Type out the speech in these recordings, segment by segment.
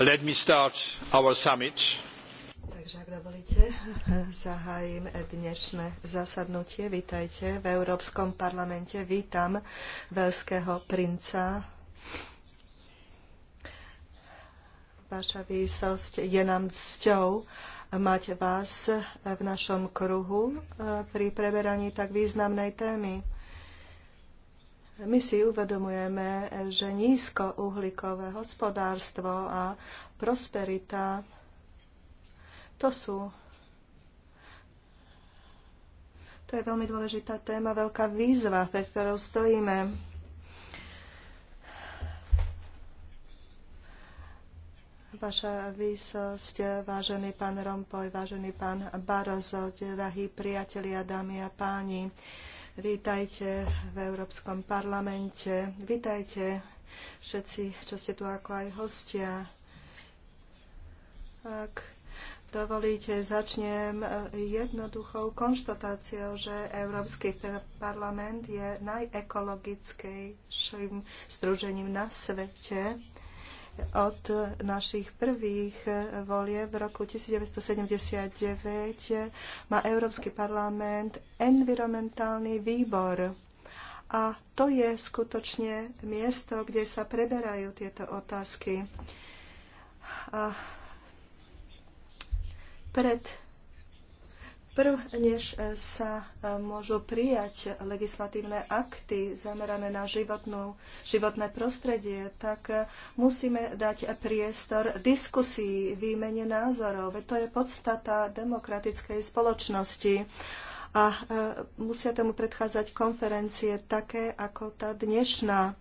Let me start our summit. Takže ak dovolíte, zahájim dnešné zasadnutie. Vítajte v Európskom parlamente. Vítam veľského princa. Vaša výsosť je nám cťou mať vás v našom kruhu pri preberaní tak významnej témy my si uvedomujeme, že nízkouhlíkové hospodárstvo a prosperita to sú to je veľmi dôležitá téma, veľká výzva, pred ktorou stojíme. Vaša výsosť, vážený pán Rompoj, vážený pán Barozo, drahí priatelia, dámy a páni. Vítajte v Európskom parlamente. Vítajte všetci, čo ste tu ako aj hostia. Ak dovolíte, začnem e, jednoduchou konštatáciou, že Európsky parlament je najekologickejším združením na svete od našich prvých eh, volie v roku 1979 má Európsky parlament environmentálny výbor. A to je skutočne miesto, kde sa preberajú tieto otázky. A pred Prv, než e, sa e, môžu prijať legislatívne akty zamerané na životnú, životné prostredie, tak e, musíme dať priestor diskusii, výmene názorov. to je podstata demokratickej spoločnosti. A musia tomu predchádzať konferencie také ako tá dnešná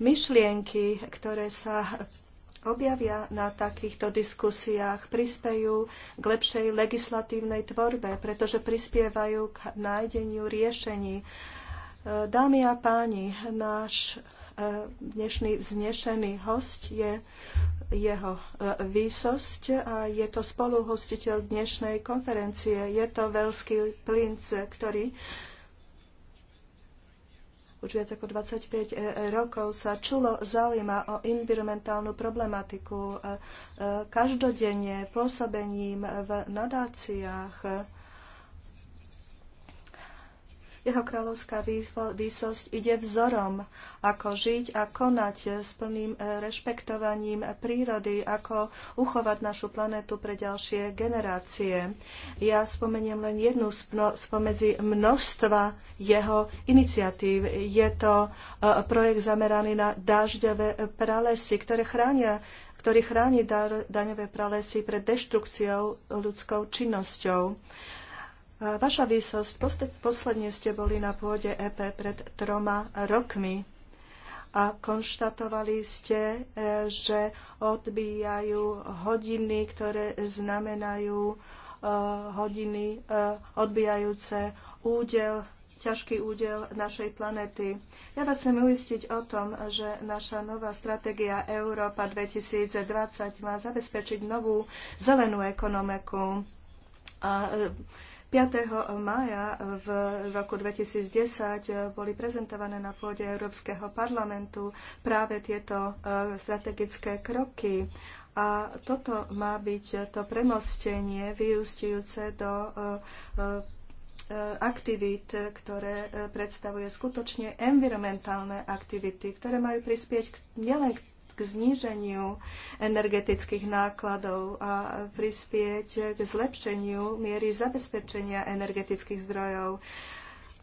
myšlienky, ktoré sa objavia na takýchto diskusiách, prispejú k lepšej legislatívnej tvorbe, pretože prispievajú k nájdeniu riešení. E, dámy a páni, náš e, dnešný vznešený host je jeho e, výsosť a je to spoluhostiteľ dnešnej konferencie. Je to veľský princ, ktorý už viac ako 25 e, e, rokov sa čulo zaujíma o environmentálnu problematiku e, každodenne pôsobením v nadáciách jeho kráľovská výsosť ide vzorom, ako žiť a konať s plným e, rešpektovaním prírody, ako uchovať našu planetu pre ďalšie generácie. Ja spomeniem len jednu spomedzi množstva jeho iniciatív. Je to e, projekt zameraný na dažďové e, pralesy, ktoré chránia ktorý chráni daňové pralesy pred deštrukciou ľudskou činnosťou vaša výsosť, posledne ste boli na pôde EP pred troma rokmi a konštatovali ste, e, že odbíjajú hodiny, ktoré znamenajú e, hodiny e, odbíjajúce údel, ťažký údel našej planety. Ja vás chcem uistiť o tom, že naša nová stratégia Európa 2020 má zabezpečiť novú zelenú ekonomiku. A 5. maja eh, v roku 2010 eh, boli prezentované na pôde Európskeho parlamentu práve tieto eh, strategické kroky. A toto má byť to premostenie vyústiujúce do aktivít, ktoré predstavuje skutočne environmentálne aktivity, ktoré majú prispieť nielen k k zníženiu energetických nákladov a prispieť k zlepšeniu miery zabezpečenia energetických zdrojov.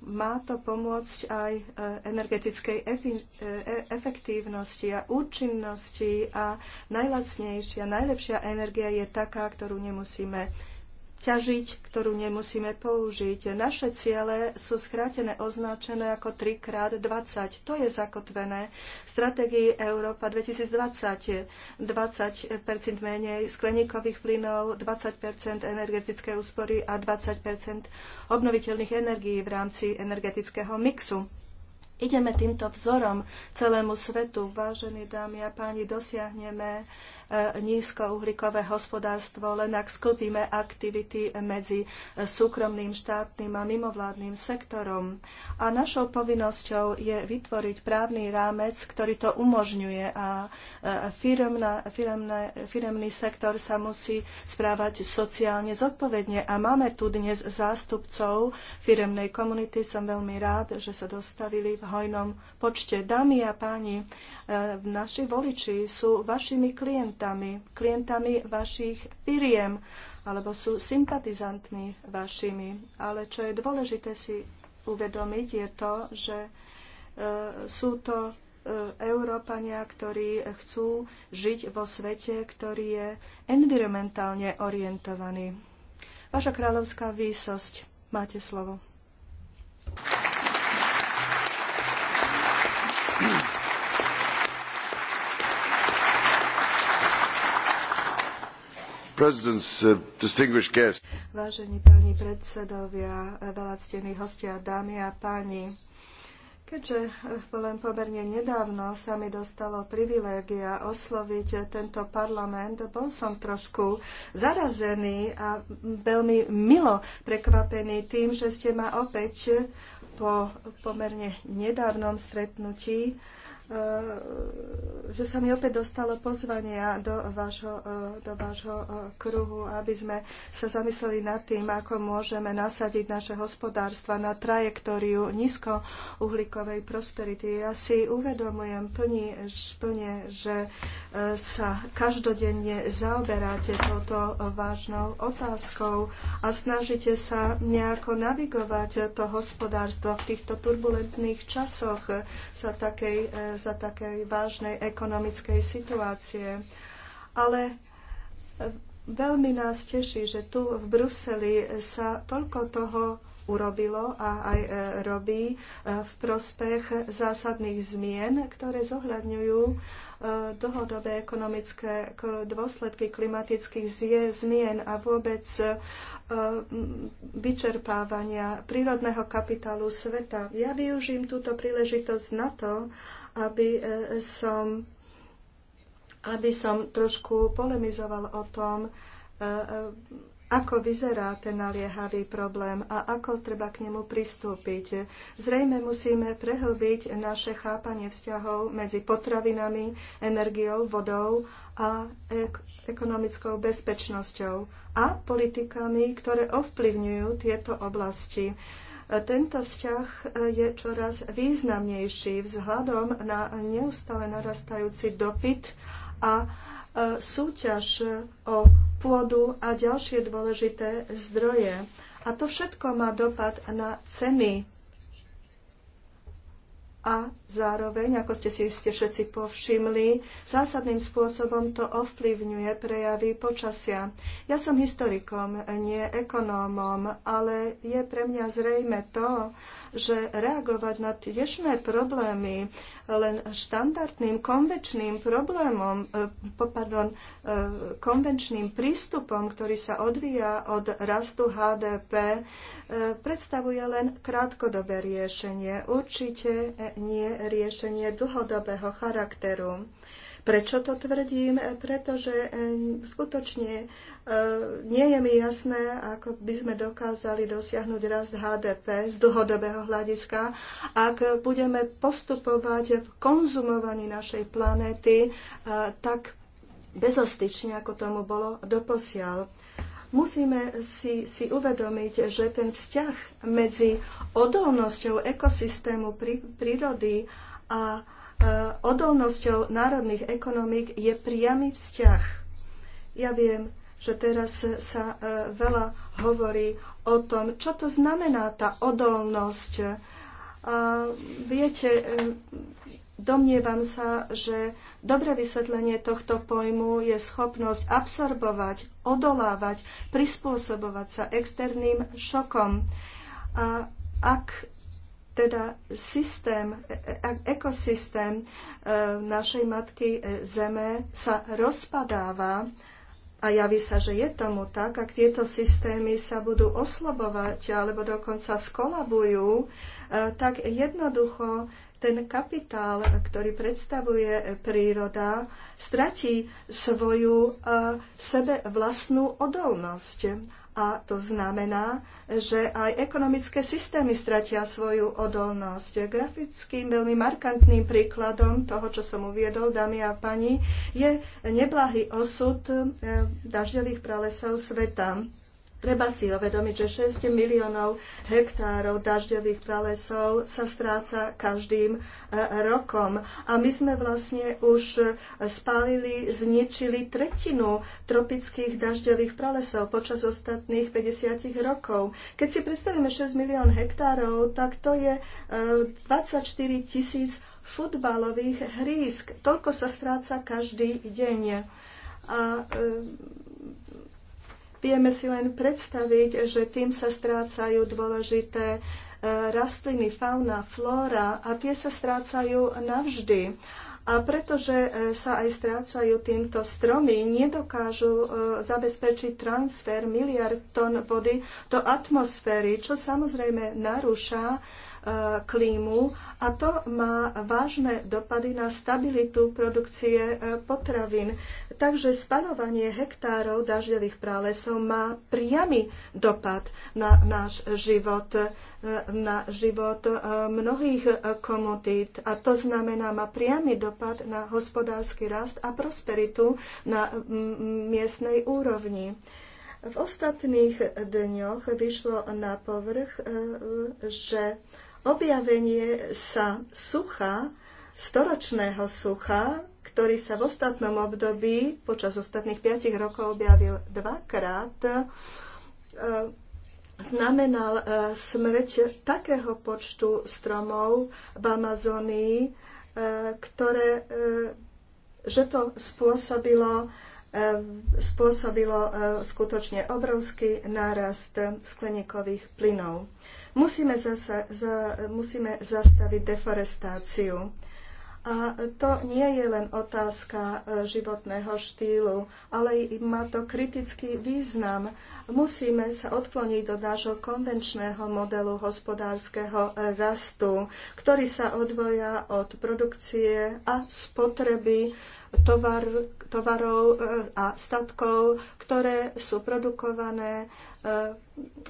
Má to pomôcť aj e, energetickej e, e, efektívnosti a účinnosti a najlacnejšia, najlepšia energia je taká, ktorú nemusíme ťažiť, ktorú nemusíme použiť. Naše ciele sú skrátené označené ako 3x20. To je zakotvené v stratégii Európa 2020. 20 menej skleníkových plynov, 20 energetické úspory a 20 obnoviteľných energií v rámci energetického mixu. Ideme týmto vzorom celému svetu, vážení dámy a páni, dosiahneme nízkouhlíkové hospodárstvo, len ak sklbíme aktivity medzi súkromným, štátnym a mimovládnym sektorom. A našou povinnosťou je vytvoriť právny rámec, ktorý to umožňuje a e, firemný firmný sektor sa musí správať sociálne zodpovedne. A máme tu dnes zástupcov firmnej komunity. Som veľmi rád, že sa dostavili v hojnom počte. Dámy a páni, e, naši voliči sú vašimi klientami klientami, klientami vašich firiem alebo sú sympatizantmi vašimi. Ale čo je dôležité si uvedomiť je to, že e, sú to e, Európania, ktorí chcú žiť vo svete, ktorý je environmentálne orientovaný. Vaša kráľovská výsosť, máte slovo. Uh, Vážení páni predsedovia, veľa ctení hostia, dámy a páni, keďže len pomerne nedávno sa mi dostalo privilégia osloviť tento parlament, bol som trošku zarazený a veľmi milo prekvapený tým, že ste ma opäť po pomerne nedávnom stretnutí E, že sa mi opäť dostalo pozvania do vášho, e, do vášho e, kruhu, aby sme sa zamysleli nad tým, ako môžeme nasadiť naše hospodárstva na trajektóriu nízkouhlíkovej prosperity. Ja si uvedomujem plne, plne že sa každodenne zaoberáte touto vážnou otázkou a snažíte sa nejako navigovať to hospodárstvo v týchto turbulentných časoch za takej za takej vážnej ekonomickej situácie. Ale e, veľmi nás teší, že tu v Bruseli sa toľko toho urobilo a aj e, robí e, v prospech zásadných zmien, ktoré zohľadňujú dlhodobé ekonomické dôsledky klimatických zmien a vôbec vyčerpávania prírodného kapitálu sveta. Ja využím túto príležitosť na to, aby e, som, aby som trošku polemizoval o tom, e, e, ako vyzerá ten naliehavý problém a ako treba k nemu pristúpiť. Zrejme musíme prehlbiť naše chápanie vzťahov medzi potravinami, energiou, vodou a ek- ekonomickou bezpečnosťou a politikami, ktoré ovplyvňujú tieto oblasti. Tento vzťah e, je čoraz významnejší vzhľadom na neustále narastajúci dopyt a e, súťaž o pôdu a ďalšie dôležité zdroje. A to všetko má dopad na ceny a zároveň, ako ste si ste všetci povšimli, zásadným spôsobom to ovplyvňuje prejavy počasia. Ja som historikom, nie ekonómom, ale je pre mňa zrejme to, že reagovať na dnešné problémy len štandardným konvenčným problémom, e, pardon, e, konvenčným prístupom, ktorý sa odvíja od rastu HDP, e, predstavuje len krátkodobé riešenie, určite nie riešenie dlhodobého charakteru. Prečo to tvrdím? E, pretože e, skutočne e, nie je mi jasné, ako by sme dokázali dosiahnuť rast HDP z dlhodobého hľadiska, ak budeme postupovať v konzumovaní našej planéty tak bezostične, ako tomu bolo doposiaľ musíme si, si uvedomiť, že ten vzťah medzi odolnosťou ekosystému prí, prírody a Eh, odolnosťou národných ekonomík je priamy vzťah. Ja viem, že teraz sa eh, veľa hovorí o tom, čo to znamená tá odolnosť. A viete, eh, domnievam sa, že dobré vysvetlenie tohto pojmu je schopnosť absorbovať, odolávať, prispôsobovať sa externým šokom. A ak teda systém, e, e, e, ekosystém našej matky Zeme sa rozpadáva a javí sa, že je tomu tak, ak tieto systémy sa budú oslobovať alebo dokonca skolabujú, tak jednoducho ten kapitál, ktorý predstavuje príroda, stratí svoju sebe vlastnú odolnosť a to znamená, že aj ekonomické systémy stratia svoju odolnosť. Grafickým veľmi markantným príkladom toho, čo som uviedol, dámy a pani, je neblahý osud eh, dažďových pralesov sveta. Treba si uvedomiť, že 6 miliónov hektárov dažďových pralesov sa stráca každým e, rokom. A my sme vlastne už spálili, zničili tretinu tropických dažďových pralesov počas ostatných 50 rokov. Keď si predstavíme 6 milión hektárov, tak to je 24 e, tisíc futbalových hrísk. Toľko sa stráca každý deň. A e, Vieme si len predstaviť, že tým sa strácajú dôležité e, rastliny, fauna, flóra a tie sa strácajú navždy. A pretože e, sa aj strácajú týmto stromy, nedokážu e, zabezpečiť transfer miliard tón vody do atmosféry, čo samozrejme narúša E, klímu a to má vážne dopady na stabilitu produkcie e, potravín. Takže spanovanie hektárov dažďových pralesov má priamy dopad na náš život, e, na život mnohých komodít a to znamená, má priamy dopad na hospodársky rast a prosperitu na miestnej úrovni. V ostatných dňoch vyšlo na povrch, že Objavenie sa sucha, storočného sucha, ktorý sa v ostatnom období počas ostatných 5 rokov objavil dvakrát, e, znamenal e, smrť takého počtu stromov v Amazonii, e, ktoré, že to spôsobilo, spôsobilo skutočne obrovský nárast skleníkových plynov. Musíme, zasa, za, musíme zastaviť deforestáciu. A to nie je len otázka e, životného štýlu, ale má to kritický význam. Musíme sa odkloniť do nášho konvenčného modelu hospodárskeho rastu, ktorý sa odvoja od produkcie a spotreby tovar, tovarov e, a statkov, ktoré sú produkované E,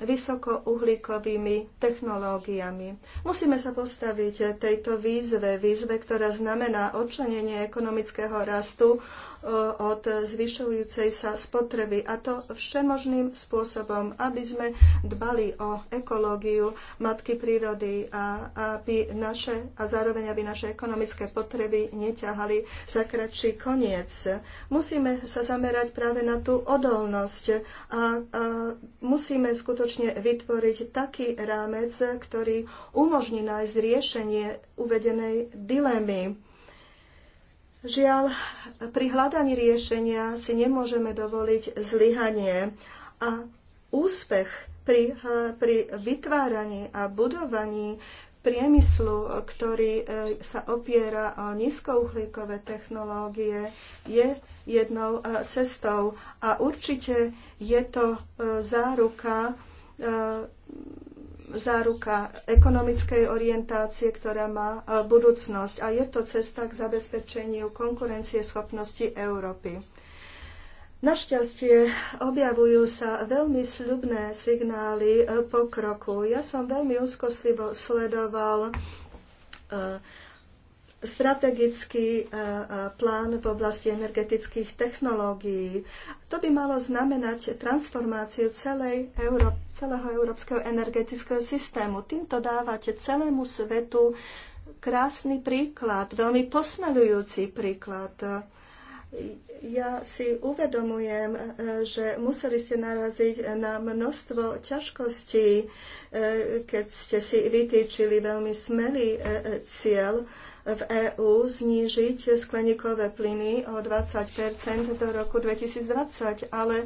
vysokouhlíkovými technológiami. Musíme sa postaviť tejto výzve, výzve, ktorá znamená odčlenenie ekonomického rastu od zvyšujúcej sa spotreby a to všemožným spôsobom, aby sme dbali o ekológiu matky prírody a aby naše a zároveň aby naše ekonomické potreby neťahali za kratší koniec. Musíme sa zamerať práve na tú odolnosť a, a musíme skutočne vytvoriť taký rámec, ktorý umožní nájsť riešenie uvedenej dilemy Žiaľ, pri hľadaní riešenia si nemôžeme dovoliť zlyhanie a úspech pri, pri vytváraní a budovaní priemyslu, ktorý e, sa opiera o nízkouhlíkové technológie, je jednou e, cestou. A určite je to e, záruka záruka ekonomickej orientácie, ktorá má e, budúcnosť. A je to cesta k zabezpečeniu konkurencie schopnosti Európy. Našťastie objavujú sa veľmi sľubné signály e, pokroku. Ja som veľmi úzkoslivo sledoval e, strategický plán v oblasti energetických technológií. To by malo znamenať transformáciu celej Euró- celého európskeho energetického systému. Týmto dávate celému svetu krásny príklad, veľmi posmelujúci príklad. Ja si uvedomujem, e, že museli ste naraziť na množstvo ťažkostí, e, keď ste si vytýčili veľmi smelý e, cieľ v EÚ znížiť skleníkové plyny o 20 do roku 2020, ale e,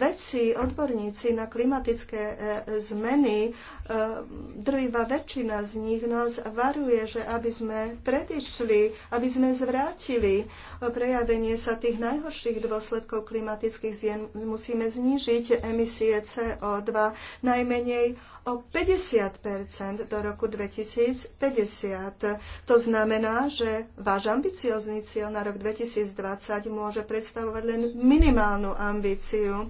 vedci, odborníci na klimatické e, zmeny, e, drvivá väčšina z nich nás varuje, že aby sme predišli, aby sme zvrátili prejavenie sa tých najhorších dôsledkov klimatických zien, musíme znížiť emisie CO2 najmenej o 50 do roku 2050. To znamená, že váš ambiciózny cieľ na rok 2020 môže predstavovať len minimálnu ambíciu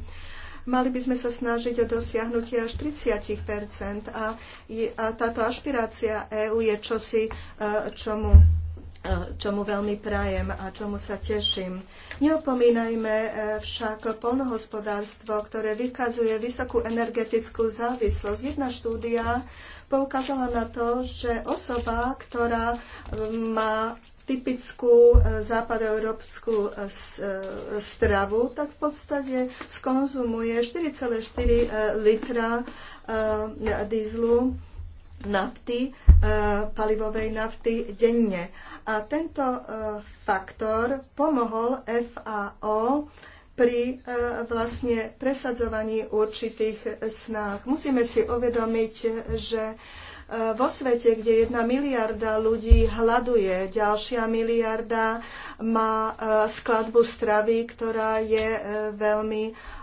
mali by sme sa snažiť o dosiahnutie až 30 a, a táto ašpirácia EÚ je čosi, e, čomu čomu veľmi prajem a čomu sa teším. Neopomínajme eh, však polnohospodárstvo, ktoré vykazuje vysokú energetickú závislosť. Jedna štúdia poukázala na to, že osoba, ktorá mm, má typickú eh, západoeurópsku eh, stravu, tak v podstate skonzumuje 4,4 litra dízlu nafty, palivovej nafty denne. A tento e, faktor pomohol FAO pri e, vlastne presadzovaní určitých snách. Musíme si uvedomiť, že Eh, vo svete, kde jedna miliarda ľudí hľaduje, ďalšia miliarda má eh, skladbu stravy, ktorá je eh, veľmi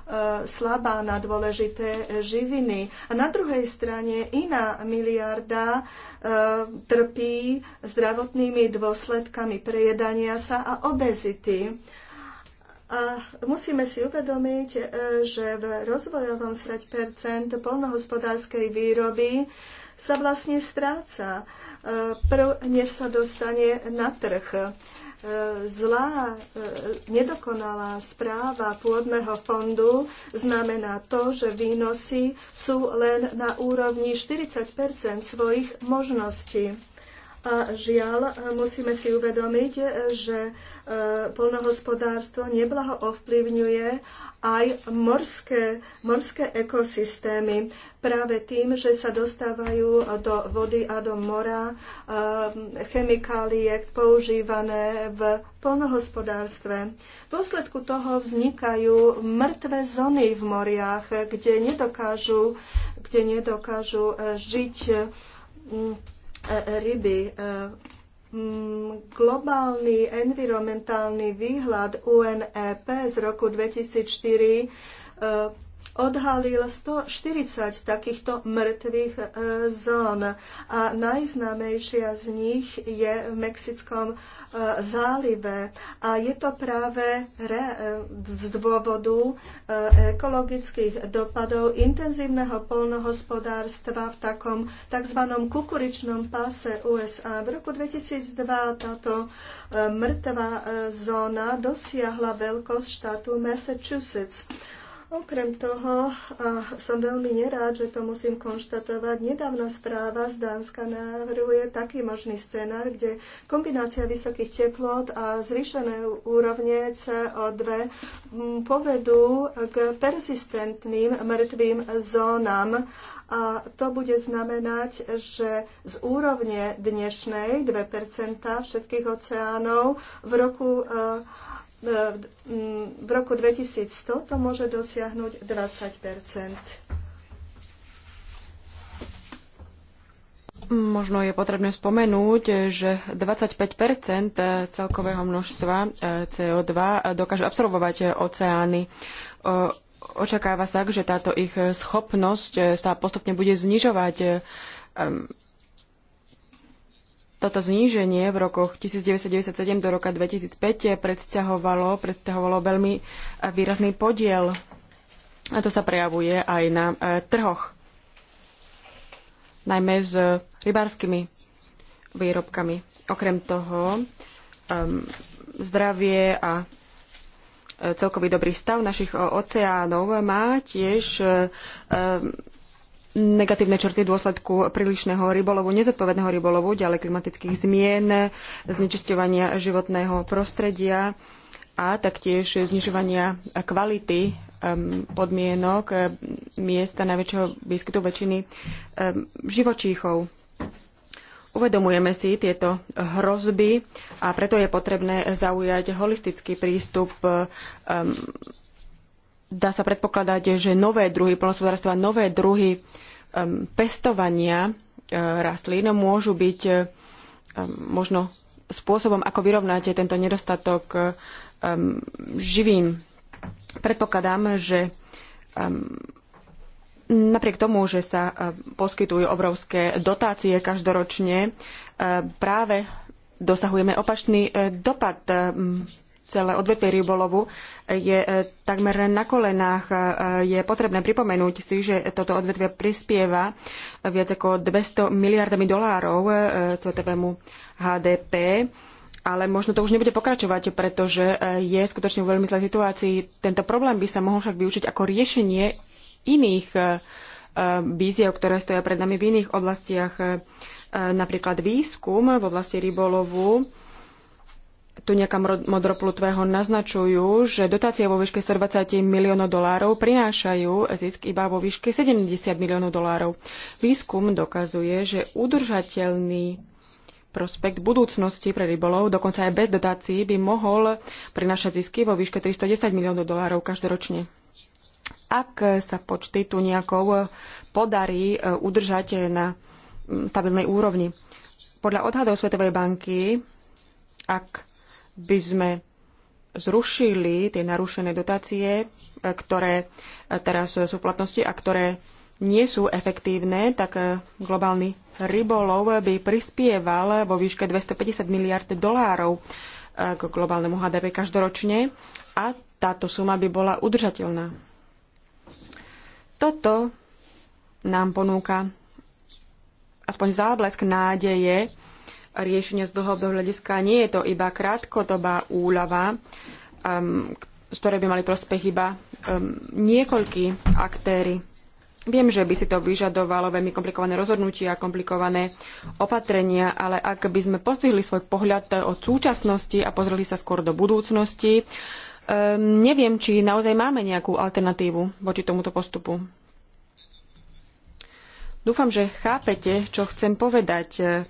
slabá na dôležité živiny. A na druhej strane iná miliarda trpí zdravotnými dôsledkami prejedania sa a obezity. A musíme si uvedomiť, že v rozvojovom 10 polnohospodárskej výroby sa vlastne stráca, e, než sa dostane na trh. E, zlá, e, nedokonalá správa pôdneho fondu znamená to, že výnosy sú len na úrovni 40 svojich možností. A žiaľ, musíme si uvedomiť, že E, polnohospodárstvo neblaho ovplyvňuje aj morské, morské ekosystémy práve tým, že sa dostávajú do vody a do mora e, chemikálie používané v polnohospodárstve. V dôsledku toho vznikajú mŕtve zóny v moriach, kde nedokážu, kde nedokážu žiť e, ryby Mm, globálny environmentálny výhľad UNEP z roku 2004 odhalil 140 takýchto mŕtvych e, zón a najznámejšia z nich je v Mexickom e, zálive a je to práve e, z dôvodu ekologických dopadov intenzívneho polnohospodárstva v takom tzv. kukuričnom páse USA. V roku 2002 táto mŕtva zóna dosiahla veľkosť štátu Massachusetts. Okrem toho, a som veľmi nerád, že to musím konštatovať, nedávna správa z Dánska navrhuje taký možný scenár, kde kombinácia vysokých teplot a zvýšené úrovne CO2 povedú k persistentným mŕtvým zónam a to bude znamenať, že z úrovne dnešnej 2 všetkých oceánov v roku e, Mm, v roku 2100 to môže dosiahnuť 20 Možno je potrebné spomenúť, že 25 celkového množstva e, CO2 dokáže absorbovať oceány očakáva sa, že táto ich schopnosť e, sa postupne bude znižovať. E, toto zníženie v rokoch 1997 do roka 2005 predsťahovalo, predsťahovalo veľmi e, výrazný podiel. A to sa prejavuje aj na e, trhoch, najmä s e, rybárskymi výrobkami. Okrem toho, zdravie a e, celkový dobrý stav našich oceánov má tiež e, negatívne črty v dôsledku prílišného rybolovu, nezodpovedného rybolovu, ďalej klimatických zmien, znečisťovania životného prostredia a taktiež znižovania kvality podmienok miesta najväčšieho výskytu väčšiny živočíchov. Uvedomujeme si tieto hrozby a preto je potrebné zaujať holistický prístup. Dá sa predpokladať, že nové druhy polnospodárstva, nové druhy pestovania eh, rastlín môžu byť eh, možno spôsobom, ako vyrovnáte tento nedostatok eh, živín. Predpokladám, že napriek tomu, že sa poskytujú obrovské dotácie každoročne, práve dosahujeme opačný dopad celé odvetvie rybolovu je e, takmer na kolenách. E, je potrebné pripomenúť si, že toto odvetvie prispieva viac ako 200 miliardami dolárov e, svetovému HDP ale možno to už nebude pokračovať, pretože je skutočne v veľmi zlej situácii. Tento problém by sa mohol však využiť ako riešenie iných víziev, ktoré stoja pred nami v iných oblastiach, napríklad výskum v oblasti rybolovu tu nejaká modroplutvého naznačujú, že dotácie vo výške 120 miliónov dolárov prinášajú zisk iba vo výške 70 miliónov dolárov. Výskum dokazuje, že udržateľný prospekt budúcnosti pre rybolov, dokonca aj bez dotácií, by mohol prinášať zisky vo výške 310 miliónov dolárov každoročne. Ak sa počty tu nejakou podarí e, udržať na mm, stabilnej úrovni. Podľa odhadov Svetovej banky, ak by sme zrušili tie narušené dotácie, e, ktoré e, teraz sú v platnosti a ktoré nie sú efektívne, tak e, globálny rybolov by prispieval vo výške 250 miliard dolárov k globálnemu HDP každoročne a táto suma by bola udržateľná. Toto nám ponúka aspoň záblesk nádeje riešenie z dlhodobého hľadiska. Nie je to iba krátkodobá úľava, um, z ktorej by mali prospech iba um, niekoľkí aktéry. Viem, že by si to vyžadovalo veľmi komplikované rozhodnutia a komplikované opatrenia, ale ak by sme pozdvihli svoj pohľad od súčasnosti a pozreli sa skôr do budúcnosti, um, neviem, či naozaj máme nejakú alternatívu voči tomuto postupu. Dúfam, že chápete, čo chcem povedať.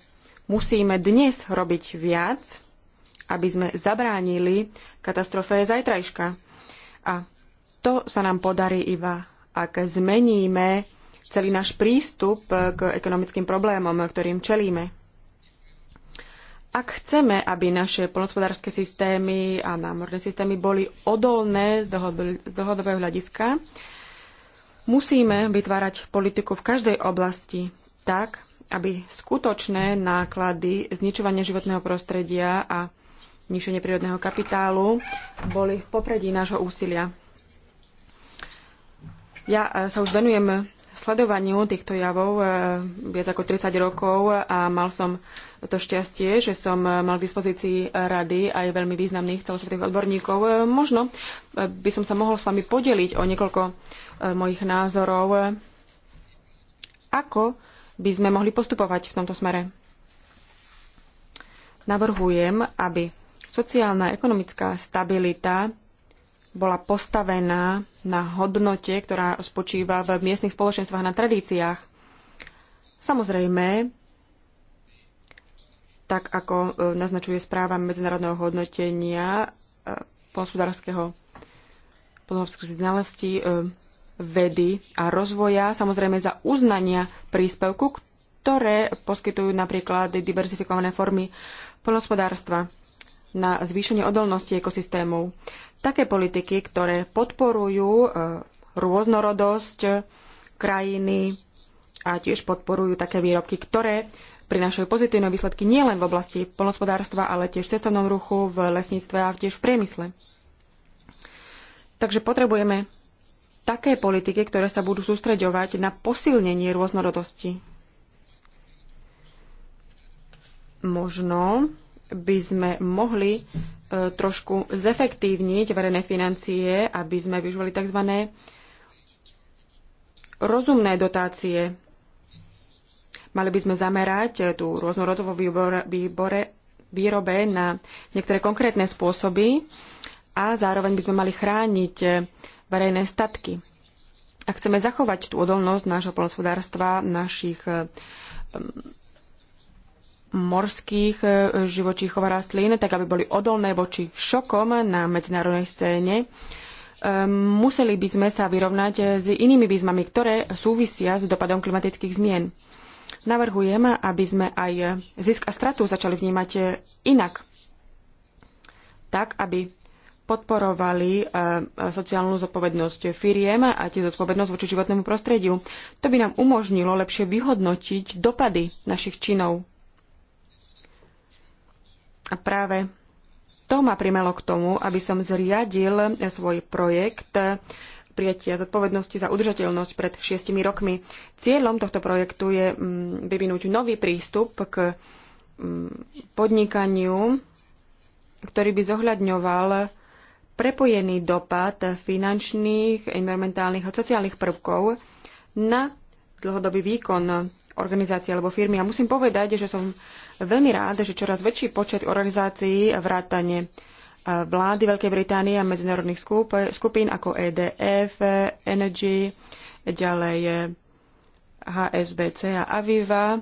Musíme dnes robiť viac, aby sme zabránili katastrofe zajtrajška. A to sa nám podarí iba, ak zmeníme celý náš prístup k ekonomickým problémom, ktorým čelíme. Ak chceme, aby naše polnospodárske systémy a námorné systémy boli odolné z, dlhodobého hľadiska, musíme vytvárať politiku v každej oblasti tak, aby skutočné náklady zničovania životného prostredia a nišenie prírodného kapitálu boli v popredí nášho úsilia. Ja e, sa už venujem sledovaniu týchto javov e, viac ako 30 rokov a mal som to šťastie, že som mal k dispozícii rady aj veľmi významných celosvetových odborníkov. E, možno by som sa mohol s vami podeliť o niekoľko mojich názorov, ako by sme mohli postupovať v tomto smere. Navrhujem, aby sociálna a ekonomická stabilita bola postavená na hodnote, ktorá spočíva v miestnych spoločenstvách na tradíciách. Samozrejme, tak ako e, naznačuje správa medzinárodného hodnotenia e, hospodárskeho podhospodárskej znalosti, e, vedy a rozvoja, samozrejme za uznania príspevku, ktoré poskytujú napríklad diverzifikované formy poľnohospodárstva na zvýšenie odolnosti ekosystémov. Také politiky, ktoré podporujú e, rôznorodosť e, krajiny a tiež podporujú také výrobky, ktoré prinášajú pozitívne výsledky nielen v oblasti poľnospodárstva, ale tiež v cestovnom ruchu, v lesníctve a tiež v priemysle. Takže potrebujeme také politiky, ktoré sa budú sústreďovať na posilnenie rôznorodosti. Možno by sme mohli e, trošku zefektívniť verejné financie, aby sme využívali tzv. rozumné dotácie. Mali by sme zamerať e, tú rôznorodovú výbore, výrobe na niektoré konkrétne spôsoby a zároveň by sme mali chrániť e, verejné statky. Ak chceme zachovať tú odolnosť nášho polnospodárstva, našich morských e, živočíchov a rastlín, tak aby boli odolné voči šokom na medzinárodnej scéne, museli by sme sa vyrovnať s inými výzvami, ktoré súvisia s dopadom klimatických zmien. Navrhujem, aby sme aj zisk a stratu začali vnímať inak. Tak, aby podporovali eh, sociálnu zodpovednosť firiem a tiež zodpovednosť voči životnému prostrediu. To by nám umožnilo lepšie vyhodnotiť dopady našich činov. A práve to ma primelo k tomu, aby som zriadil svoj projekt eh, prijatia zodpovednosti za udržateľnosť pred šiestimi rokmi. Cieľom tohto projektu je mm, vyvinúť nový prístup k mm, podnikaniu, ktorý by zohľadňoval prepojený dopad finančných, environmentálnych a sociálnych prvkov na dlhodobý výkon organizácie alebo firmy. A musím povedať, že som veľmi rád, že čoraz väčší počet organizácií vrátane e, vlády Veľkej Británie a medzinárodných skupín ako EDF, Energy, ďalej e, HSBC a Aviva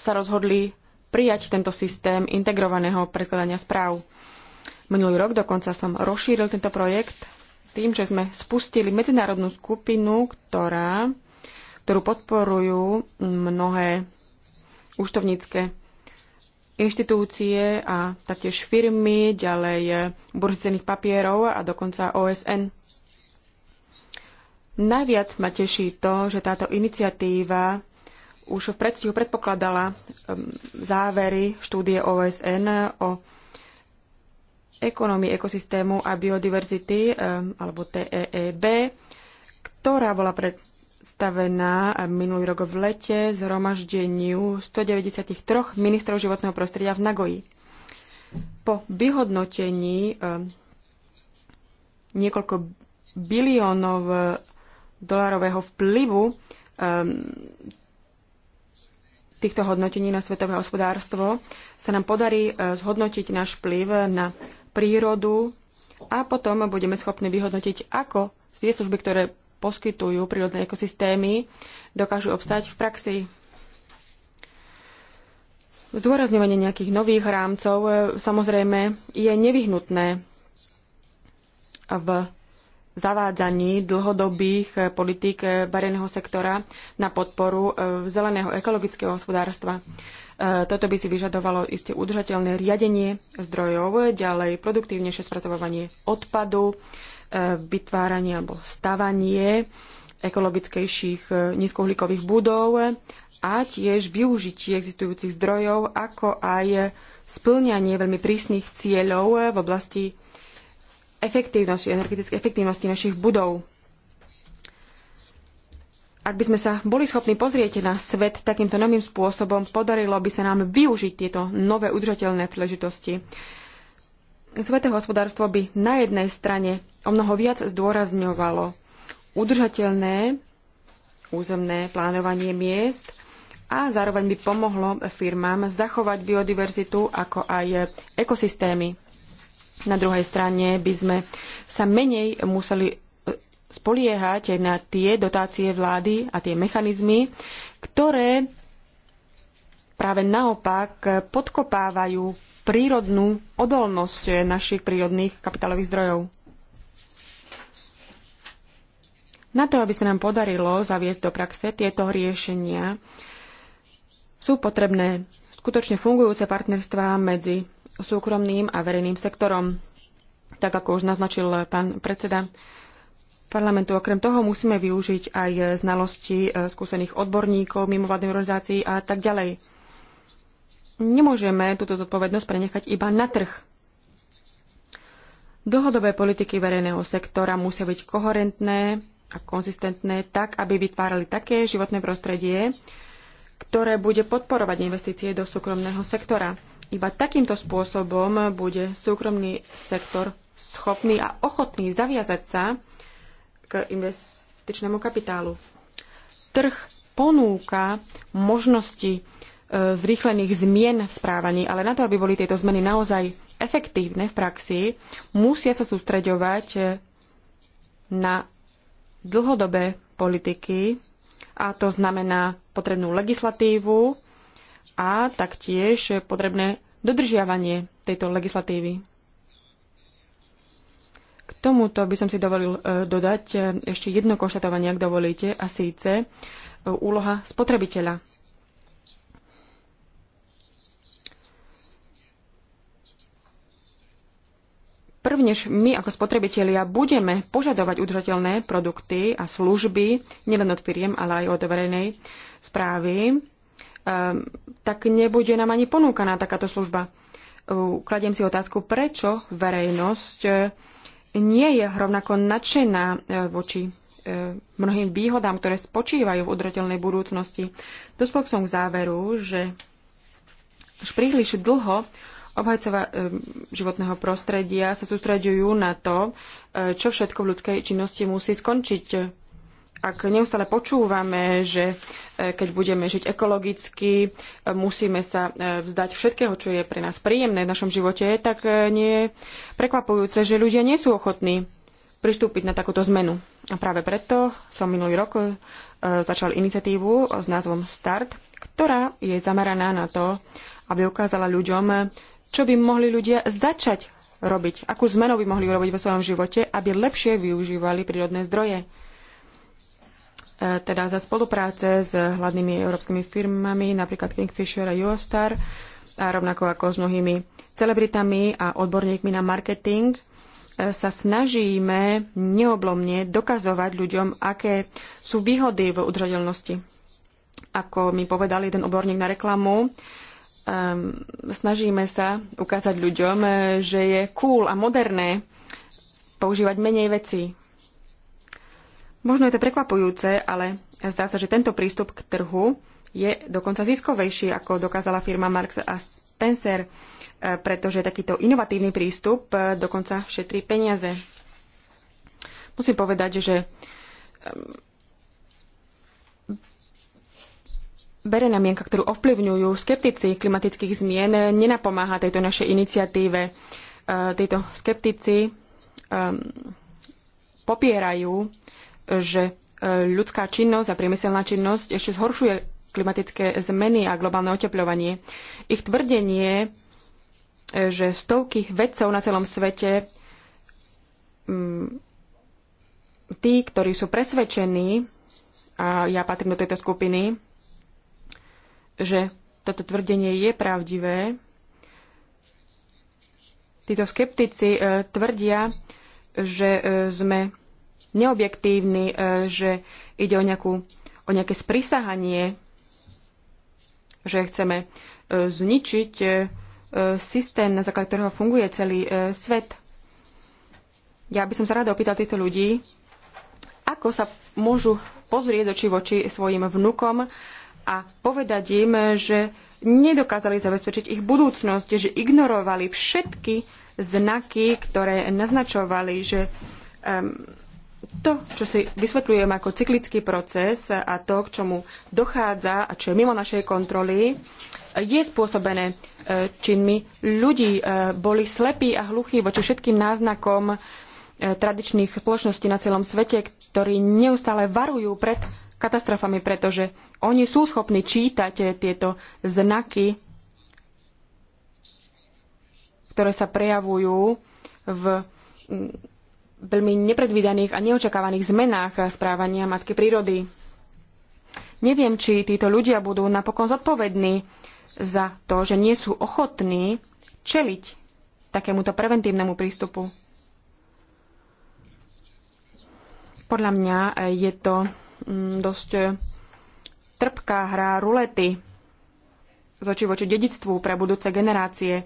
sa rozhodli prijať tento systém integrovaného predkladania správ. Minulý rok dokonca som rozšíril tento projekt tým, že sme spustili medzinárodnú skupinu, ktorá, ktorú podporujú mnohé úštovnícke inštitúcie a taktiež firmy, ďalej burzicených papierov a dokonca OSN. Najviac ma teší to, že táto iniciatíva už v predstihu predpokladala um, závery štúdie OSN o ekonomii ekosystému a biodiverzity, alebo TEEB, ktorá bola predstavená minulý rok v lete zhromaždeniu 193 ministrov životného prostredia v Nagoji. Po vyhodnotení niekoľko biliónov eh, dolarového vplyvu týchto hodnotení na svetové hospodárstvo sa nám podarí eh, zhodnotiť náš vplyv na prírodu a potom budeme schopní vyhodnotiť, ako tie služby, ktoré poskytujú prírodné ekosystémy, dokážu obstať v praxi. Zdôrazňovanie nejakých nových rámcov e, samozrejme je nevyhnutné v zavádzaní dlhodobých eh, politík eh, verejného sektora na podporu eh, zeleného ekologického hospodárstva. Toto by si vyžadovalo isté udržateľné riadenie zdrojov, ďalej produktívnejšie spracovávanie odpadu, vytváranie alebo stavanie ekologickejších nízkouhlíkových budov a tiež využitie existujúcich zdrojov, ako aj splňanie veľmi prísnych cieľov v oblasti efektívnosti, energetickej efektívnosti našich budov. Ak by sme sa boli schopní pozrieť na svet takýmto novým spôsobom, podarilo by sa nám využiť tieto nové udržateľné príležitosti. Sveté hospodárstvo by na jednej strane o mnoho viac zdôrazňovalo udržateľné územné plánovanie miest a zároveň by pomohlo firmám zachovať biodiverzitu ako aj ekosystémy. Na druhej strane by sme sa menej museli e, spoliehať na tie dotácie vlády a tie mechanizmy, ktoré práve naopak podkopávajú prírodnú odolnosť našich prírodných kapitálových zdrojov. Na to, aby sa nám podarilo zaviesť do praxe tieto riešenia, sú potrebné skutočne fungujúce partnerstvá medzi súkromným a verejným sektorom. Tak ako už naznačil pán predseda parlamentu. Okrem toho musíme využiť aj znalosti e, skúsených odborníkov, mimovládnych organizácií a tak ďalej. Nemôžeme túto zodpovednosť prenechať iba na trh. Dlhodobé politiky verejného sektora musia byť koherentné a konzistentné tak, aby vytvárali také životné prostredie, ktoré bude podporovať investície do súkromného sektora. Iba takýmto spôsobom bude súkromný sektor schopný a ochotný zaviazať sa k investičnému kapitálu. Trh ponúka možnosti e, zrýchlených zmien v správaní, ale na to, aby boli tieto zmeny naozaj efektívne v praxi, musia sa sústreďovať e, na dlhodobé politiky, a to znamená potrebnú legislatívu, a taktiež potrebné dodržiavanie tejto legislatívy. K tomuto by som si dovolil e, dodať e, ešte jedno konštatovanie, ak dovolíte, a síce e, úloha spotrebiteľa. Prvnež my ako spotrebitelia budeme požadovať udržateľné produkty a služby nielen od firiem, ale aj od verejnej správy, Ehm, tak nebude nám ani ponúkaná takáto služba. Kladiem si otázku, prečo verejnosť e, nie je rovnako nadšená e, voči e, mnohým výhodám, ktoré spočívajú v udrateľnej budúcnosti. Dospol som k záveru, že už príliš dlho obhajcova životného prostredia sa sústreďujú na to, čo všetko v ľudskej činnosti musí skončiť ak neustále počúvame, že e, keď budeme žiť ekologicky, e, musíme sa e, vzdať všetkého, čo je pre nás príjemné v našom živote, tak nie je prekvapujúce, že ľudia nie sú ochotní pristúpiť na takúto zmenu. A práve preto som minulý rok začal iniciatívu s názvom Start, ktorá je zameraná na to, aby ukázala ľuďom, čo by mohli ľudia začať robiť, akú zmenu by mohli urobiť vo svojom živote, aby lepšie využívali prírodné zdroje E, teda za spolupráce s hlavnými európskymi firmami, napríklad Kingfisher a Eurostar, a rovnako ako s mnohými celebritami a odborníkmi na marketing, e, sa snažíme neoblomne dokazovať ľuďom, aké sú výhody v udržateľnosti. Ako mi povedal jeden odborník na reklamu, um, snažíme sa ukázať ľuďom, že je cool a moderné používať menej vecí. Možno je to prekvapujúce, ale zdá sa, že tento prístup k trhu je dokonca ziskovejší, ako dokázala firma Marx a Spencer, e, pretože takýto inovatívny prístup e, dokonca šetrí peniaze. Musím povedať, že verejná e, mienka, ktorú ovplyvňujú skeptici klimatických zmien, nenapomáha tejto našej iniciatíve. Tejto skeptici popierajú že e, ľudská činnosť a priemyselná činnosť ešte zhoršuje klimatické zmeny a globálne oteplovanie. Ich tvrdenie, e, že stovky vedcov na celom svete, mm, tí, ktorí sú presvedčení, a ja patrím do tejto skupiny, že toto tvrdenie je pravdivé. Títo skeptici e, tvrdia, že sme neobjektívny, e, že ide o, nejakú, o nejaké sprisahanie, že chceme e, zničiť e, systém, na základe ktorého funguje celý svet. Ja by som sa rada opýtal týchto ľudí, ako sa môžu pozrieť oči voči svojim vnukom a povedať im, že nedokázali zabezpečiť ich budúcnosť, že ignorovali všetky znaky, ktoré naznačovali, že um, to, čo si vysvetľujem ako cyklický proces a to, k čomu dochádza a čo je mimo našej kontroly, je spôsobené e, činmi ľudí. E, boli slepí a hluchí voči všetkým náznakom e, tradičných spoločností na celom svete, ktorí neustále varujú pred katastrofami, pretože oni sú schopní čítať tieto znaky, ktoré sa prejavujú v veľmi nepredvídaných a neočakávaných zmenách správania matky prírody. Neviem, či títo ľudia budú napokon zodpovední za to, že nie sú ochotní čeliť takémuto preventívnemu prístupu. Podľa mňa je to mm, dosť e, trpká hra rulety z oči voči dedictvu pre budúce generácie.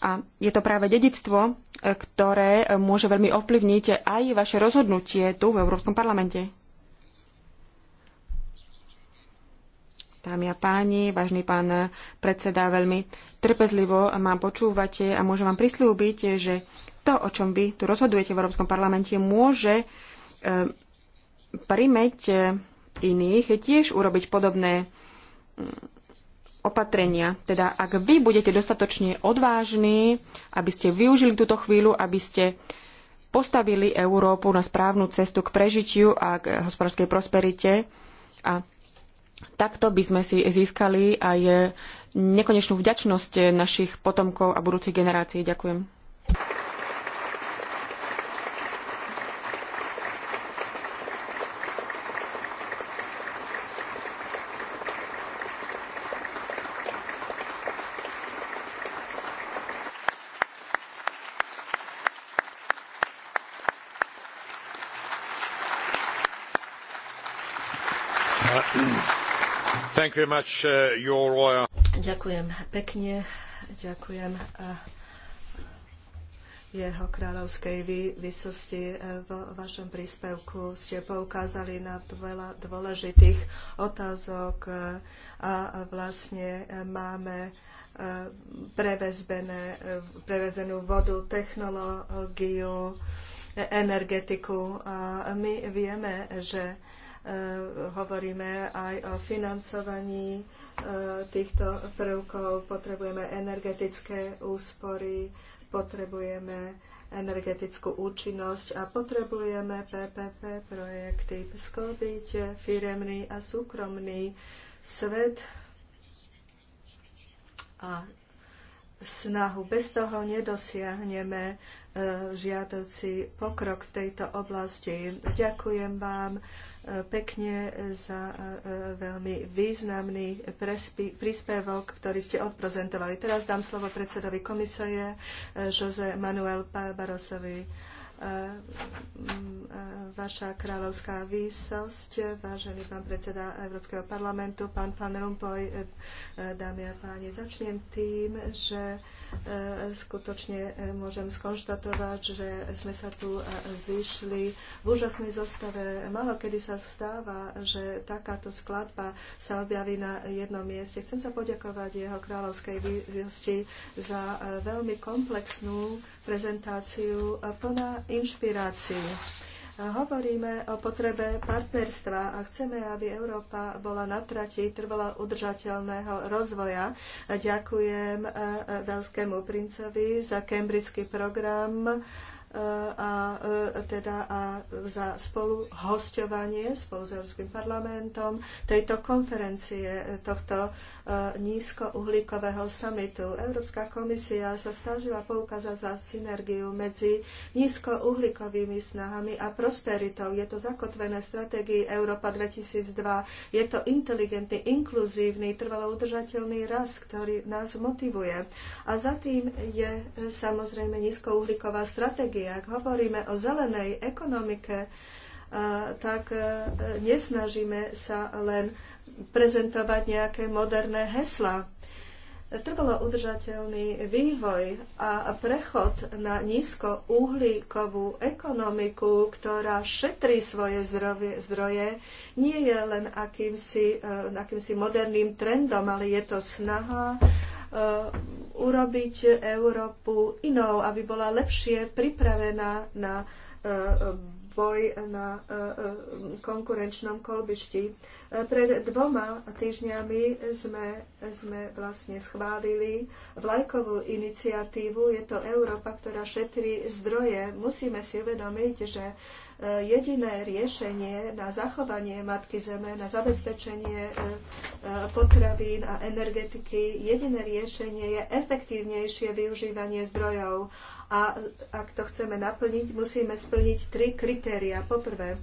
A je to práve dedictvo, ktoré eh, môže veľmi ovplyvniť aj vaše rozhodnutie tu v Európskom parlamente. Dámy a páni, vážny pán predseda, veľmi trpezlivo ma počúvate a môžem vám prislúbiť, že to, o čom vy tu rozhodujete v Európskom parlamente, môže eh, primeť eh, iných tiež urobiť podobné hm, opatrenia. Teda ak vy budete dostatočne odvážni, aby ste využili túto chvíľu, aby ste postavili Európu na správnu cestu k prežitiu a k hospodárskej prosperite a takto by sme si získali aj nekonečnú vďačnosť našich potomkov a budúcich generácií. Ďakujem. Much, uh, ďakujem pekne, ďakujem uh, jeho kráľovskej vy, vysosti. Uh, v vašom príspevku ste poukázali na veľa dôležitých otázok uh, a vlastne máme prevezenú vodu, technológiu, energetiku. A my vieme, že E, hovoríme aj o financovaní e, týchto prvkov, potrebujeme energetické úspory, potrebujeme energetickú účinnosť a potrebujeme PPP projekty, sklbiť firemný a súkromný svet a snahu. Bez toho nedosiahneme e, žiadoci pokrok v tejto oblasti. Ďakujem vám pekne za e, e, veľmi významný príspevok, ktorý ste odprezentovali. Teraz dám slovo predsedovi komisie e, Jose Manuel Barrosovi. Eh, mm, eh, vaša kráľovská výsosť, vážený pán predseda Európskeho parlamentu, pán pán Rumpoj, eh, dámy a páni, začnem tým, že skutočne môžem skonštatovať, že sme sa tu zišli v úžasnej zostave. Málo kedy sa stáva, že takáto skladba sa objaví na jednom mieste. Chcem sa poďakovať jeho kráľovskej výsosti za veľmi komplexnú prezentáciu plná inšpiráciu. Hovoríme o potrebe partnerstva a chceme, aby Európa bola na trati trvalo udržateľného rozvoja. Ďakujem e, e, Velskému princovi za cambridgeský program a e, teda a za spolu hostovanie spolu s Európskym parlamentom tejto konferencie, e, tohto e, nízkouhlíkového samitu. Európska komisia sa snažila poukázať za synergiu medzi nízkouhlíkovými snahami a prosperitou. Je to zakotvené v stratégii Európa 2002. Je to inteligentný, inkluzívny, trvalo udržateľný rast, ktorý nás motivuje. A za tým je samozrejme nízkouhlíková stratégia energii. Ak hovoríme o zelenej ekonomike, tak e, nesnažíme sa len prezentovať nejaké moderné hesla. Trvalo udržateľný vývoj a prechod na nízkouhlíkovú ekonomiku, ktorá šetrí svoje zdroje, zdroje, nie je len akýmsi, e, akýmsi moderným trendom, ale je to snaha Uh, urobiť Európu inou, aby bola lepšie pripravená na uh, boj na uh, konkurenčnom kolbišti. Pred dvoma týždňami sme, sme vlastne schválili vlajkovú iniciatívu. Je to Európa, ktorá šetrí zdroje. Musíme si uvedomiť, že jediné riešenie na zachovanie Matky Zeme, na zabezpečenie e, e, potravín a energetiky, jediné riešenie je efektívnejšie využívanie zdrojov. A ak to chceme naplniť, musíme splniť tri kritéria. Poprvé,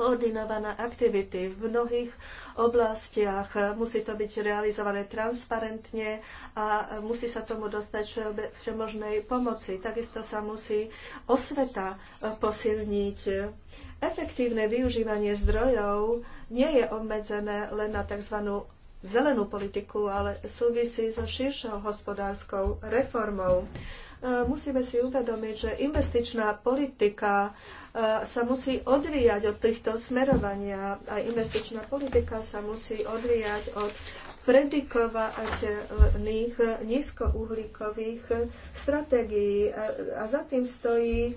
koordinované aktivity v mnohých oblastiach. Musí to byť realizované transparentne a musí sa tomu dostať všemožnej pomoci. Takisto sa musí osveta posilniť. Efektívne využívanie zdrojov nie je obmedzené len na tzv. zelenú politiku, ale súvisí so širšou hospodárskou reformou e, musíme si uvedomiť, že investičná politika sa musí odvíjať od týchto smerovania a investičná politika sa musí odvíjať od predikovateľných nízkouhlíkových stratégií. A za tým stojí e,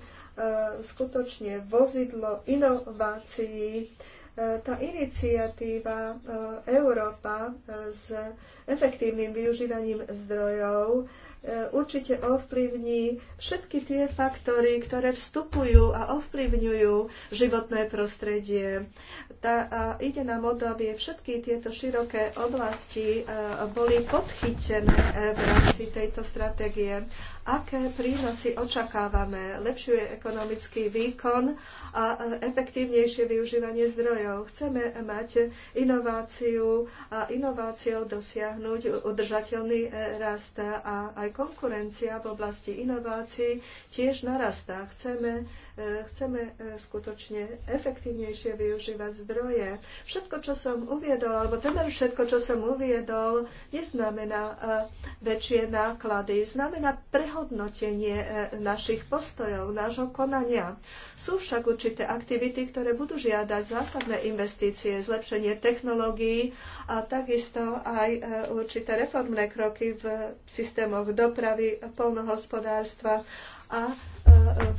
skutočne vozidlo inovácií, tá iniciatíva e, Európa e, s efektívnym využívaním zdrojov e, určite ovplyvní všetky tie faktory, ktoré vstupujú a ovplyvňujú životné prostredie tá, a ide nám o to, aby všetky tieto široké oblasti boli podchytené e, v rámci tejto stratégie. Aké prínosy očakávame? Lepší ekonomický výkon a efektívnejšie využívanie zdrojov. Chceme mať inováciu a inováciou dosiahnuť udržateľný e, rast a aj konkurencia v oblasti inovácií tiež narastá. Chceme E, chceme e, skutočne efektívnejšie využívať zdroje. Všetko, čo som uviedol, alebo temer všetko, čo som uviedol, neznamená e, väčšie náklady. Znamená prehodnotenie našich postojov, nášho konania. Sú však určité aktivity, ktoré budú žiadať zásadné investície, zlepšenie technológií a takisto aj určité reformné kroky v systémoch dopravy, polnohospodárstva a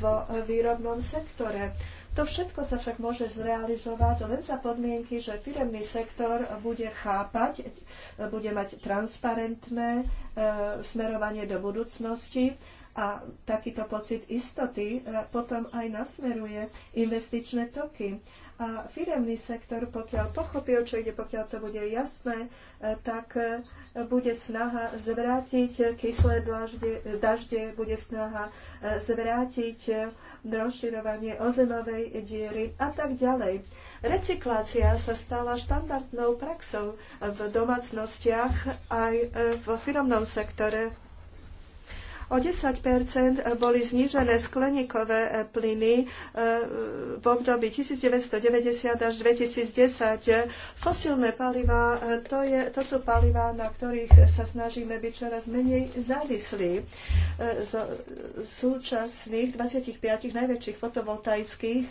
vo výrobnom sektore. To všetko sa však môže zrealizovať len za podmienky, že firemný sektor bude chápať, bude mať transparentné e, smerovanie do budúcnosti a takýto pocit istoty e, potom aj nasmeruje investičné toky. A firemný sektor, pokiaľ pochopil, čo ide, pokiaľ to bude jasné, e, tak bude snaha zvrátiť kyslé dažde, dažde bude snaha e, zvrátiť e, rozširovanie ozemovej diery a tak ďalej. Recyklácia sa stala štandardnou praxou v domácnostiach aj e, v firmnom sektore O 10 boli znížené skleníkové eh, plyny eh, v období 1990 až 2010. Fosilné paliva, eh, to, je, to sú paliva, na ktorých sa snažíme byť čoraz menej závislí. Z súčasných 25 najväčších fotovoltaických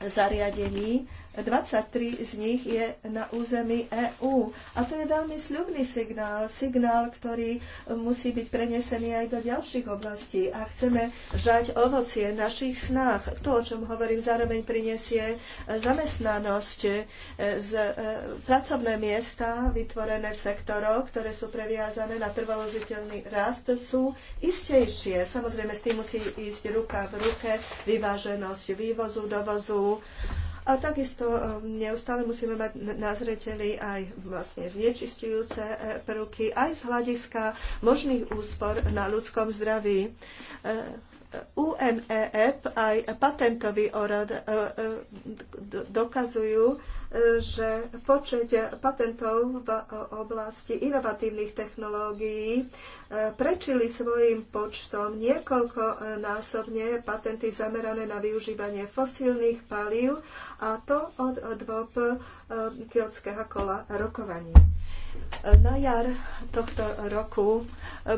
zariadení 23 z nich je na území EÚ. A to je veľmi sľubný signál, signál, ktorý musí byť prenesený aj do ďalších oblastí. A chceme žať ovocie našich snách. To, o čom hovorím, zároveň prinesie zamestnanosť e, z e, pracovné miesta vytvorené v sektoroch, ktoré sú previazané na trvaložiteľný rast, sú istejšie. Samozrejme, s tým musí ísť ruka v ruke vyváženosť vývozu, dovozu, a takisto um, neustále musíme mať na zreteli aj vlastne znečistujúce e, prvky, aj z hľadiska možných úspor na ľudskom zdraví. E, UNEP aj patentový orad e, e, dokazujú, e, že počet patentov v oblasti inovatívnych technológií prečili svojim počtom niekoľkonásobne patenty zamerané na využívanie fosílnych palív a to od dvob kiotského kola rokovaní. Na jar tohto roku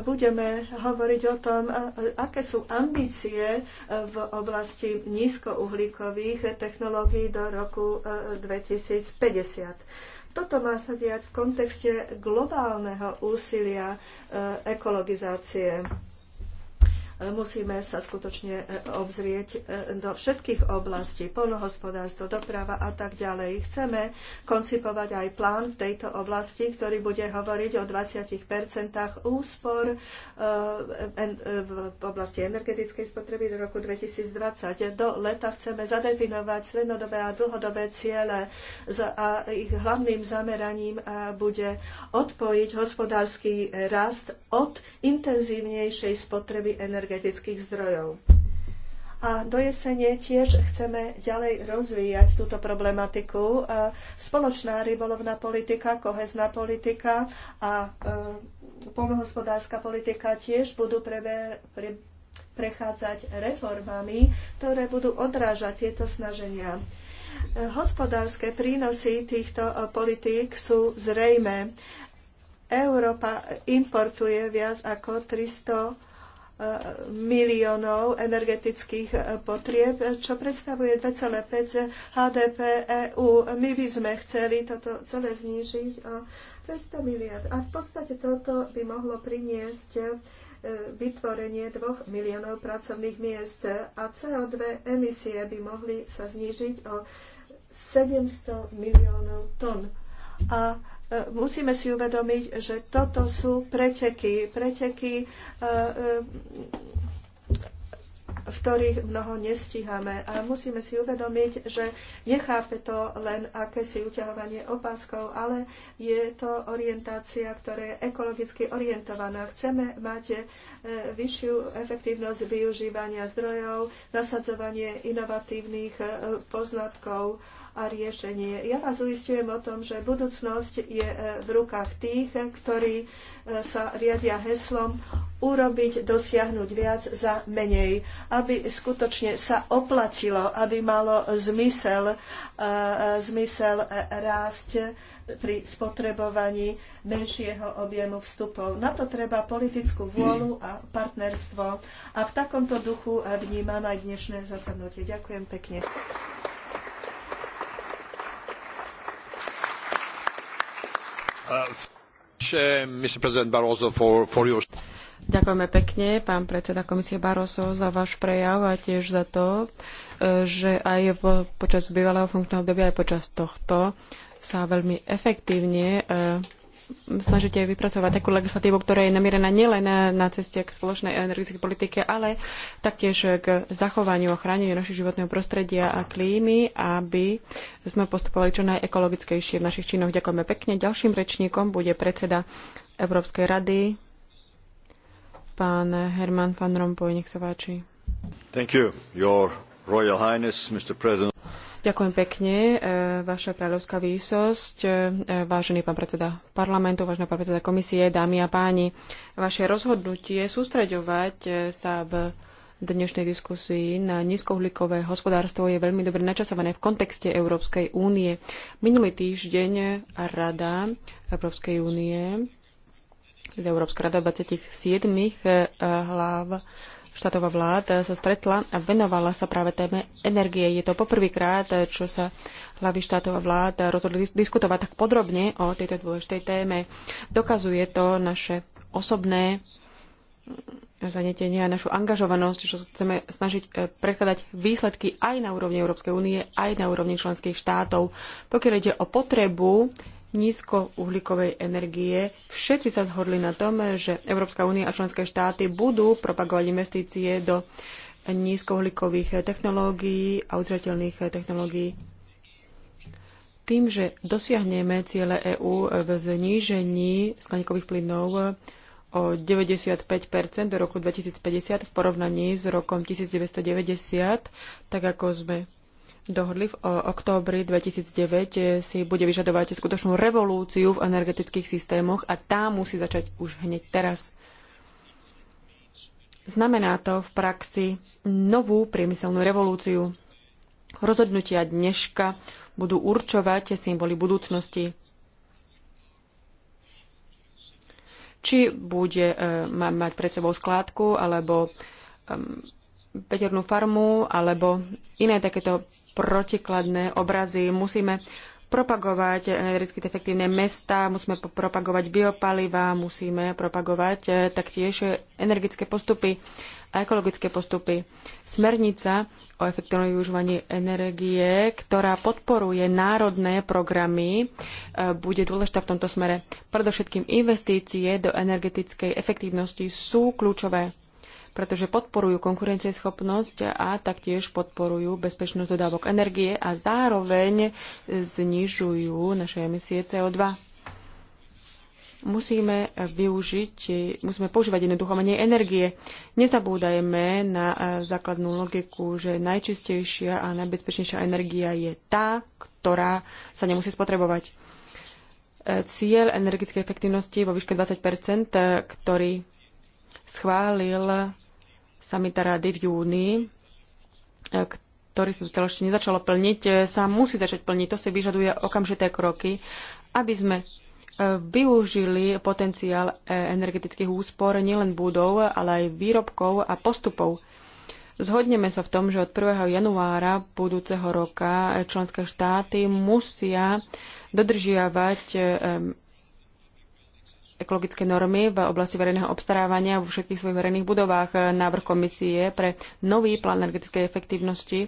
budeme hovoriť o tom, aké sú ambície v oblasti nízkouhlíkových technológií do roku 2050. Eh, Toto má sa diať v kontexte globálneho úsilia eh, ekologizácie musíme sa skutočne e, obzrieť e, do všetkých oblastí, polnohospodárstvo, doprava a tak ďalej. Chceme koncipovať aj plán v tejto oblasti, ktorý bude hovoriť o 20 úspor e, v oblasti energetickej spotreby do roku 2020. Do leta chceme zadefinovať strednodobé a dlhodobé ciele a ich hlavným zameraním bude odpojiť hospodársky rast od intenzívnejšej spotreby energetickej energetických zdrojov. A do jesene tiež chceme ďalej rozvíjať túto problematiku. Spoločná rybolovná politika, kohezná politika a e, polnohospodárska politika tiež budú pre, prechádzať reformami, ktoré budú odrážať tieto snaženia. E, hospodárske prínosy týchto e, politík sú zrejme. Európa importuje viac ako 300 miliónov energetických e, potrieb, čo predstavuje 2,5 HDP EU. My by sme chceli toto celé znížiť o 200 miliard. A v podstate toto by mohlo priniesť e, vytvorenie 2 miliónov pracovných miest a CO2 emisie by mohli sa znížiť o 700 miliónov tón. A E, musíme si uvedomiť, že toto sú preteky, preteky, e, e, v ktorých mnoho nestíhame. A musíme si uvedomiť, že nechápe to len akési uťahovanie opaskov, ale je to orientácia, ktorá je ekologicky orientovaná. Chceme mať vyššiu efektívnosť využívania zdrojov, nasadzovanie inovatívnych poznatkov a riešenie. Ja vás uistujem o tom, že budúcnosť je e, v rukách tých, ktorí e, sa riadia heslom urobiť, dosiahnuť viac za menej, aby skutočne sa oplatilo, aby malo zmysel, e, zmysel rásť pri spotrebovaní menšieho objemu vstupov. Na to treba politickú vôľu a partnerstvo. A v takomto duchu vnímam aj dnešné zasadnutie. Ďakujem pekne. Ďakujeme pekne, pán predseda komisie Barroso, za váš prejav a tiež za to, e, že aj počas bývalého funkčného obdobia, aj počas tohto sa veľmi efektívne e, snažíte vypracovať takú legislatívu, ktorá je namierená nielen na, na ceste k spoločnej energetickej politike, ale taktiež k zachovaniu a chráneniu našich životného prostredia a klímy, aby sme postupovali čo najekologickejšie v našich činoch. Ďakujeme pekne. Ďalším rečníkom bude predseda Európskej rady, pán Herman van Rompuy. Nech sa páči. Thank you, Your Royal Highness, Mr. President. Ďakujem pekne, e, vaša kráľovská výsosť, e, e, vážený pán predseda parlamentu, vážená pán predseda komisie, dámy a páni. Vaše rozhodnutie sústreďovať sa v dnešnej diskusii na nízkouhlíkové hospodárstvo je veľmi dobre načasované v kontexte Európskej únie. Minulý týždeň Rada Európskej únie, Európska rada 27 hlav štátov a vlád sa stretla a venovala sa práve téme energie. Je to poprvýkrát, čo sa hlavy štátov a vlád rozhodli diskutovať tak podrobne o tejto dôležitej téme. Dokazuje to naše osobné zanetenie a našu angažovanosť, čo chceme snažiť e, prekladať výsledky aj na úrovni Európskej únie, aj na úrovni členských štátov. Pokiaľ ide o potrebu nízkouhlíkovej energie. Všetci sa zhodli na tom, že Európska únia a členské štáty budú propagovať investície do nízkouhlíkových technológií a udržateľných technológií. Tým, že dosiahneme ciele EÚ v znížení skleníkových plynov o 95 do roku 2050 v porovnaní s rokom 1990, tak ako sme dohodli v októbri 2009, eh, si bude vyžadovať skutočnú revolúciu v energetických systémoch a tá musí začať už hneď teraz. Znamená to v praxi novú priemyselnú revolúciu. Rozhodnutia dneška budú určovať symboly budúcnosti. Či bude e, mať pred sebou skládku, alebo e, ehm, veternú farmu, alebo iné takéto protikladné obrazy. Musíme propagovať energeticky efektívne mesta, musíme propagovať biopaliva, musíme propagovať eh, taktiež energetické postupy a ekologické postupy. Smernica o efektívnom využívaní energie, ktorá podporuje národné programy, eh, bude dôležitá v tomto smere. Predovšetkým investície do energetickej efektívnosti sú kľúčové pretože podporujú konkurencieschopnosť a taktiež podporujú bezpečnosť dodávok energie a zároveň znižujú naše emisie CO2. Musíme využiť, musíme používať jednoducho menej energie. Nezabúdajme na e, základnú logiku, že najčistejšia a najbezpečnejšia energia je tá, ktorá sa nemusí spotrebovať e, cieľ energetickej efektivnosti vo výške 20 e, ktorý schválil samita rady v júni, e, ktorý sa zatiaľ ešte nezačalo plniť, e, sa musí začať plniť. To si vyžaduje okamžité kroky, aby sme e, využili potenciál energetických úspor nielen budov, ale aj výrobkov a postupov. Zhodneme sa v tom, že od 1. januára budúceho roka členské štáty musia dodržiavať ekologické normy v oblasti verejného obstarávania vo všetkých svojich verejných budovách. Návrh komisie pre nový plán energetickej efektívnosti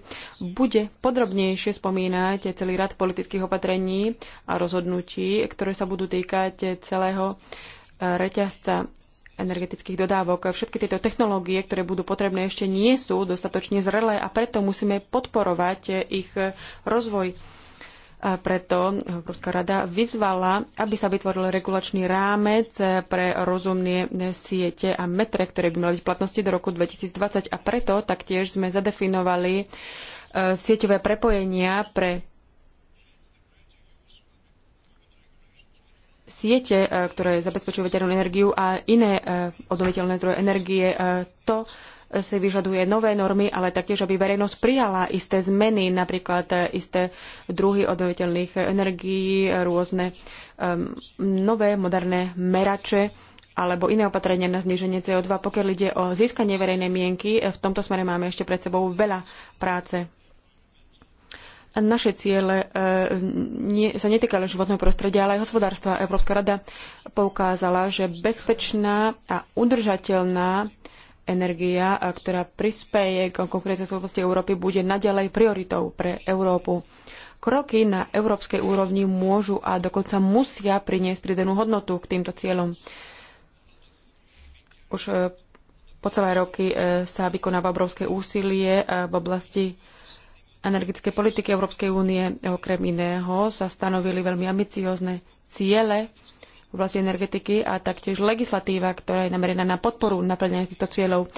bude podrobnejšie spomínať celý rad politických opatrení a rozhodnutí, ktoré sa budú týkať celého eh, reťazca energetických dodávok. Všetky tieto technológie, ktoré budú potrebné, ešte nie sú dostatočne zrelé a preto musíme podporovať eh, ich eh, rozvoj a preto Európska rada vyzvala, aby sa vytvoril regulačný rámec pre rozumné siete a metre, ktoré by mali v platnosti do roku 2020. A preto taktiež sme zadefinovali e, sieťové prepojenia pre siete, e, ktoré zabezpečujú veternú energiu a iné e, obnoviteľné zdroje energie. To si vyžaduje nové normy, ale taktiež, aby verejnosť prijala isté zmeny, napríklad isté druhy obnoviteľných energií, rôzne um, nové moderné merače alebo iné opatrenia na zníženie CO2. Pokiaľ ide o získanie verejnej mienky, v tomto smere máme ešte pred sebou veľa práce. Naše ciele e, nie, sa netýkajú len životného prostredia, ale aj hospodárstva. Európska rada poukázala, že bezpečná a udržateľná energia, ktorá prispeje k konkurencieschopnosti Európy, bude naďalej prioritou pre Európu. Kroky na európskej úrovni môžu a dokonca musia priniesť pridanú hodnotu k týmto cieľom. Už e, po celé roky e, sa vykonáva obrovské úsilie e, v oblasti energetickej politiky Európskej únie. Okrem iného sa stanovili veľmi ambiciózne ciele oblasti energetiky a taktiež legislatíva, ktorá je namerená na podporu naplnenia týchto cieľov.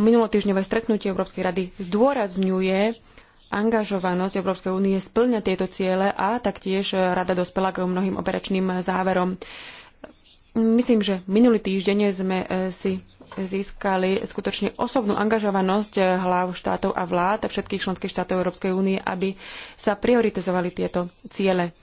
Minulotýždňové stretnutie Európskej rady zdôrazňuje angažovanosť Európskej únie splňa tieto ciele a taktiež rada dospela k mnohým operačným záverom. Myslím, že minulý týždeň sme e, si získali skutočne osobnú angažovanosť hlav štátov a vlád a všetkých členských štátov Európskej únie, aby sa prioritizovali tieto ciele.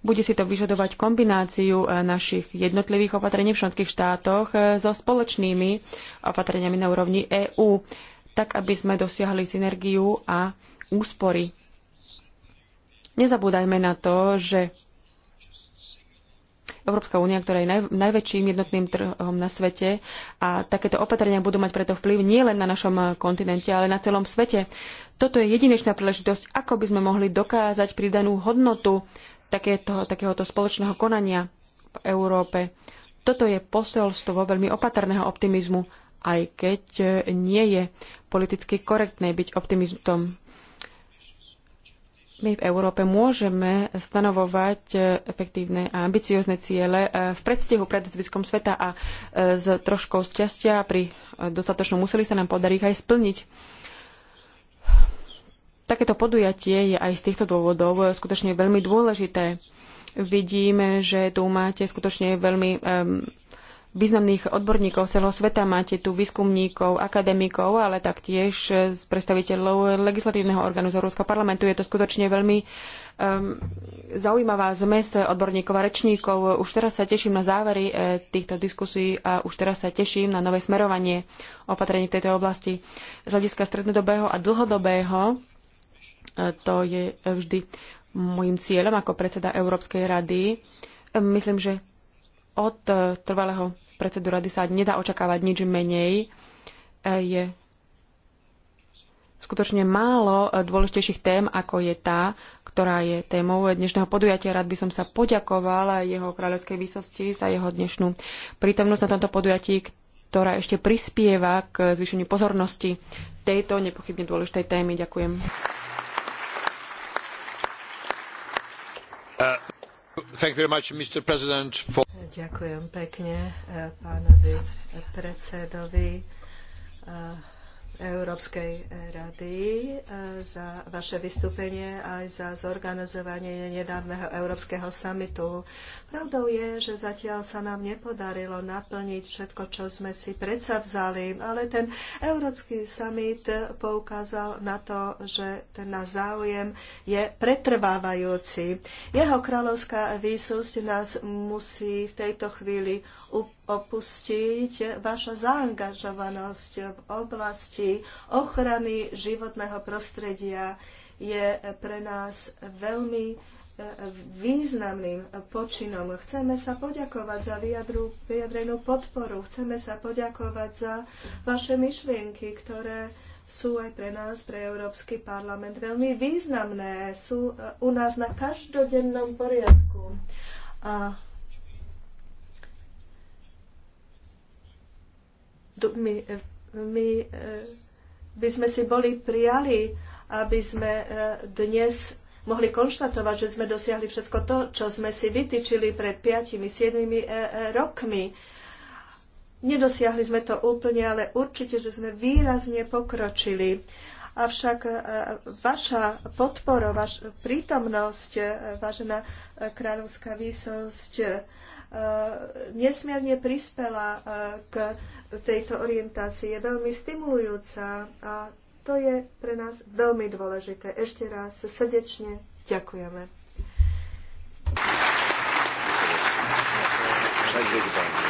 Bude si to vyžadovať kombináciu e, našich jednotlivých opatrení v členských štátoch e, so spoločnými opatreniami na úrovni EÚ, tak aby sme dosiahli synergiu a úspory. Nezabúdajme na to, že Európska únia, ktorá je naj, najväčším jednotným trhom na svete a takéto opatrenia budú mať preto vplyv nielen na našom kontinente, ale na celom svete. Toto je jedinečná príležitosť, ako by sme mohli dokázať pridanú hodnotu takéto, takéhoto spoločného konania v Európe. Toto je posolstvo veľmi opatrného optimizmu, aj keď e, nie je politicky korektné byť optimistom. My v Európe môžeme stanovovať e, efektívne a ambiciozne ciele e, v predstihu pred zvyškom sveta a s troškou šťastia pri dostatočnom úsilí sa nám podarí ich aj splniť. Takéto podujatie je aj z týchto dôvodov skutočne veľmi dôležité. Vidíme, že tu máte skutočne veľmi um, významných odborníkov celého sveta. Máte tu výskumníkov, akademikov, ale taktiež z predstaviteľov legislatívneho orgánu z Európskeho parlamentu. Je to skutočne veľmi um, zaujímavá zmes odborníkov a rečníkov. Už teraz sa teším na závery e, týchto diskusí a už teraz sa teším na nové smerovanie opatrení v tejto oblasti. Z hľadiska strednodobého a dlhodobého to je vždy môjim cieľom ako predseda Európskej rady. Myslím, že od trvalého predsedu rady sa nedá očakávať nič menej. Je skutočne málo dôležitejších tém, ako je tá, ktorá je témou dnešného podujatia. Rád by som sa poďakovala jeho kráľovskej výsosti za jeho dnešnú prítomnosť na tomto podujatí, ktorá ešte prispieva k zvýšeniu pozornosti tejto nepochybne dôležitej témy. Ďakujem. Uh, much, President, for... Ďakujem pekne za eh, predsedovi. Uh, Európskej eh, rady eh, za vaše vystúpenie aj za zorganizovanie nedávneho Európskeho samitu. Pravdou je, že zatiaľ sa nám nepodarilo naplniť všetko, čo sme si predsa vzali, ale ten Európsky summit poukázal na to, že ten náš záujem je pretrvávajúci. Jeho kráľovská výsosť nás musí v tejto chvíli opustiť vaša zaangažovanosť v oblasti ochrany životného prostredia je pre nás veľmi e, významným počinom. Chceme sa poďakovať za vyjadru, vyjadrenú podporu, chceme sa poďakovať za vaše myšlienky, ktoré sú aj pre nás, pre Európsky parlament veľmi významné, sú e, u nás na každodennom poriadku. A my, e, my e, by sme si boli prijali, aby sme e, dnes mohli konštatovať, že sme dosiahli všetko to, čo sme si vytýčili pred 5-7 rokmi. Nedosiahli sme to úplne, ale určite, že sme výrazne pokročili. Avšak vaša podpora, vaša prítomnosť, vážená kráľovská výsosť, nesmierne prispela k tejto orientácii je veľmi stimulujúca a to je pre nás veľmi dôležité. Ešte raz srdečne ďakujeme. Thank you.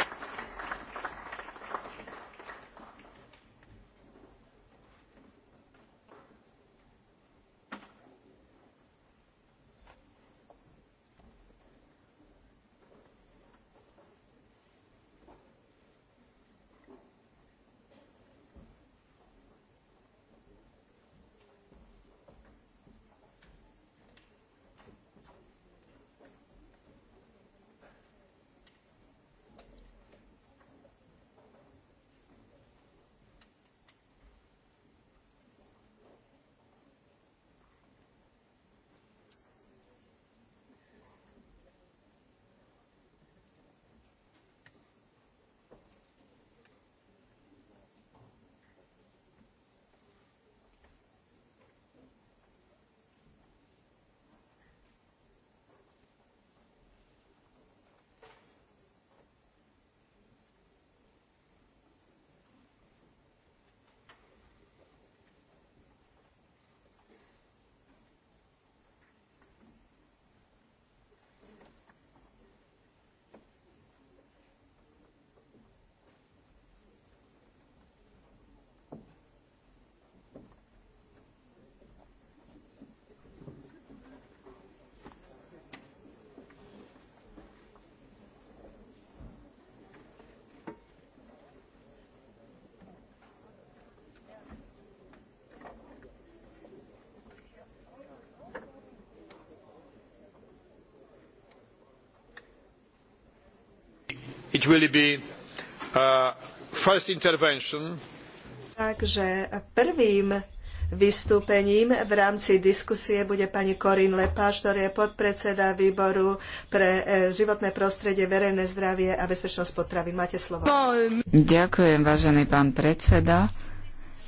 It will be uh, first intervention. Takže prvým vystúpením v rámci diskusie bude pani Corinne Lepáš, ktorý je podpredseda výboru pre e, životné prostredie, verejné zdravie a bezpečnosť potravín. Máte slovo. Ďakujem, vážený pán predseda.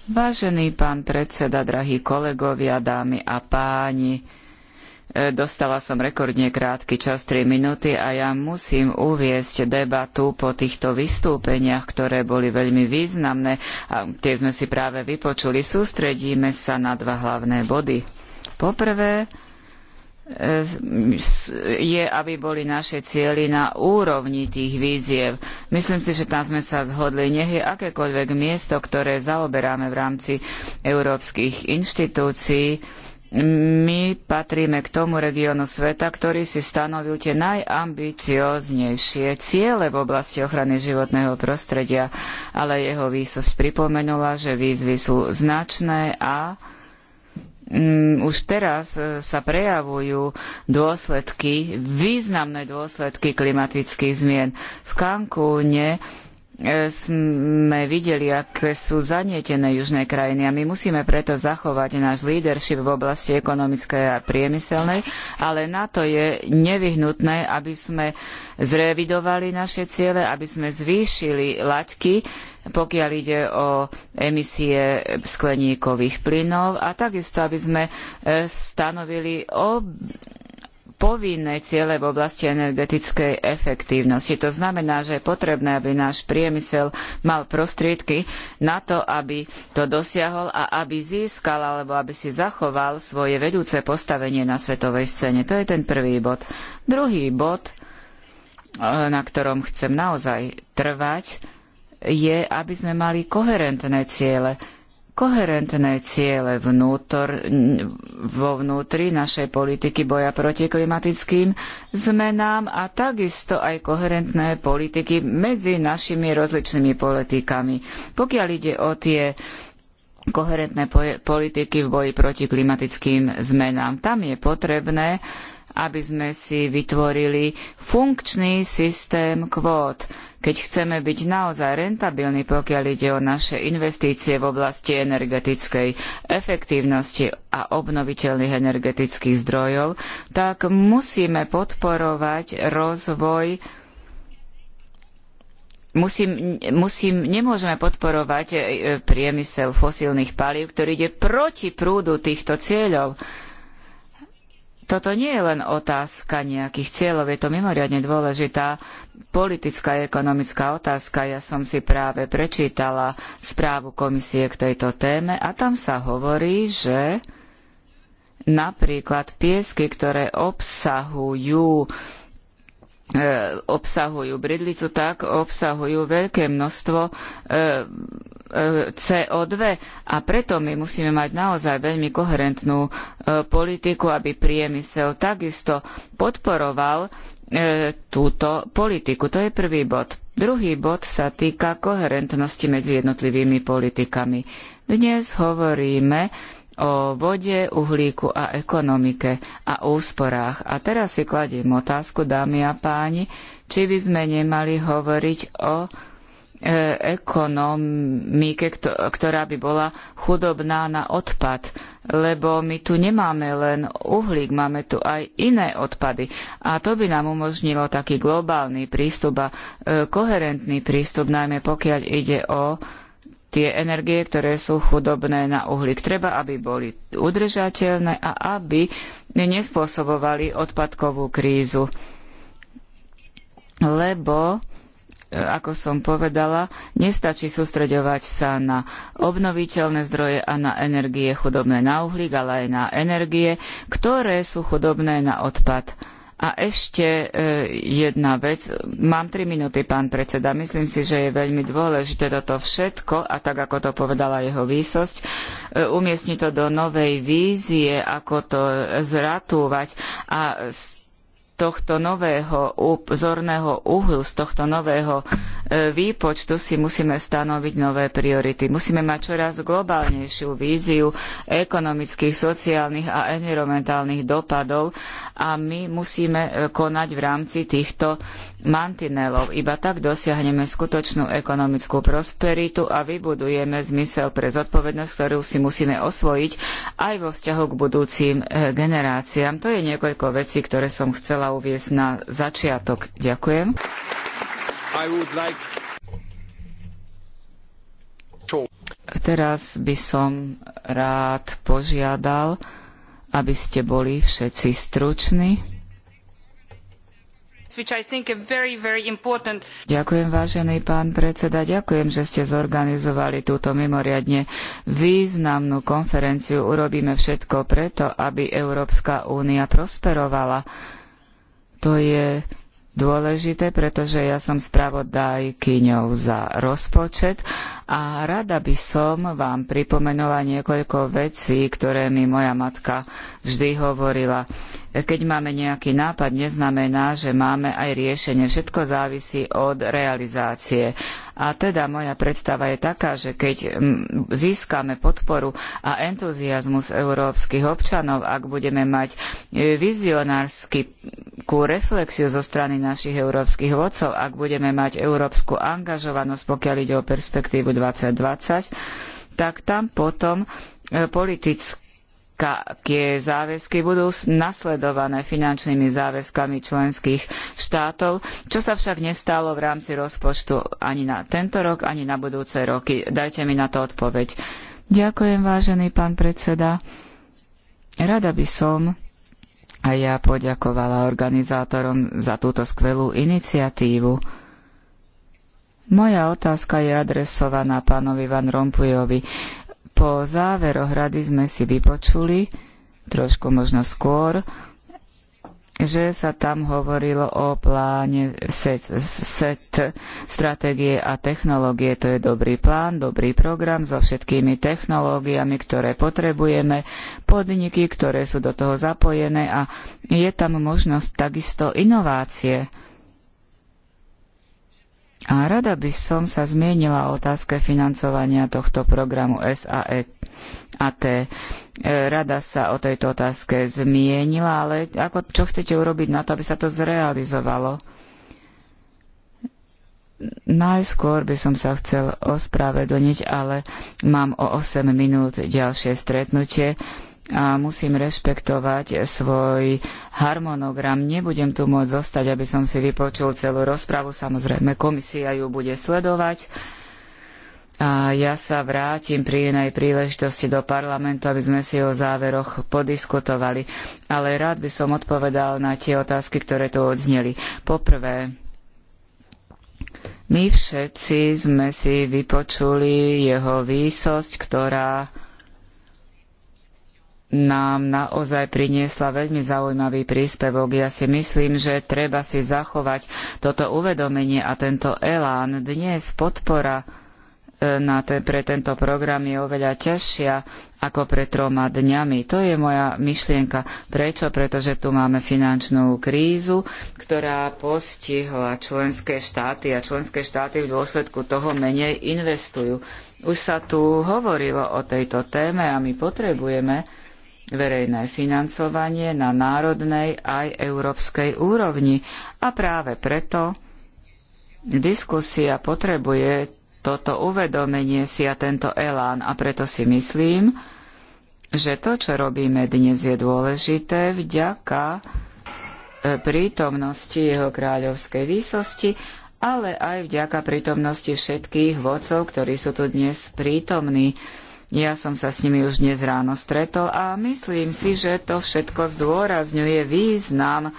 Vážený pán predseda, drahí kolegovia, dámy a páni, E, dostala som rekordne krátky čas 3 minúty a ja musím uviesť debatu po týchto vystúpeniach, ktoré boli veľmi významné a tie sme si práve vypočuli. Sústredíme sa na dva hlavné body. Poprvé, e, je, aby boli naše cieľy na úrovni tých víziev. Myslím si, že tam sme sa zhodli. Nech je akékoľvek miesto, ktoré zaoberáme v rámci európskych inštitúcií, my patríme k tomu regiónu sveta, ktorý si stanovil tie najambicióznejšie ciele v oblasti ochrany životného prostredia, ale jeho výsosť pripomenula, že výzvy sú značné a mm, už teraz e, sa prejavujú dôsledky, významné dôsledky klimatických zmien. V Cancúne E, sme videli, aké sú zanietené južné krajiny a my musíme preto zachovať náš leadership v oblasti ekonomickej a priemyselnej, ale na to je nevyhnutné, aby sme zrevidovali naše ciele, aby sme zvýšili laťky, pokiaľ ide o emisie skleníkových plynov a takisto, aby sme e, stanovili ob povinné ciele v oblasti energetickej efektívnosti. To znamená, že je potrebné, aby náš priemysel mal prostriedky na to, aby to dosiahol a aby získal alebo aby si zachoval svoje vedúce postavenie na svetovej scéne. To je ten prvý bod. Druhý bod, e, na ktorom chcem naozaj trvať, je, aby sme mali koherentné ciele koherentné ciele vnútor, vo vnútri našej politiky boja proti klimatickým zmenám a takisto aj koherentné politiky medzi našimi rozličnými politikami. Pokiaľ ide o tie koherentné politiky v boji proti klimatickým zmenám, tam je potrebné, aby sme si vytvorili funkčný systém kvót keď chceme byť naozaj rentabilní, pokiaľ ide o naše investície v oblasti energetickej efektívnosti a obnoviteľných energetických zdrojov, tak musíme podporovať rozvoj Musím, musím, nemôžeme podporovať e, priemysel fosílnych palív, ktorý ide proti prúdu týchto cieľov toto nie je len otázka nejakých cieľov, je to mimoriadne dôležitá politická a ekonomická otázka. Ja som si práve prečítala správu komisie k tejto téme a tam sa hovorí, že napríklad piesky, ktoré obsahujú e, obsahujú bridlicu, tak obsahujú veľké množstvo e, CO2 a preto my musíme mať naozaj veľmi koherentnú e, politiku, aby priemysel takisto podporoval e, túto politiku. To je prvý bod. Druhý bod sa týka koherentnosti medzi jednotlivými politikami. Dnes hovoríme o vode, uhlíku a ekonomike a úsporách. A teraz si kladiem otázku, dámy a páni, či by sme nemali hovoriť o ekonomike, ktorá by bola chudobná na odpad. Lebo my tu nemáme len uhlík, máme tu aj iné odpady. A to by nám umožnilo taký globálny prístup a e, koherentný prístup, najmä pokiaľ ide o tie energie, ktoré sú chudobné na uhlík. Treba, aby boli udržateľné a aby nespôsobovali odpadkovú krízu. Lebo ako som povedala, nestačí sústreďovať sa na obnoviteľné zdroje a na energie chudobné na uhlík, ale aj na energie, ktoré sú chudobné na odpad. A ešte e, jedna vec. Mám tri minúty, pán predseda. Myslím si, že je veľmi dôležité toto všetko, a tak ako to povedala jeho výsosť, e, umiestniť to do novej vízie, ako to zratúvať a z tohto nového zorného uhlu, z tohto nového výpočtu si musíme stanoviť nové priority. Musíme mať čoraz globálnejšiu víziu ekonomických, sociálnych a environmentálnych dopadov a my musíme e, konať v rámci týchto mantinelov. Iba tak dosiahneme skutočnú ekonomickú prosperitu a vybudujeme zmysel pre zodpovednosť, ktorú si musíme osvojiť aj vo vzťahu k budúcim e, generáciám. To je niekoľko vecí, ktoré som chcela uviesť na začiatok. Ďakujem. Teraz by som rád požiadal, aby ste boli všetci struční. Very, very ďakujem, vážený pán predseda, ďakujem, že ste zorganizovali túto mimoriadne významnú konferenciu. Urobíme všetko preto, aby Európska únia prosperovala. To je dôležité, pretože ja som spravodajkyňou za rozpočet a rada by som vám pripomenula niekoľko vecí, ktoré mi moja matka vždy hovorila. Keď máme nejaký nápad, neznamená, že máme aj riešenie. Všetko závisí od realizácie. A teda moja predstava je taká, že keď mm, získame podporu a entuziasmus európskych občanov, ak budeme mať e, vizionársky reflexiu zo strany našich európskych vodcov, ak budeme mať európsku angažovanosť, pokiaľ ide o perspektívu 2020, tak tam potom e, politické také záväzky budú nasledované finančnými záväzkami členských štátov, čo sa však nestalo v rámci rozpočtu ani na tento rok, ani na budúce roky. Dajte mi na to odpoveď. Ďakujem, vážený pán predseda. Rada by som a ja poďakovala organizátorom za túto skvelú iniciatívu. Moja otázka je adresovaná pánovi Van Rompuyovi. Po záveroch rady sme si vypočuli, trošku možno skôr, že sa tam hovorilo o pláne set, set stratégie a technológie. To je dobrý plán, dobrý program so všetkými technológiami, ktoré potrebujeme, podniky, ktoré sú do toho zapojené a je tam možnosť takisto inovácie. A rada by som sa zmienila o otázke financovania tohto programu SAE a T. E, rada sa o tejto otázke zmienila, ale ako, čo chcete urobiť na to, aby sa to zrealizovalo? Najskôr by som sa chcel ospravedlniť, ale mám o 8 minút ďalšie stretnutie a musím rešpektovať svoj harmonogram. Nebudem tu môcť zostať, aby som si vypočul celú rozpravu. Samozrejme, komisia ju bude sledovať. A ja sa vrátim pri inej príležitosti do parlamentu, aby sme si o záveroch podiskutovali. Ale rád by som odpovedal na tie otázky, ktoré tu odzneli. Poprvé, my všetci sme si vypočuli jeho výsosť, ktorá nám naozaj priniesla veľmi zaujímavý príspevok. Ja si myslím, že treba si zachovať toto uvedomenie a tento elán. Dnes podpora e, na pre tento program je oveľa ťažšia ako pred troma dňami. To je moja myšlienka. Prečo? Pretože tu máme finančnú krízu, ktorá postihla členské štáty a členské štáty v dôsledku toho menej investujú. Už sa tu hovorilo o tejto téme a my potrebujeme verejné financovanie na národnej aj európskej úrovni. A práve preto diskusia potrebuje toto uvedomenie si a tento elán a preto si myslím, že to, čo robíme dnes, je dôležité vďaka e, prítomnosti jeho kráľovskej výsosti, ale aj vďaka prítomnosti všetkých vodcov, ktorí sú tu dnes prítomní. Ja som sa s nimi už dnes ráno stretol a myslím si, že to všetko zdôrazňuje význam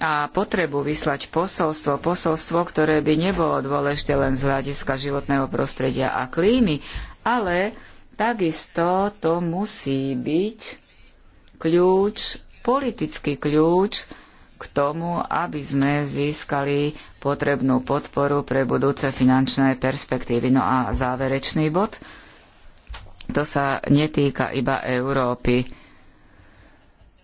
a potrebu vyslať posolstvo, posolstvo, ktoré by nebolo dôležité len z hľadiska životného prostredia a klímy, ale takisto to musí byť kľúč, politický kľúč k tomu, aby sme získali potrebnú podporu pre budúce finančné perspektívy. No a záverečný bod – to sa netýka iba Európy.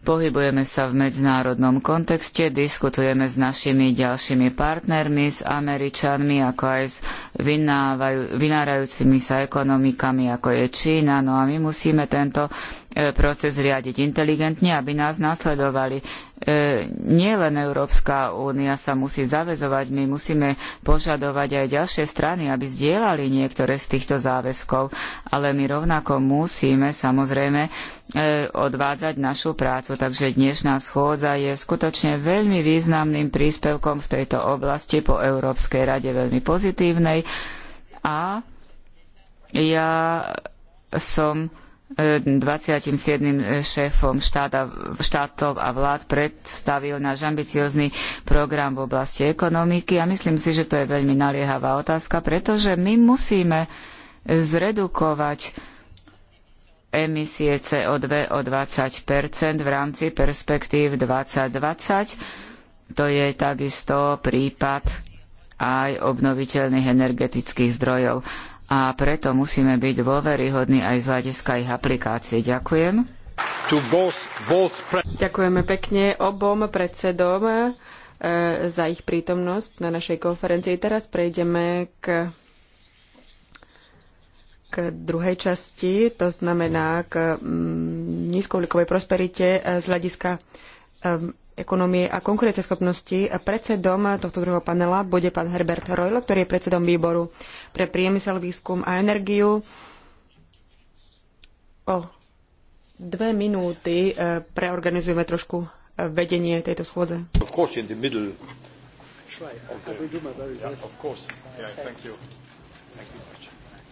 Pohybujeme sa v medzinárodnom kontexte, diskutujeme s našimi ďalšími partnermi, s Američanmi, ako aj s vynárajúcimi sa ekonomikami, ako je Čína. No a my musíme tento E, proces riadiť inteligentne, aby nás nasledovali. E, nie len Európska únia sa musí zaväzovať, my musíme požadovať aj ďalšie strany, aby zdieľali niektoré z týchto záväzkov, ale my rovnako musíme samozrejme e, odvádzať našu prácu. Takže dnešná schôdza je skutočne veľmi významným príspevkom v tejto oblasti po Európskej rade veľmi pozitívnej a ja som 27. šéfom štáta, štátov a vlád predstavil náš ambiciózny program v oblasti ekonomiky a myslím si, že to je veľmi naliehavá otázka, pretože my musíme zredukovať emisie CO2 o 20 v rámci perspektív 2020. To je takisto prípad aj obnoviteľných energetických zdrojov a preto musíme byť dôveryhodní aj z hľadiska ich aplikácie. Ďakujem. Both, both Ďakujeme pekne obom predsedom e, za ich prítomnosť na našej konferencii. Teraz prejdeme k, k druhej časti, to znamená k mm, nízkouhlíkovej prosperite e, z hľadiska e, ekonomie a konkurencieschopnosti Predsedom tohto druhého panela bude pán Herbert Reul, ktorý je predsedom výboru pre priemysel, výskum a energiu. O dve minúty e, preorganizujeme trošku e, vedenie tejto schôdze.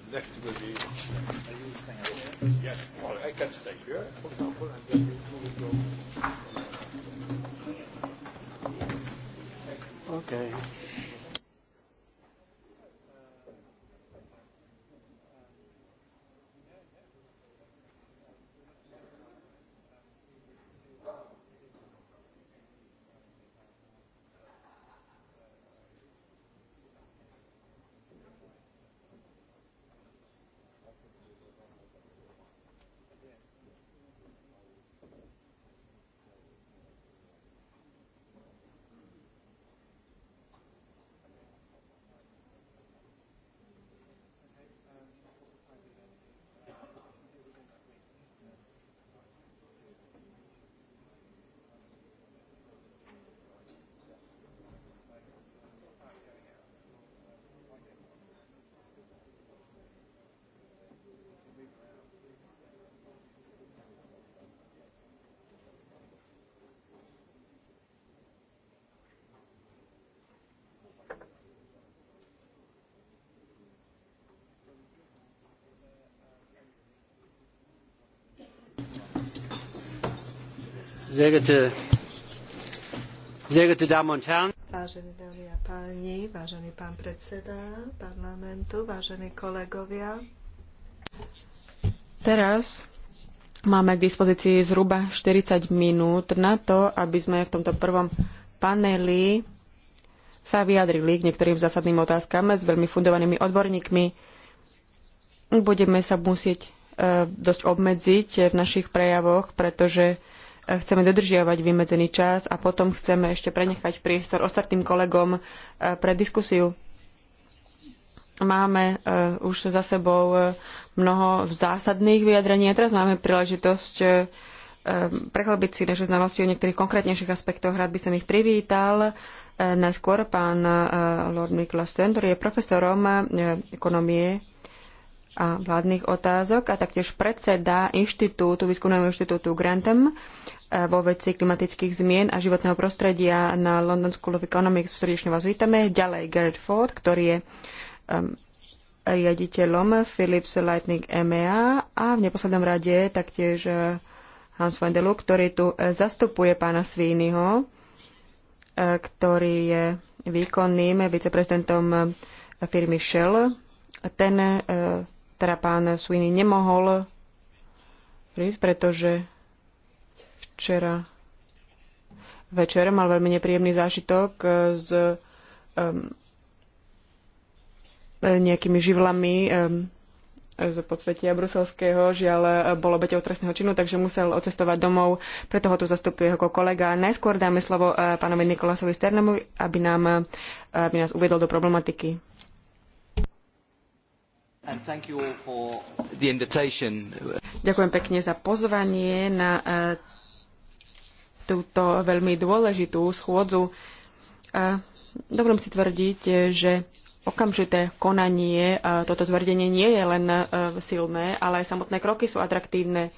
Next will be. Yes, well, I can stay here, for example, and then you will go. Okay. Sehr Vážené dámy a páni, vážený pán predseda parlamentu, vážení kolegovia. Teraz máme k dispozícii zhruba 40 minút na to, aby sme v tomto prvom paneli sa vyjadrili k niektorým zásadným otázkam s veľmi fundovanými odborníkmi. Budeme sa musieť e, dosť obmedziť v našich prejavoch, pretože chceme dodržiavať vymedzený čas a potom chceme ešte prenechať priestor ostatným kolegom eh, pre diskusiu. Máme eh, už za sebou eh, mnoho zásadných vyjadrení a teraz máme príležitosť prehlbiť si naše znalosti o niektorých konkrétnejších aspektoch. Rád by som ich privítal. Najskôr pán Lord Miklas Ten, ktorý je profesorom ekonomie a vládnych otázok a taktiež predseda inštitútu, výskumného inštitútu Grantem Eh, vo veci klimatických zmien a životného prostredia na London School of Economics. Srdečne vás vítame. Ďalej Gerrit Ford, ktorý je um, riaditeľom Philips Lightning EMEA a v neposlednom rade taktiež eh, Hans van Delu, ktorý tu eh, zastupuje pána Svínyho, ktorý je výkonným viceprezidentom firmy Shell. Ten, teda pán Sweeney, nemohol prísť, pretože včera večer mal veľmi nepríjemný zážitok eh, s um, nejakými živlami um, z podsvetia bruselského, žiaľ bolo obeťou trestného činu, takže musel odcestovať domov, preto ho tu zastupuje ako kolega. Najskôr dáme slovo pánovi Nikolasovi Sternemu, aby, nám, aby nás uviedol do problematiky. Ďakujem pekne za pozvanie na túto veľmi dôležitú schôdzu. A dovolím si tvrdiť, že okamžité konanie, toto tvrdenie nie je len e, silné, ale aj samotné kroky sú atraktívne.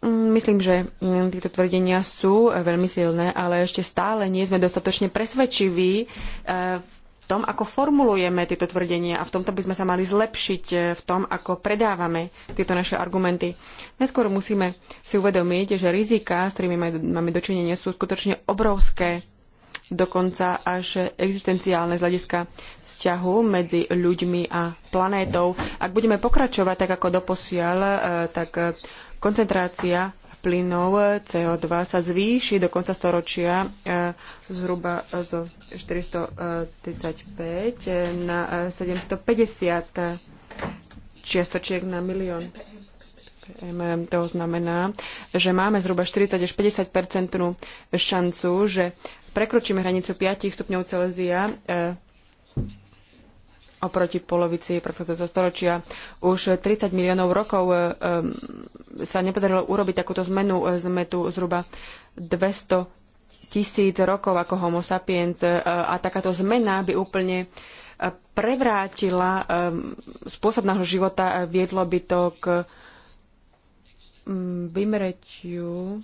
Mm, myslím, že mm, tieto tvrdenia sú e, veľmi silné, ale ešte stále nie sme dostatočne presvedčiví e, v tom, ako formulujeme tieto tvrdenia a v tomto by sme sa mali zlepšiť eh, v tom, ako predávame tieto naše argumenty. Neskôr musíme si uvedomiť, že rizika, s ktorými máme dočinenie, sú skutočne obrovské dokonca až existenciálne z hľadiska vzťahu medzi ľuďmi a planétou. Ak budeme pokračovať tak ako doposiaľ, eh, tak eh, koncentrácia plynov eh, CO2 sa zvýši do konca storočia eh, zhruba eh, zo 435 na 750 čiastočiek na milión. To znamená, že máme zhruba 40 až 50 šancu, že prekročíme hranicu 5 stupňov Celzia oproti polovici predchádzajúceho storočia. Už 30 miliónov rokov e, e, sa nepodarilo urobiť takúto zmenu. Sme e, tu zhruba 200 tisíc rokov ako homo sapiens a takáto zmena by úplne prevrátila spôsob nášho života, viedlo by to k mm, vymretiu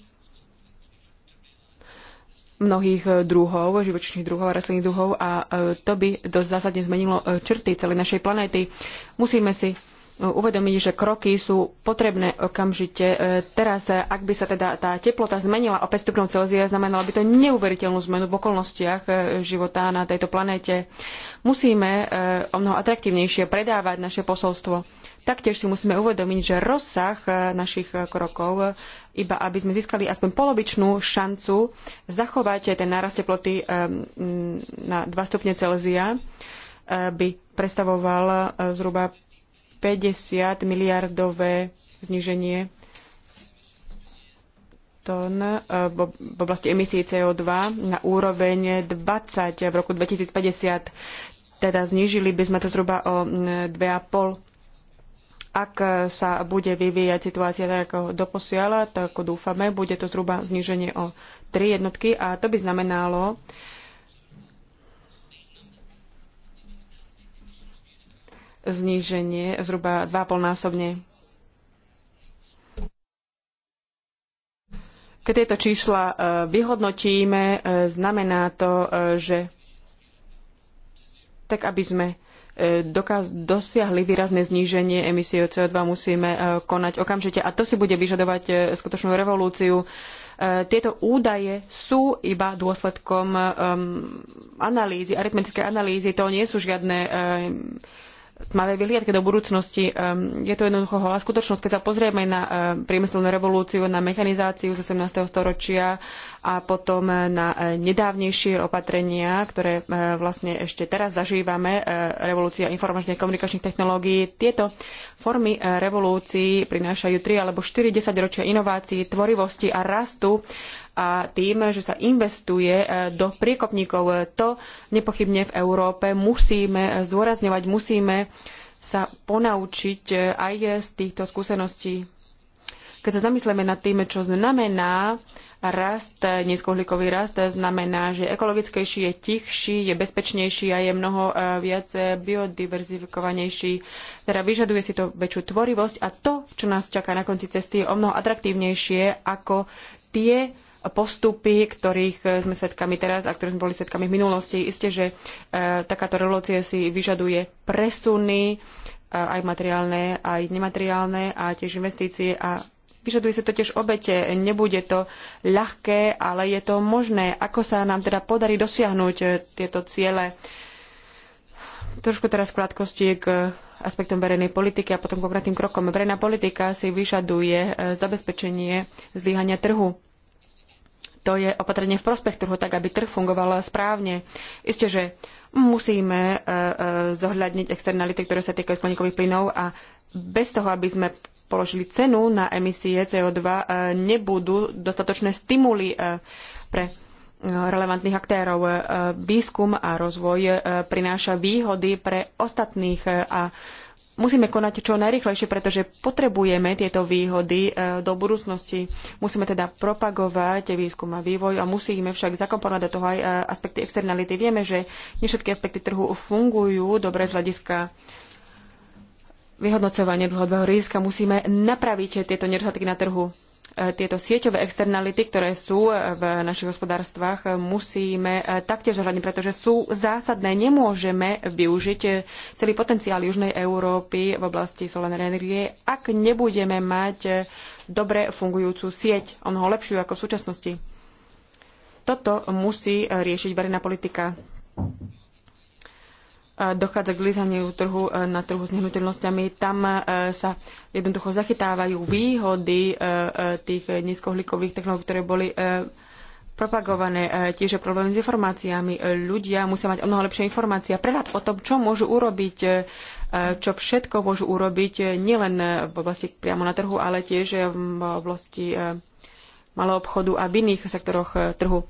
mnohých eh, druhov, živočíšnych druhov a rastlinných druhov a eh, to by dosť zásadne zmenilo eh, črty celej našej planéty. Musíme si uvedomiť, že kroky sú potrebné okamžite. Teraz, ak by sa teda tá teplota zmenila o 5 stupňov Celzia, znamenalo by to neuveriteľnú zmenu v okolnostiach života na tejto planéte. Musíme o mnoho atraktívnejšie predávať naše posolstvo. Taktiež si musíme uvedomiť, že rozsah našich krokov iba aby sme získali aspoň polovičnú šancu zachovať ten nárast teploty eh, mm, na 2 stupne Celzia, eh, by predstavoval eh, zhruba 50 miliardové zníženie tón v oblasti emisí CO2 na úroveň 20 v roku 2050. Teda znížili by sme to zhruba o 2,5 mm, ak sa bude vyvíjať situácia tak ako doposiaľa, tak ako dúfame, bude to zhruba zníženie o 3 jednotky a to by znamenalo, zníženie zhruba 2,5 násobne. Keď tieto čísla e, vyhodnotíme, e, znamená to, e, že tak aby sme E, dokaz, dosiahli výrazné zníženie emisie CO2, musíme e, konať okamžite. A to si bude vyžadovať e, skutočnú revolúciu. Tieto údaje sú iba dôsledkom analýzy, aritmetické analýzy. To nie sú žiadne tmavé vyhliadky do budúcnosti. Je to jednoducho holá skutočnosť. Keď sa pozrieme na priemyselnú revolúciu, na mechanizáciu z 18. storočia, a potom na e, nedávnejšie opatrenia, ktoré e, vlastne ešte teraz zažívame, e, revolúcia informačných a komunikačných technológií. Tieto formy revolúcií prinášajú tri alebo štyri desaťročia inovácií, tvorivosti a rastu a tým, že sa investuje do priekopníkov. To nepochybne v Európe musíme zdôrazňovať, musíme sa ponaučiť aj z týchto skúseností keď sa zamyslíme nad tým, čo znamená rast, nízkouhlíkový rast, znamená, že je ekologickejší, je tichší, je bezpečnejší a je mnoho e, viac biodiverzifikovanejší. Teda vyžaduje si to väčšiu tvorivosť a to, čo nás čaká na konci cesty, je o mnoho atraktívnejšie ako tie postupy, ktorých sme svedkami teraz a ktoré sme boli svedkami v minulosti. Isté, že e, takáto revolúcia si vyžaduje presuny, e, aj materiálne, aj nemateriálne a tiež investície a Vyžaduje si totiž obete, nebude to ľahké, ale je to možné. Ako sa nám teda podarí dosiahnuť eh, tieto ciele? Trošku teraz krátkosti k aspektom verejnej politiky a potom konkrétnym krokom. Verejná politika si vyžaduje eh, zabezpečenie zlyhania trhu. To je opatrenie v prospech trhu, tak aby trh fungoval správne. Isté, že musíme eh, zohľadniť externality, ktoré sa týkajú skleníkových plynov a bez toho, aby sme položili cenu na emisie CO2, e, nebudú dostatočné stimuly e, pre e, relevantných aktérov. Výskum a rozvoj prináša výhody pre ostatných a musíme konať čo najrychlejšie, pretože potrebujeme tieto výhody do budúcnosti. Musíme teda propagovať výskum a vývoj a musíme však zakomponovať do toho aj aspekty externality. Vieme, že nie všetky aspekty trhu fungujú dobre z hľadiska vyhodnocovanie dlhodobého rizika musíme napraviť tieto nedostatky na trhu. E, tieto sieťové externality, ktoré sú e, v našich hospodárstvách, e, musíme taktiež zohľadniť, pretože sú zásadné. Nemôžeme využiť celý potenciál Južnej Európy v oblasti solárnej energie, ak nebudeme mať dobre fungujúcu sieť, o lepšiu ako v súčasnosti. Toto musí riešiť verejná politika dochádza k lízaniu trhu e, na trhu s nehnuteľnosťami. Tam e, sa jednoducho zachytávajú výhody e, tých nízkohlikových technológií, ktoré boli propagované. Tiež je problém s informáciami. Ľudia musia mať o mnoho lepšie informácie a prehľad o tom, čo môžu urobiť, čo všetko môžu urobiť nielen v oblasti priamo na trhu, ale tiež v oblasti malého obchodu a v iných sektoroch trhu.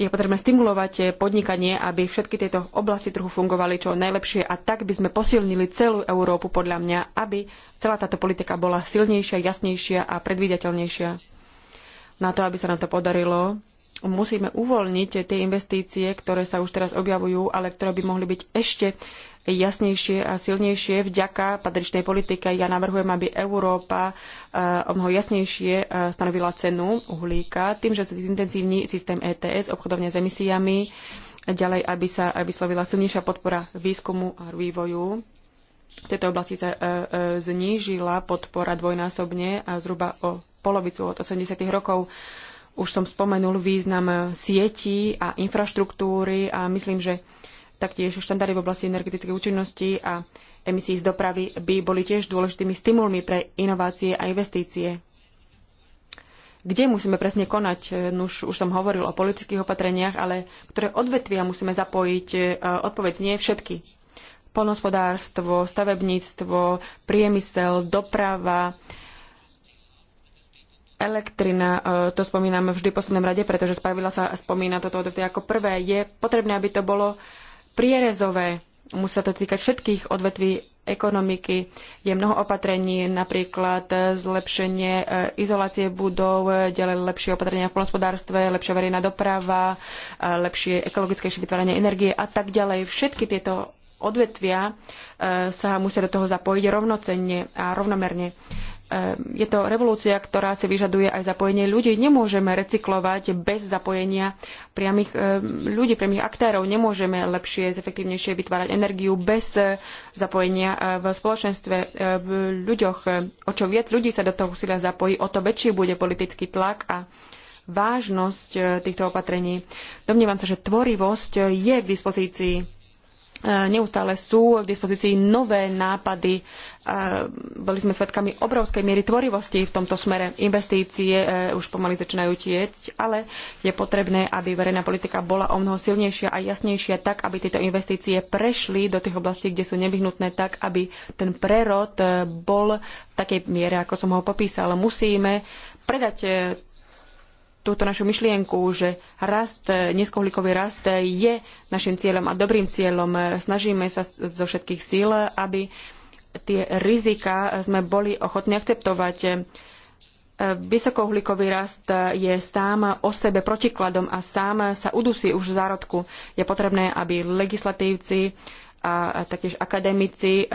Je potrebné stimulovať eh, podnikanie, aby všetky tieto oblasti trhu fungovali čo najlepšie a tak by sme posilnili celú Európu podľa mňa, aby celá táto politika bola silnejšia, jasnejšia a predvídateľnejšia. Na to, aby sa nám to podarilo, musíme uvoľniť tie investície, ktoré sa už teraz objavujú, ale ktoré by mohli byť ešte jasnejšie a silnejšie vďaka patričnej politike. Ja navrhujem, aby Európa e, o mnoho jasnejšie e, stanovila cenu uhlíka tým, že sa zintenzívni systém ETS, obchodovne s emisiami, ďalej, aby sa vyslovila silnejšia podpora výskumu a vývoju. V tejto oblasti sa e, znížila podpora dvojnásobne a zhruba o polovicu od 80. rokov. Už som spomenul význam sietí a infraštruktúry a myslím, že taktiež štandardy v oblasti energetickej účinnosti a emisí z dopravy by boli tiež dôležitými stimulmi pre inovácie a investície. Kde musíme presne konať? Už, už som hovoril o politických opatreniach, ale ktoré odvetvia musíme zapojiť? E, Odpoveď nie všetky. Polnospodárstvo, stavebníctvo, priemysel, doprava, Elektrina, e, to spomínam vždy v poslednom rade, pretože spravidla sa spomína toto odvetvie ako prvé. Je potrebné, aby to bolo prierezové. Musí sa to týkať všetkých odvetví ekonomiky. Je mnoho opatrení, napríklad zlepšenie e, izolácie budov, ďalej lepšie opatrenia v hospodárstve, lepšia verejná doprava, e, lepšie ekologickejšie vytváranie energie a tak ďalej. Všetky tieto odvetvia sa musia do toho zapojiť rovnocenne a rovnomerne. Ehm, je to revolúcia, ktorá si vyžaduje aj zapojenie ľudí. Nemôžeme recyklovať bez zapojenia priamých ehm, ľudí, priamých aktérov. Nemôžeme lepšie, efektívnejšie vytvárať energiu bez eh, zapojenia eh, v spoločenstve, eh, v ľuďoch. O čo viac ľudí sa do toho úsilia zapojí, o to väčší bude politický tlak a vážnosť týchto opatrení. Domnievam sa, že tvorivosť je k dispozícii neustále sú k dispozícii nové nápady. E, boli sme svedkami obrovskej miery tvorivosti v tomto smere. Investície e, už pomaly začínajú tiecť, ale je potrebné, aby verejná politika bola omnoho silnejšia a jasnejšia, tak aby tieto investície prešli do tých oblastí, kde sú nevyhnutné, tak aby ten prerod e, bol v takej miere, ako som ho popísala. Musíme predať túto našu myšlienku, že rast, e, nízkouhlíkový rast e, je našim cieľom a dobrým cieľom. E, snažíme sa zo všetkých síl, aby tie rizika sme boli ochotní akceptovať. Vysokouhlíkový rast je sám o sebe protikladom a sám sa udusí už v zárodku. Je potrebné, aby legislatívci a taktiež akademici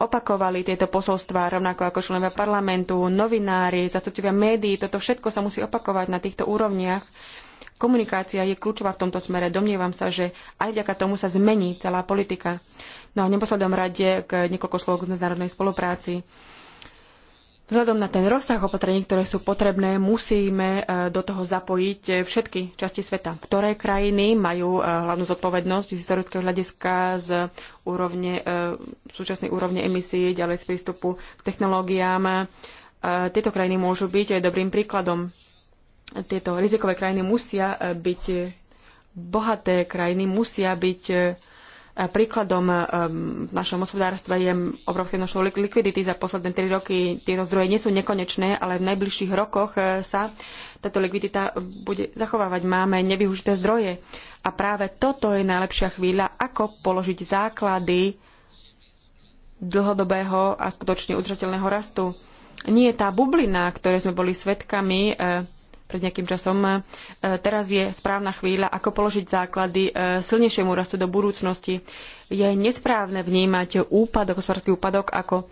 opakovali tieto posolstvá, rovnako ako členovia parlamentu, novinári, zastupcovia médií. Toto všetko sa musí opakovať na týchto úrovniach. Komunikácia je kľúčová v tomto smere. Domnievam sa, že aj vďaka tomu sa zmení celá politika. No a v neposlednom rade k niekoľko slov k medzinárodnej spolupráci. Vzhľadom na ten rozsah opatrení, ktoré sú potrebné, musíme e, do toho zapojiť e, všetky časti sveta. Ktoré krajiny majú e, hlavnú zodpovednosť z historického hľadiska, z úrovne, súčasnej úrovne emisí, ďalej z prístupu k technológiám. Tieto krajiny môžu byť aj dobrým príkladom. Tieto rizikové krajiny musia byť bohaté krajiny, musia byť E, príkladom e, v našom hospodárstve je obrovské množstvo likvidity za posledné tri roky. Tieto zdroje nie sú nekonečné, ale v najbližších rokoch e, sa táto likvidita bude zachovávať. Máme nevyužité zdroje. A práve toto je najlepšia chvíľa, ako položiť základy dlhodobého a skutočne udržateľného rastu. Nie je tá bublina, ktoré sme boli svedkami, pred nejakým časom. E, teraz je správna chvíľa, ako položiť základy e, silnejšiemu rastu do budúcnosti. Je nesprávne vnímať úpadok, hospodársky úpadok ako e,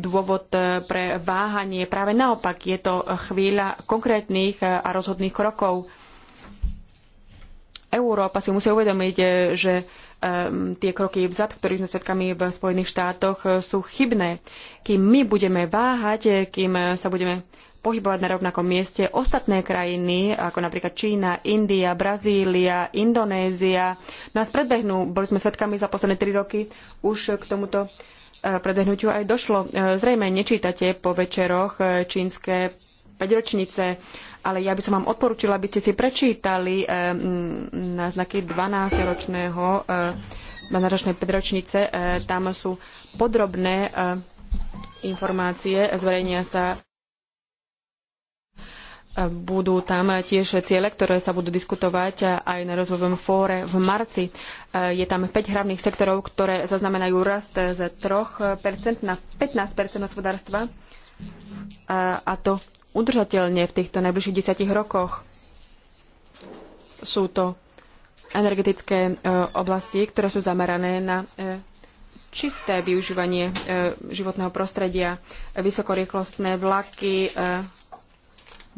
dôvod pre váhanie. Práve naopak, je to chvíľa konkrétnych a rozhodných krokov. Európa si musí uvedomiť, že tie kroky vzad, ktorých sme svedkami v Spojených štátoch, sú chybné. Kým my budeme váhať, kým sa budeme pohybovať na rovnakom mieste. Ostatné krajiny, ako napríklad Čína, India, Brazília, Indonézia, nás predbehnú. Boli sme svedkami za posledné tri roky už k tomuto eh, predbehnutiu aj došlo. Eh, zrejme nečítate po večeroch eh, čínske päťročnice, ale ja by som vám odporučila, aby ste si prečítali náznaky 12-ročného 12-ročnej päťročnice. Tam sú podrobné informácie, zverejnia sa budú tam tiež ciele, ktoré sa budú diskutovať aj na rozvojovom fóre v marci. Je tam 5 hlavných sektorov, ktoré zaznamenajú rast z 3% na 15% hospodárstva a to udržateľne v týchto najbližších desiatich rokoch. Sú to energetické e, oblasti, ktoré sú zamerané na e, čisté využívanie e, životného prostredia, vysokorýchlostné vlaky,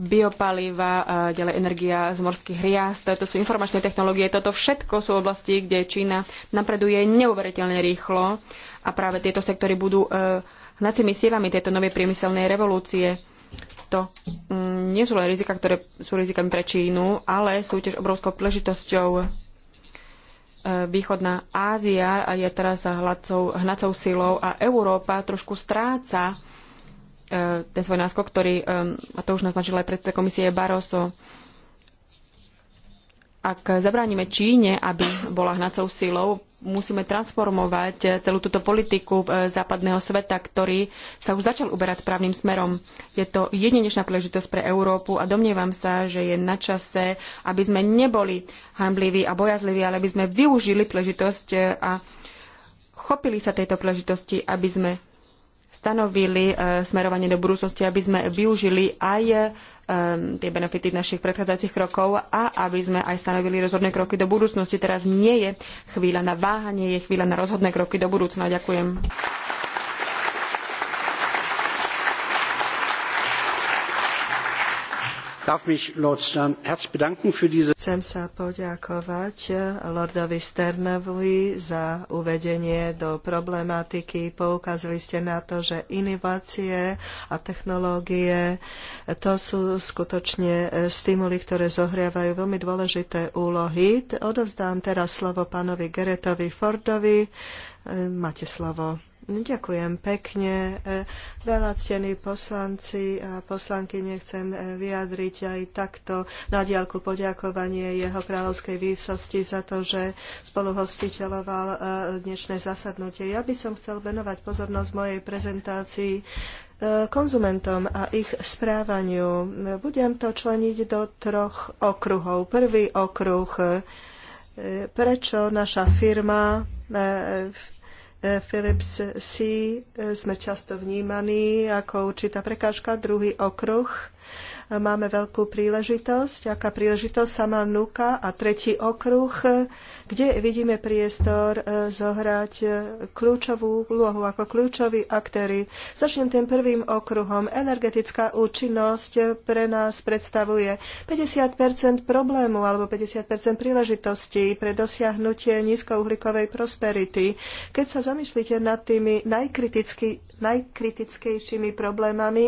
biopalíva, ďalej energia z morských hriast, to sú informačné technológie. Toto všetko sú oblasti, kde Čína napreduje neuveriteľne rýchlo a práve tieto sektory budú e, hnacími silami tejto novej priemyselnej revolúcie. To mm, nie sú len rizika, ktoré sú rizikami pre Čínu, ale sú tiež obrovskou príležitosťou. E, východná Ázia je teraz hnacou silou a Európa trošku stráca E, ten svoj náskok, ktorý, e, a to už naznačil aj predseda komisie Barroso, ak zabránime Číne, aby bola hnacou silou, musíme transformovať celú túto politiku e, západného sveta, ktorý sa už začal uberať správnym smerom. Je to jedinečná príležitosť pre Európu a domnievam sa, že je na čase, aby sme neboli hambliví a bojazliví, ale aby sme využili príležitosť a chopili sa tejto príležitosti, aby sme stanovili e, smerovanie do budúcnosti, aby sme využili aj e, tie benefity našich predchádzajúcich krokov a aby sme aj stanovili rozhodné kroky do budúcnosti. Teraz nie je chvíľa na váhanie, je chvíľa na rozhodné kroky do budúcna. Ďakujem. Chcem sa poďakovať eh, Lordovi Sternovi za uvedenie do problematiky. Poukázali ste na to, že inovácie a technológie eh, to sú skutočne eh, stimuly, ktoré zohrievajú veľmi dôležité úlohy. Odovzdám teraz slovo pánovi Geretovi Fordovi. Máte slovo. Ďakujem pekne. E, veľa ctení poslanci a poslanky nechcem e, vyjadriť aj takto na diálku poďakovanie jeho kráľovskej výsosti za to, že spoluhostiteľoval e, dnešné zasadnutie. Ja by som chcel venovať pozornosť mojej prezentácii konzumentom a ich správaniu. Budem to členiť do troch okruhov. Prvý okruh, prečo naša firma Philips C e, sme často vnímaní ako určitá prekážka, druhý okruh máme veľkú príležitosť, aká príležitosť sa nám núka a tretí okruh, kde vidíme priestor e, zohrať e, kľúčovú úlohu ako kľúčoví aktéry. Začnem tým prvým okruhom. Energetická účinnosť pre nás predstavuje 50 problému alebo 50 príležitostí pre dosiahnutie nízkouhlíkovej prosperity. Keď sa zamyslíte nad tými najkritickejšími problémami,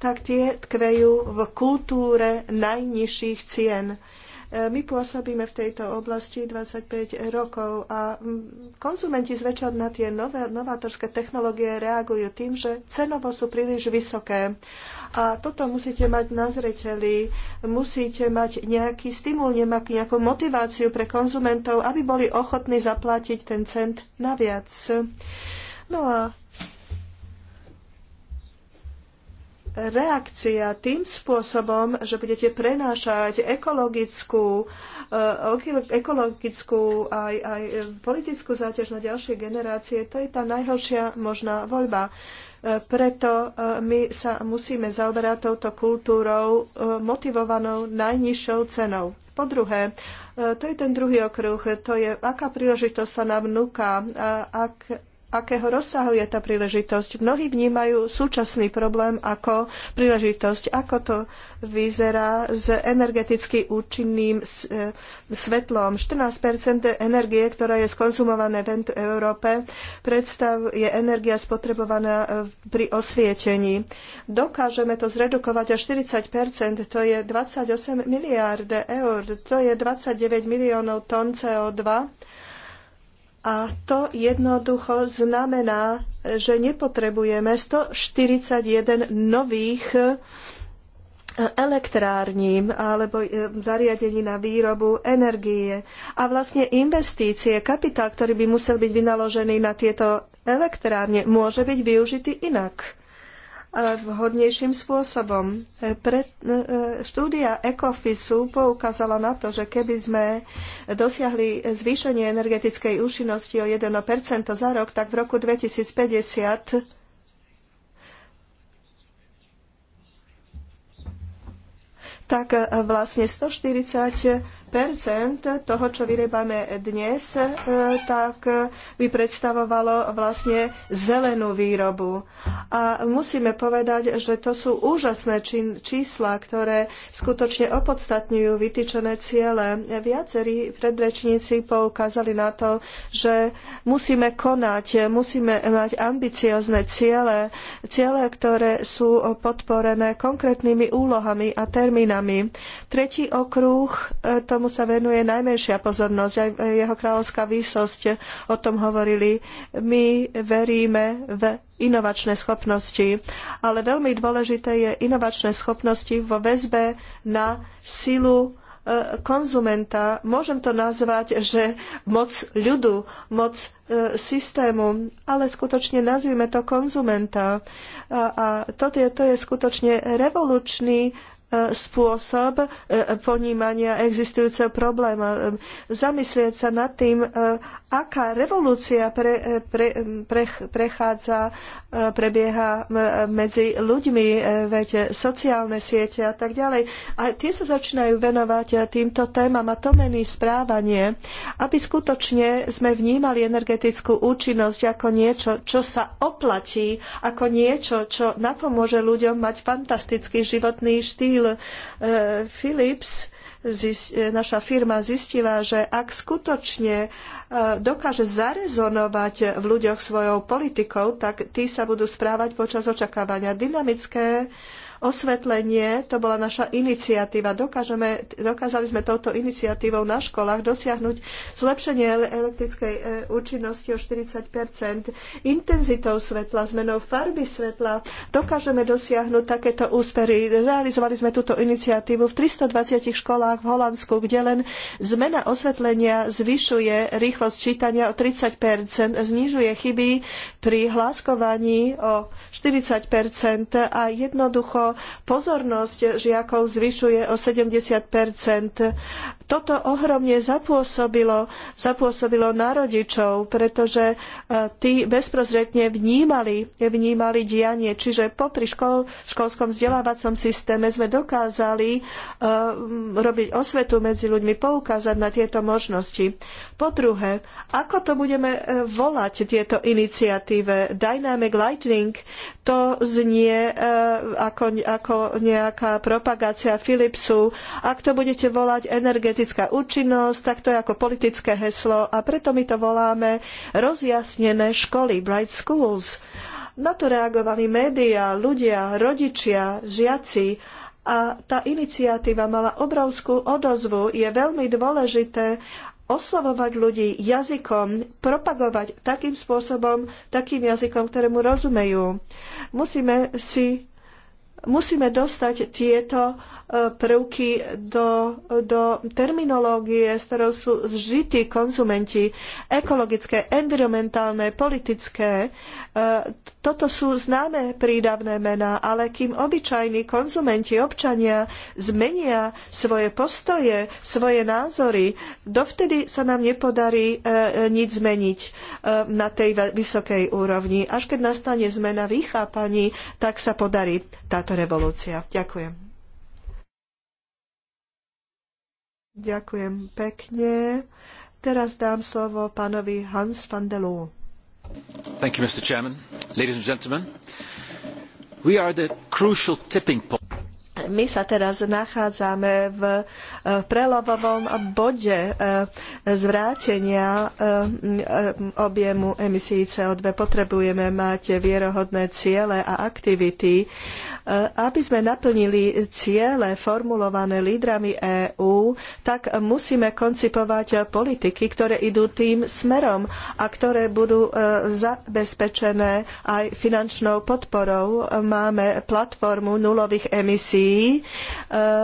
tak tie tkvejú v kultúre najnižších cien. E, my pôsobíme v tejto oblasti 25 rokov a konzumenti zväčša na tie nové, novátorské technológie reagujú tým, že cenovo sú príliš vysoké. A toto musíte mať na zreteli, musíte mať nejaký stimul, nejakú motiváciu pre konzumentov, aby boli ochotní zaplatiť ten cent naviac. No a reakcia tým spôsobom, že budete prenášať ekologickú, eh, ekologickú aj, aj politickú záťaž na ďalšie generácie, to je tá najhoršia možná voľba. Eh, preto eh, my sa musíme zaoberať touto kultúrou motivovanou najnižšou cenou. Po druhé, to je ten druhý okruh, to je aká príležitosť sa nám vnúka, ak akého rozsahu je tá príležitosť. Mnohí vnímajú súčasný problém ako príležitosť. Ako to vyzerá s energeticky účinným e, svetlom? 14 energie, ktorá je skonzumované v Európe, predstav je energia spotrebovaná e, pri osvietení. Dokážeme to zredukovať až 40 to je 28 miliárd eur, to je 29 miliónov tón CO2 a to jednoducho znamená, že nepotrebujeme 141 nových e, elektrární alebo e, zariadení na výrobu energie. A vlastne investície, kapitál, ktorý by musel byť vynaložený na tieto elektrárne, môže byť využitý inak vhodnejším spôsobom. E, pre, e, e, štúdia Ecofisu poukázala na to, že keby sme dosiahli zvýšenie energetickej účinnosti o 1% za rok, tak v roku 2050 tak vlastne 140 toho, čo vyrábame dnes, e, tak by predstavovalo vlastne zelenú výrobu. A musíme povedať, že to sú úžasné čísla, ktoré skutočne opodstatňujú vytýčené ciele. Viacerí predrečníci poukázali na to, že musíme konať, musíme mať ambiciozne ciele, ciele, ktoré sú podporené konkrétnymi úlohami a termínami. Tretí okruh e, to tomu sa venuje najmenšia pozornosť. Aj jeho kráľovská výsosť o tom hovorili. My veríme v inovačné schopnosti, ale veľmi dôležité je inovačné schopnosti vo väzbe na silu e, konzumenta, môžem to nazvať, že moc ľudu, moc e, systému, ale skutočne nazvime to konzumenta. A, a toto je, to je skutočne revolučný spôsob e, ponímania existujúceho problému. E, zamyslieť sa nad tým, e, aká revolúcia pre, pre, pre, prechádza, prebieha medzi ľuďmi, veď sociálne siete a tak ďalej. A tie sa začínajú venovať týmto témam a to mení správanie, aby skutočne sme vnímali energetickú účinnosť ako niečo, čo sa oplatí, ako niečo, čo napomôže ľuďom mať fantastický životný štýl Phil, eh, Philips eh, naša firma zistila, že ak skutočne eh, dokáže zarezonovať v ľuďoch svojou politikou, tak tí sa budú správať počas očakávania. Dynamické osvetlenie, to bola naša iniciatíva. Dokážeme, dokázali sme touto iniciatívou na školách dosiahnuť zlepšenie elektrickej e, účinnosti o 40 Intenzitou svetla, zmenou farby svetla dokážeme dosiahnuť takéto úspery. Realizovali sme túto iniciatívu v 320 školách v Holandsku, kde len zmena osvetlenia zvyšuje rýchlosť čítania o 30 znižuje chyby pri hláskovaní o 40 a jednoducho pozornosť žiakov zvyšuje o 70 toto ohromne zapôsobilo, zapôsobilo na rodičov, pretože e, tí bezprozretne vnímali, vnímali dianie. Čiže popri škol, školskom vzdelávacom systéme sme dokázali uh, robiť osvetu medzi ľuďmi, poukázať na tieto možnosti. Po druhé, ako to budeme e, volať tieto iniciatíve? Dynamic Lightning, to znie uh, ako, ako nejaká propagácia Philipsu. Ak to budete volať energetické politická účinnosť, tak to je ako politické heslo a preto my to voláme rozjasnené školy, Bright Schools. Na to reagovali médiá, ľudia, rodičia, žiaci a tá iniciatíva mala obrovskú odozvu. Je veľmi dôležité oslovovať ľudí jazykom, propagovať takým spôsobom, takým jazykom, ktorému rozumejú. Musíme si musíme dostať tieto prvky do, do terminológie, s ktorou sú žití konzumenti, ekologické, environmentálne, politické. E, toto sú známe prídavné mená, ale kým obyčajní konzumenti, občania zmenia svoje postoje, svoje názory, dovtedy sa nám nepodarí e, nič zmeniť e, na tej vysokej úrovni. Až keď nastane zmena vychápaní, tak sa podarí táto revolúcia. Ďakujem. Ďakujem pekne. Teraz dám slovo pánovi Hans van der Loo. Thank you, Mr. Chairman. Ladies and gentlemen, we are the crucial tipping point. My sa teraz nachádzame v eh, prelovovom bode eh, zvrátenia eh, objemu emisí CO2. Potrebujeme mať vierohodné ciele a aktivity E, aby sme naplnili ciele formulované lídrami EÚ, tak musíme koncipovať politiky, ktoré idú tým smerom a ktoré budú e, zabezpečené aj finančnou podporou. Máme platformu nulových emisií e,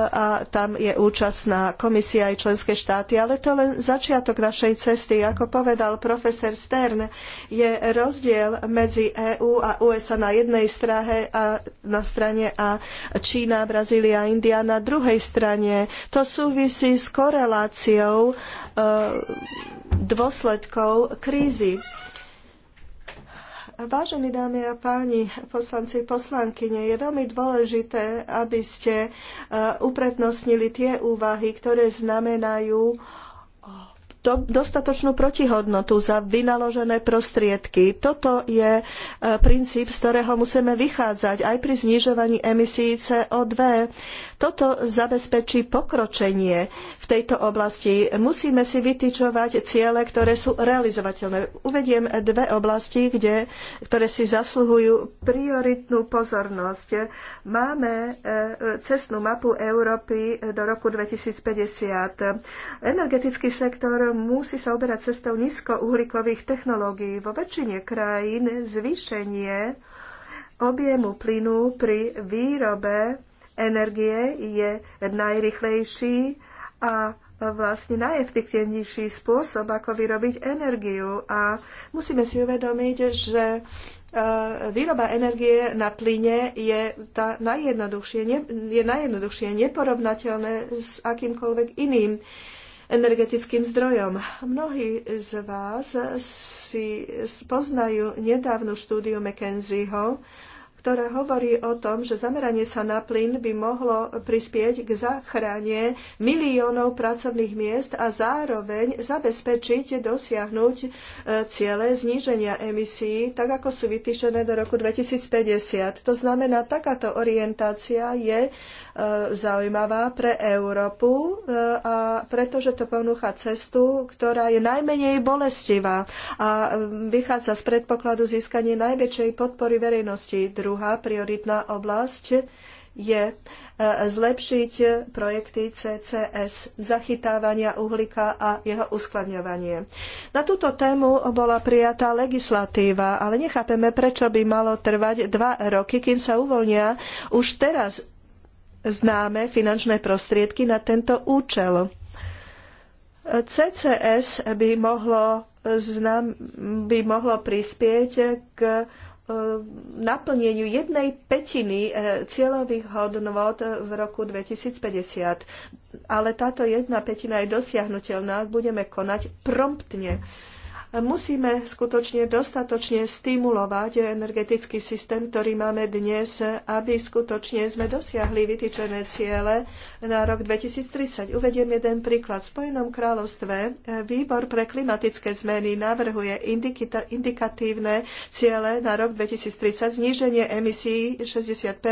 a tam je účastná komisia aj členské štáty, ale to len začiatok našej cesty. Ako povedal profesor Stern, je rozdiel medzi EÚ a USA na jednej strane a na strane strane a Čína, Brazília, India na druhej strane. To súvisí s koreláciou e, dôsledkov krízy. Vážení dámy a páni, poslanci, poslankyne, je veľmi dôležité, aby ste e, uprednostnili tie úvahy, ktoré znamenajú uh, do, dostatočnú protihodnotu za vynaložené prostriedky. Toto je e, princíp, z ktorého musíme vychádzať aj pri znižovaní emisí CO2. Toto zabezpečí pokročenie v tejto oblasti. Musíme si vytýčovať ciele, ktoré sú realizovateľné. Uvediem dve oblasti, kde, ktoré si zasluhujú prioritnú pozornosť. Máme e, cestnú mapu Európy do roku 2050. Energetický sektor musí sa oberať cestou nízkouhlíkových technológií. Vo väčšine krajín zvýšenie objemu plynu pri výrobe energie je najrychlejší a vlastne najefektívnejší spôsob, ako vyrobiť energiu. A musíme si uvedomiť, že e, výroba energie na plyne je, tá najjednoduchšie, je najjednoduchšie neporovnateľné s akýmkoľvek iným energetickým zdrojom. Mnohí z vás si poznajú nedávnu štúdiu McKenzieho ktoré hovorí o tom, že zameranie sa na plyn by mohlo prispieť k záchrane miliónov pracovných miest a zároveň zabezpečiť dosiahnuť e, ciele zníženia emisí, tak ako sú vytýšené do roku 2050. To znamená, takáto orientácia je e, zaujímavá pre Európu, e, a pretože to ponúcha cestu, ktorá je najmenej bolestivá a vychádza z predpokladu získania najväčšej podpory verejnosti. Druhá druhá prioritná oblasť je e, zlepšiť projekty CCS, zachytávania uhlíka a jeho uskladňovanie. Na túto tému bola prijatá legislatíva, ale nechápeme, prečo by malo trvať dva roky, kým sa uvoľnia už teraz známe finančné prostriedky na tento účel. CCS by mohlo, e, by mohlo prispieť k E, naplneniu jednej petiny e, cieľových hodnot v roku 2050. Ale táto jedna petina je dosiahnutelná, budeme konať promptne. Musíme skutočne dostatočne stimulovať energetický systém, ktorý máme dnes, aby skutočne sme dosiahli vytýčené ciele na rok 2030. Uvediem jeden príklad. V Spojenom kráľovstve eh, Výbor pre klimatické zmeny navrhuje indikatívne ciele na rok 2030 zníženie emisí 60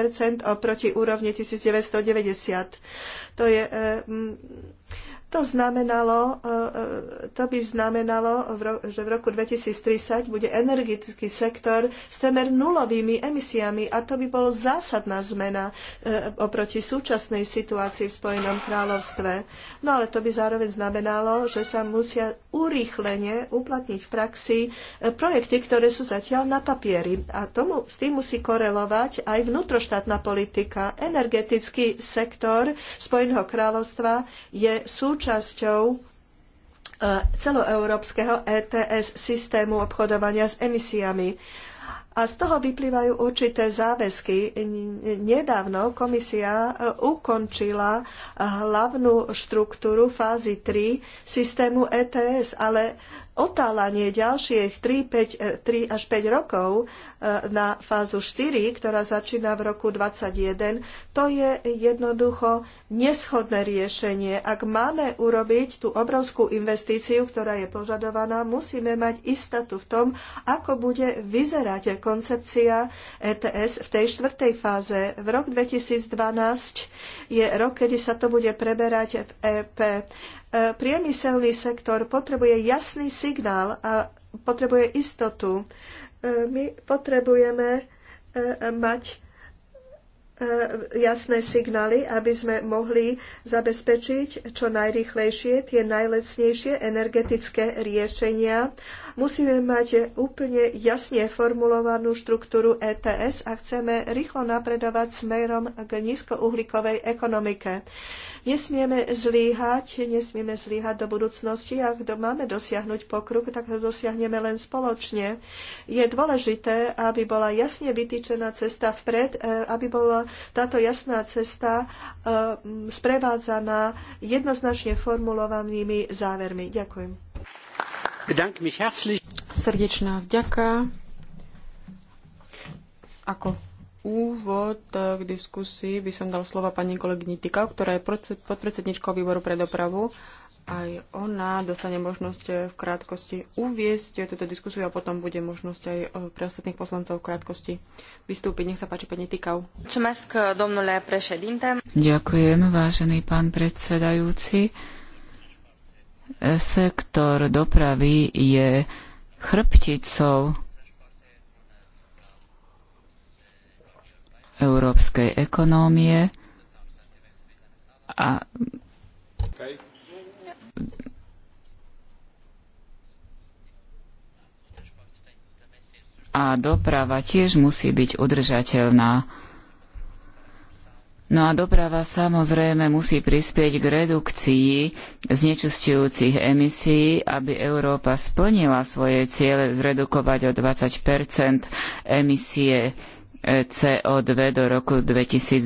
oproti úrovni 1990. To je eh, to, znamenalo, e, e, to by znamenalo, že v roku 2030 bude energetický sektor s temer nulovými emisiami a to by bolo zásadná zmena e, oproti súčasnej situácii v Spojenom kráľovstve. No ale to by zároveň znamenalo, že sa musia urýchlenie uplatniť v praxi projekty, ktoré sú zatiaľ na papieri. A tomu, s tým musí korelovať aj vnútroštátna politika. Energetický sektor Spojeného kráľovstva je súčasný súčasťou e, celoeurópskeho ETS systému obchodovania s emisiami. A z toho vyplývajú určité záväzky. Nedávno komisia e, ukončila hlavnú štruktúru fázy 3 systému ETS, ale otálanie ďalších 3, 5, 3 až 5 rokov e, na fázu 4, ktorá začína v roku 2021, to je jednoducho neschodné riešenie. Ak máme urobiť tú obrovskú investíciu, ktorá je požadovaná, musíme mať istotu v tom, ako bude vyzerať koncepcia ETS v tej štvrtej fáze. V rok 2012 je rok, kedy sa to bude preberať v EP. E, priemyselný sektor potrebuje jasný signál a potrebuje istotu. E, my potrebujeme e, mať jasné signály, aby sme mohli zabezpečiť čo najrychlejšie tie najlacnejšie energetické riešenia Musíme mať úplne jasne formulovanú štruktúru ETS a chceme rýchlo napredovať smerom k nízkouhlíkovej ekonomike. Nesmieme zlíhať, nesmieme zlíhať do budúcnosti. Ak máme dosiahnuť pokrok, tak ho dosiahneme len spoločne. Je dôležité, aby bola jasne vytýčená cesta vpred, e, aby bola táto jasná cesta e, sprevádzaná jednoznačne formulovanými závermi. Ďakujem. Srdečná vďaka. Ako úvod k diskusii by som dal slova pani kolegyni Tikau, ktorá je podpredsedničkou výboru pre dopravu. Aj ona dostane možnosť v krátkosti uviesť túto diskusiu a potom bude možnosť aj pre ostatných poslancov v krátkosti vystúpiť. Nech sa páči, pani Tikau. Ďakujem, vážený pán predsedajúci sektor dopravy je chrbticou európskej ekonómie a a doprava tiež musí byť udržateľná. No a doprava samozrejme musí prispieť k redukcii znečistujúcich emisí, aby Európa splnila svoje ciele zredukovať o 20 emisie e, CO2 do roku 2012.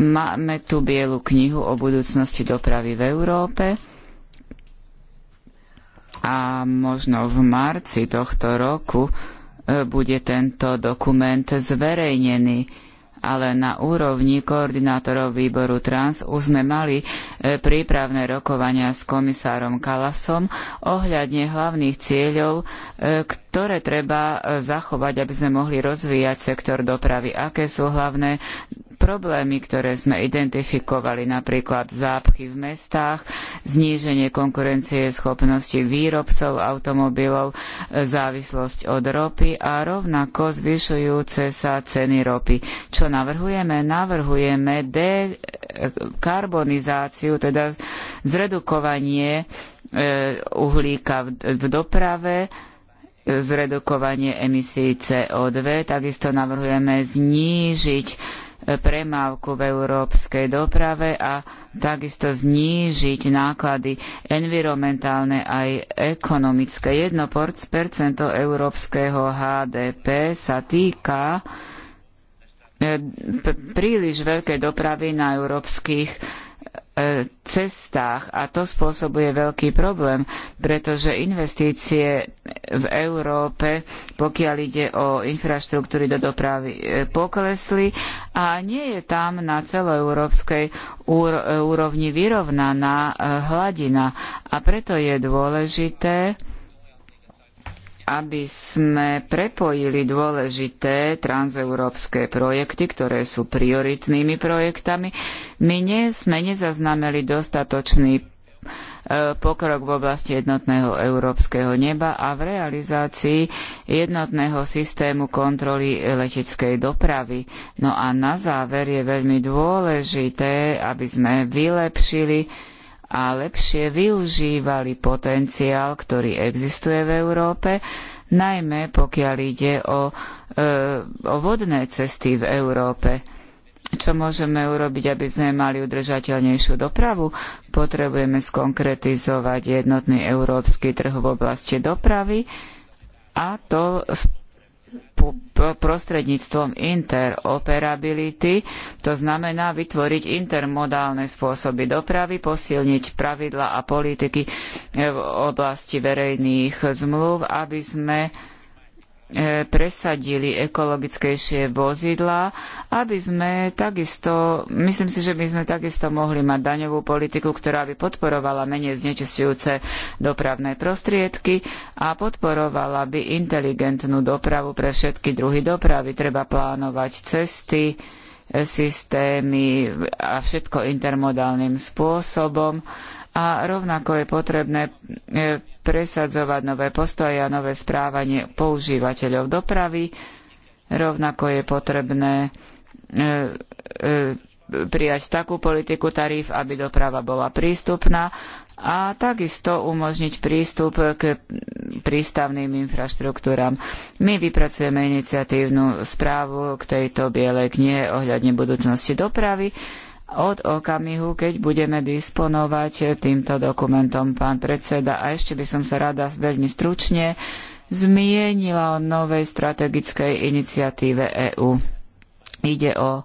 Máme tu bielu knihu o budúcnosti dopravy v Európe a možno v marci tohto roku e, bude tento dokument zverejnený ale na úrovni koordinátorov výboru Trans už sme mali e, prípravné rokovania s komisárom Kalasom ohľadne hlavných cieľov, e, ktoré treba e, zachovať, aby sme mohli rozvíjať sektor dopravy. Aké sú hlavné problémy, ktoré sme identifikovali, napríklad zápchy v mestách, zníženie konkurencie schopnosti výrobcov automobilov, závislosť od ropy a rovnako zvyšujúce sa ceny ropy. Čo navrhujeme? Navrhujeme dekarbonizáciu, teda zredukovanie e, uhlíka v doprave, zredukovanie emisí CO2. Takisto navrhujeme znížiť premávku v európskej doprave a takisto znížiť náklady environmentálne aj ekonomické. 1% európskeho HDP sa týka e, príliš veľkej dopravy na európskych E, cestách a to spôsobuje veľký problém, pretože investície v Európe, pokiaľ ide o infraštruktúry do dopravy, e, poklesli a nie je tam na celoeurópskej úrovni vyrovnaná e, hladina. A preto je dôležité, aby sme prepojili dôležité transeurópske projekty, ktoré sú prioritnými projektami. My nie sme nezaznamenali dostatočný e, pokrok v oblasti jednotného európskeho neba a v realizácii jednotného systému kontroly leteckej dopravy. No a na záver je veľmi dôležité, aby sme vylepšili a lepšie využívali potenciál, ktorý existuje v Európe, najmä pokiaľ ide o, e, o vodné cesty v Európe. Čo môžeme urobiť, aby sme mali udržateľnejšiu dopravu? Potrebujeme skonkretizovať jednotný európsky trh v oblasti dopravy a to prostredníctvom interoperability, to znamená vytvoriť intermodálne spôsoby dopravy, posilniť pravidla a politiky eh, v oblasti verejných zmluv, aby sme E, presadili ekologickejšie vozidlá, aby sme takisto, myslím si, že by sme takisto mohli mať daňovú politiku, ktorá by podporovala menej znečistujúce dopravné prostriedky a podporovala by inteligentnú dopravu pre všetky druhy dopravy. Treba plánovať cesty, e, systémy a všetko intermodálnym spôsobom a rovnako je potrebné e, presadzovať nové postoje a nové správanie používateľov dopravy, rovnako je potrebné e, e, prijať takú politiku tarív, aby doprava bola prístupná a takisto umožniť prístup k prístavným infraštruktúram. My vypracujeme iniciatívnu správu k tejto bielej knihe ohľadne budúcnosti dopravy od okamihu, keď budeme disponovať týmto dokumentom, pán predseda. A ešte by som sa rada veľmi stručne zmienila o novej strategickej iniciatíve EÚ. Ide o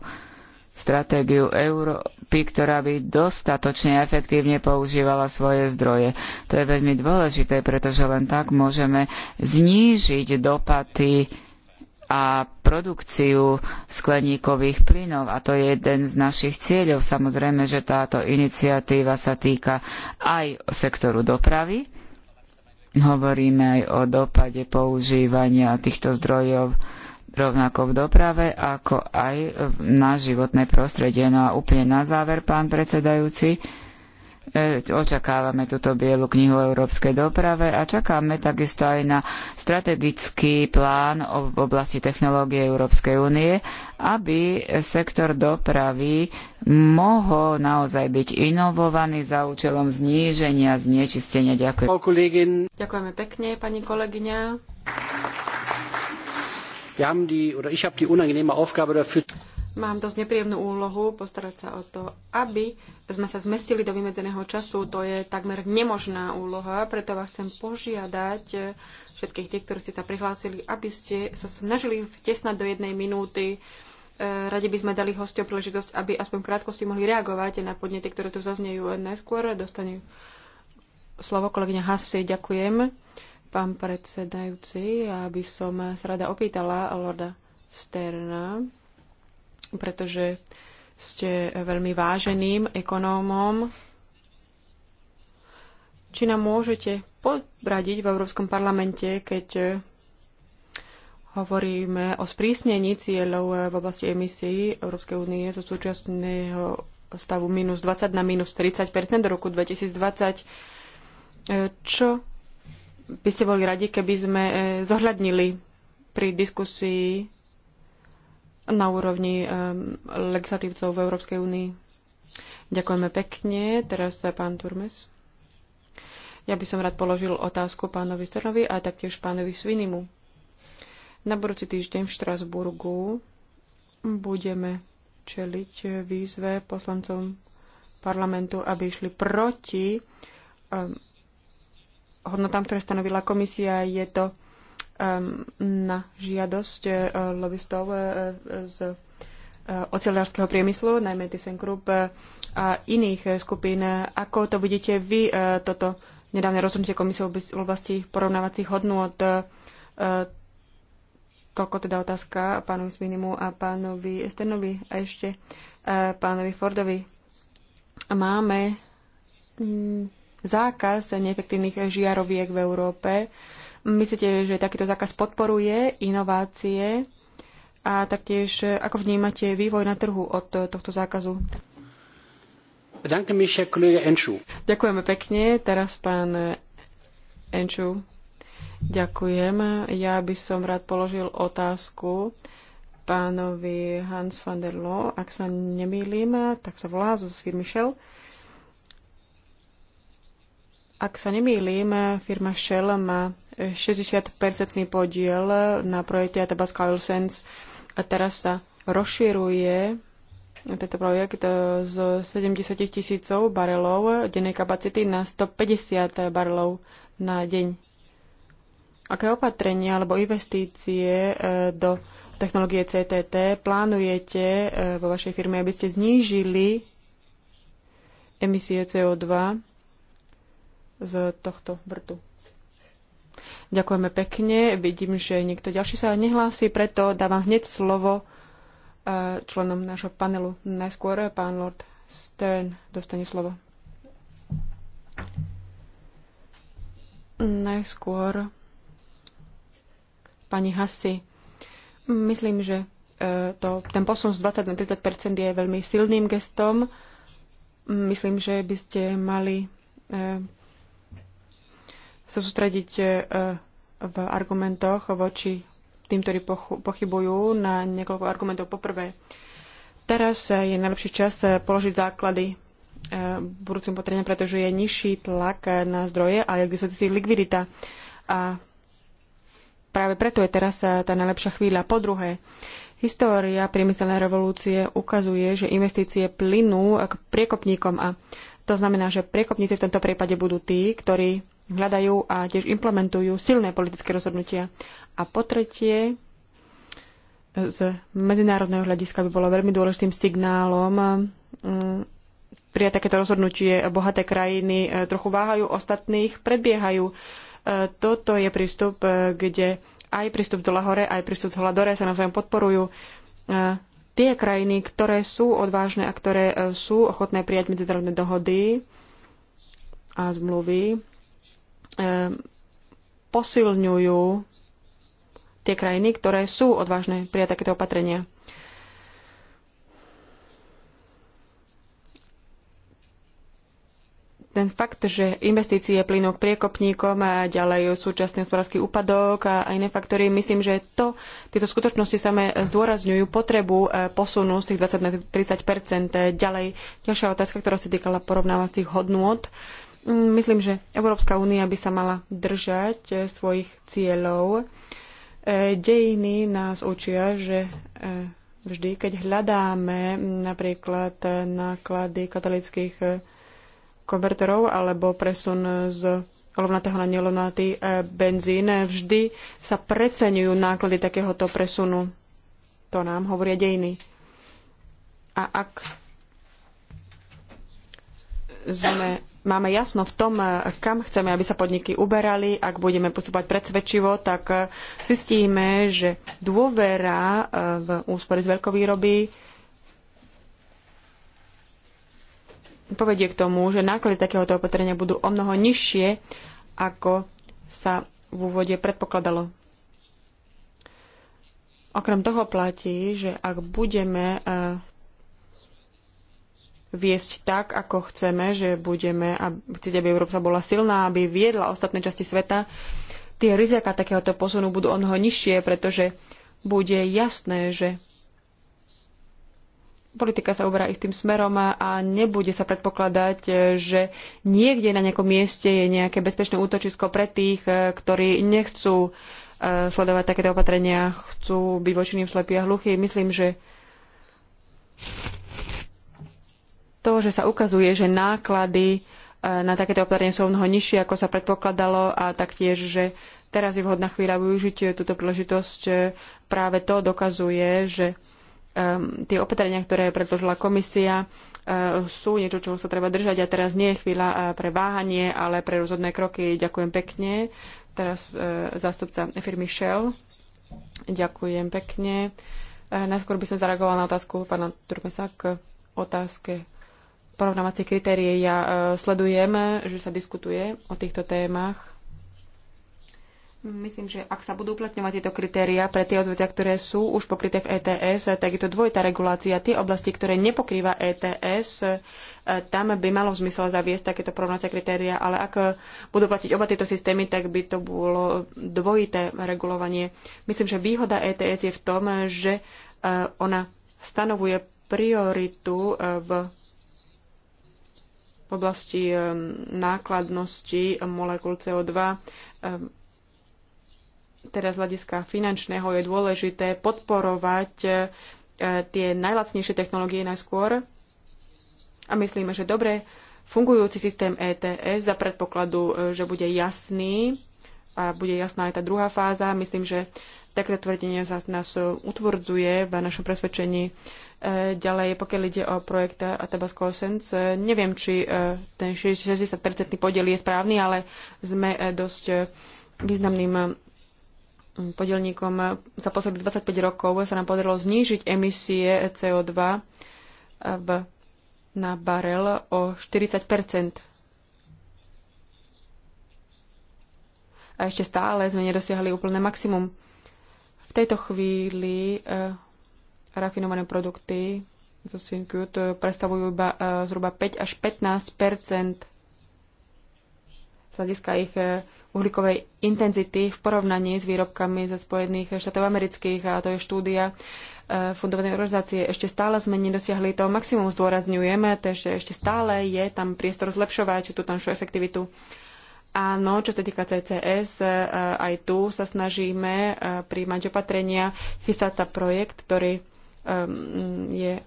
stratégiu Európy, ktorá by dostatočne efektívne používala svoje zdroje. To je veľmi dôležité, pretože len tak môžeme znížiť dopady a produkciu skleníkových plynov a to je jeden z našich cieľov. Samozrejme, že táto iniciatíva sa týka aj sektoru dopravy. Hovoríme aj o dopade používania týchto zdrojov rovnako v doprave, ako aj na životné prostredie. No a úplne na záver, pán predsedajúci, E, očakávame túto bielu knihu o európskej doprave a čakáme takisto aj na strategický plán v oblasti technológie Európskej únie, aby sektor dopravy mohol naozaj byť inovovaný za účelom zníženia znečistenia. Ďakujem. Ďakujeme pekne, pani kolegyňa. Wir haben die, oder ich habe die unangenehme Aufgabe dafür mám dosť nepríjemnú úlohu postarať sa o to, aby sme sa zmestili do vymedzeného času. To je takmer nemožná úloha, preto vás chcem požiadať eh, všetkých tých, ktorí ste sa prihlásili, aby ste sa snažili vtesnať do jednej minúty. Eh, radi by sme dali hostiom príležitosť, aby aspoň krátko si mohli reagovať na podnety, ktoré tu zaznejú najskôr. Dostane slovo kolegyňa Hasi. Ďakujem, pán predsedajúci. aby by som sa rada opýtala Lorda Sterna pretože ste veľmi váženým ekonómom. Či nám môžete poradiť v Európskom parlamente, keď hovoríme o sprísnení cieľov v oblasti emisí Európskej únie zo súčasného stavu minus 20 na minus 30 do roku 2020. Čo by ste boli radi, keby sme eh, zohľadnili pri diskusii na úrovni ehm, legislatívcov v Európskej únii. Ďakujeme pekne. Teraz pán Turmes. Ja by som rád položil otázku pánovi Sternovi a taktiež pánovi Svinimu. Na budúci týždeň v Štrasburgu budeme čeliť výzve poslancom parlamentu, aby išli proti um, hodnotám, ktoré stanovila komisia. Je to na žiadosť eh, lobbystov eh, z eh, ocelárskeho priemyslu, najmä ThyssenKrupp a iných skupín. Ako to budete vy, toto nedávne rozhodnutie komisie v oblasti porovnávacích hodnôt? Toľko teda otázka pánovi Sminimu a pánovi Esternovi a ešte pánovi Fordovi. Máme mm, zákaz neefektívnych žiaroviek v Európe Myslíte, že takýto zákaz podporuje inovácie a taktiež ako vnímate vývoj na trhu od tohto zákazu? Ďakujeme pekne. Teraz pán Enču. Ďakujem. Ja by som rád položil otázku pánovi Hans van der Loo, ak sa nemýlim, tak sa volá zo firmy Shell. Ak sa nemýlim, firma Shell má 60-percentný podiel na projekte Athabasca Oil Sands a teraz sa rozširuje tento projekt e, z 70 tisícov barelov dennej kapacity na 150 barelov na deň. Aké opatrenia alebo investície e, do technológie CTT plánujete e, vo vašej firme, aby ste znížili emisie CO2 z tohto vrtu. Ďakujeme pekne. Vidím, že niekto ďalší sa nehlási, preto dávam hneď slovo e, členom nášho panelu. Najskôr pán Lord Stern dostane slovo. Najskôr pani Hasi. Myslím, že e, to, ten posun z 20 na 30 je veľmi silným gestom. Myslím, že by ste mali e, sa sústrediť e, v argumentoch voči tým, ktorí pochybujú na niekoľko argumentov. Poprvé, teraz e, je najlepší čas e, položiť základy budúcim potreniam, pretože je nižší tlak na zdroje a je k dispozícii likvidita. A práve preto je teraz tá najlepšia chvíľa. Po druhé, história priemyselnej revolúcie ukazuje, že investície plynú k priekopníkom a to znamená, že priekopníci v tomto prípade budú tí, ktorí hľadajú a tiež implementujú silné politické rozhodnutia. A po tretie, z medzinárodného hľadiska by bolo veľmi dôležitým signálom mm, prijať takéto rozhodnutie. E, bohaté krajiny e, trochu váhajú, ostatných predbiehajú. E, toto je prístup, kde aj prístup dole hore, aj prístup z hladore dore sa navzájom podporujú. Tie krajiny, ktoré sú odvážne a ktoré sú ochotné prijať medzinárodné dohody a zmluvy, Ehm, posilňujú tie krajiny, ktoré sú odvážne prijať takéto opatrenia. ten fakt, že investície plynú k priekopníkom a ďalej súčasný hospodársky úpadok a iné faktory, myslím, že to, tieto skutočnosti samé zdôrazňujú potrebu e, posunu z tých 20 na 30 e, Ďalej, ďalšia otázka, ktorá sa týkala porovnávacích hodnôt. Uh, Myslím, že Európska únia by sa mala držať eh, svojich cieľov. Eh, dejiny nás učia, že eh, vždy, keď hľadáme napríklad náklady katolických konverterov alebo presun z rovnatého na nelovnatý benzín, vždy sa preceňujú náklady takéhoto presunu. To nám hovoria dejiny. A ak sme máme jasno v tom, kam chceme, aby sa podniky uberali. Ak budeme postupovať predsvedčivo, tak eh, zistíme, že dôvera eh, v úspory z veľkovýroby povedie k tomu, že náklady takéhoto opatrenia budú o mnoho nižšie, ako sa v úvode predpokladalo. Okrem toho platí, že ak budeme eh, viesť tak, ako chceme, že budeme, a chcete, aby Európa bola silná, aby viedla ostatné časti sveta, tie rizika takéhoto posunu budú onho nižšie, pretože bude jasné, že politika sa uberá istým smerom a nebude sa predpokladať, že niekde na nejakom mieste je nejaké bezpečné útočisko pre tých, ktorí nechcú e, sledovať takéto opatrenia, chcú byť voči slepí a hluchí. Myslím, že to, že sa ukazuje, že náklady e, na takéto opatrenie sú mnoho nižšie, ako sa predpokladalo a taktiež, že teraz je vhodná chvíľa využiť túto príležitosť. E, práve to dokazuje, že um, tie opatrenia, ktoré predložila komisia, uh, sú niečo, čoho sa treba držať a teraz nie je chvíľa pre váhanie, ale pre rozhodné kroky. Ďakujem pekne. Teraz uh, zástupca firmy Shell. Ďakujem pekne. Uh, najskôr by som zareagovala na otázku pána Turmesa k otázke porovnávacie kritérie. Ja e, sledujem, že sa diskutuje o týchto témach. Myslím, že ak sa budú uplatňovať tieto kritéria pre tie odvetvia, ktoré sú už pokryté v ETS, tak je to dvojitá regulácia. Tie oblasti, ktoré nepokrýva ETS, e, tam by malo v zmysle zaviesť takéto porovnacie kritéria, ale ak budú platiť oba tieto systémy, tak by to bolo dvojité regulovanie. Myslím, že výhoda ETS je v tom, že e, ona stanovuje prioritu v v oblasti eh, nákladnosti molekúl CO2. Eh, teda z hľadiska finančného je dôležité podporovať eh, tie najlacnejšie technológie najskôr. A myslíme, že dobre fungujúci systém ETS za predpokladu, že bude jasný a bude jasná aj tá druhá fáza. Myslím, že takéto tvrdenie nás utvrdzuje v našom presvedčení E, ďalej, pokiaľ ide o projekt Athabasco Sense, e, neviem, či e, ten 60-percentný podiel je správny, ale sme dosť významným podielníkom. Za posledných 25 rokov sa nám podarilo znížiť emisie CO2 v, na barel o 40 A ešte stále sme nedosiahli úplné maximum. V tejto chvíli rafinované produkty zo Syncute predstavujú iba e, zhruba 5 až 15 z hľadiska ich e, uhlíkovej intenzity v porovnaní s výrobkami ze Spojených štátov amerických, a to je štúdia e, fundovanej organizácie. Ešte stále sme nedosiahli to maximum, zdôrazňujeme, takže ešte stále je tam priestor zlepšovať tú našu efektivitu. Áno, čo sa týka CCS, aj tu sa snažíme príjmať opatrenia. Chystá sa projekt, ktorý Ehm, je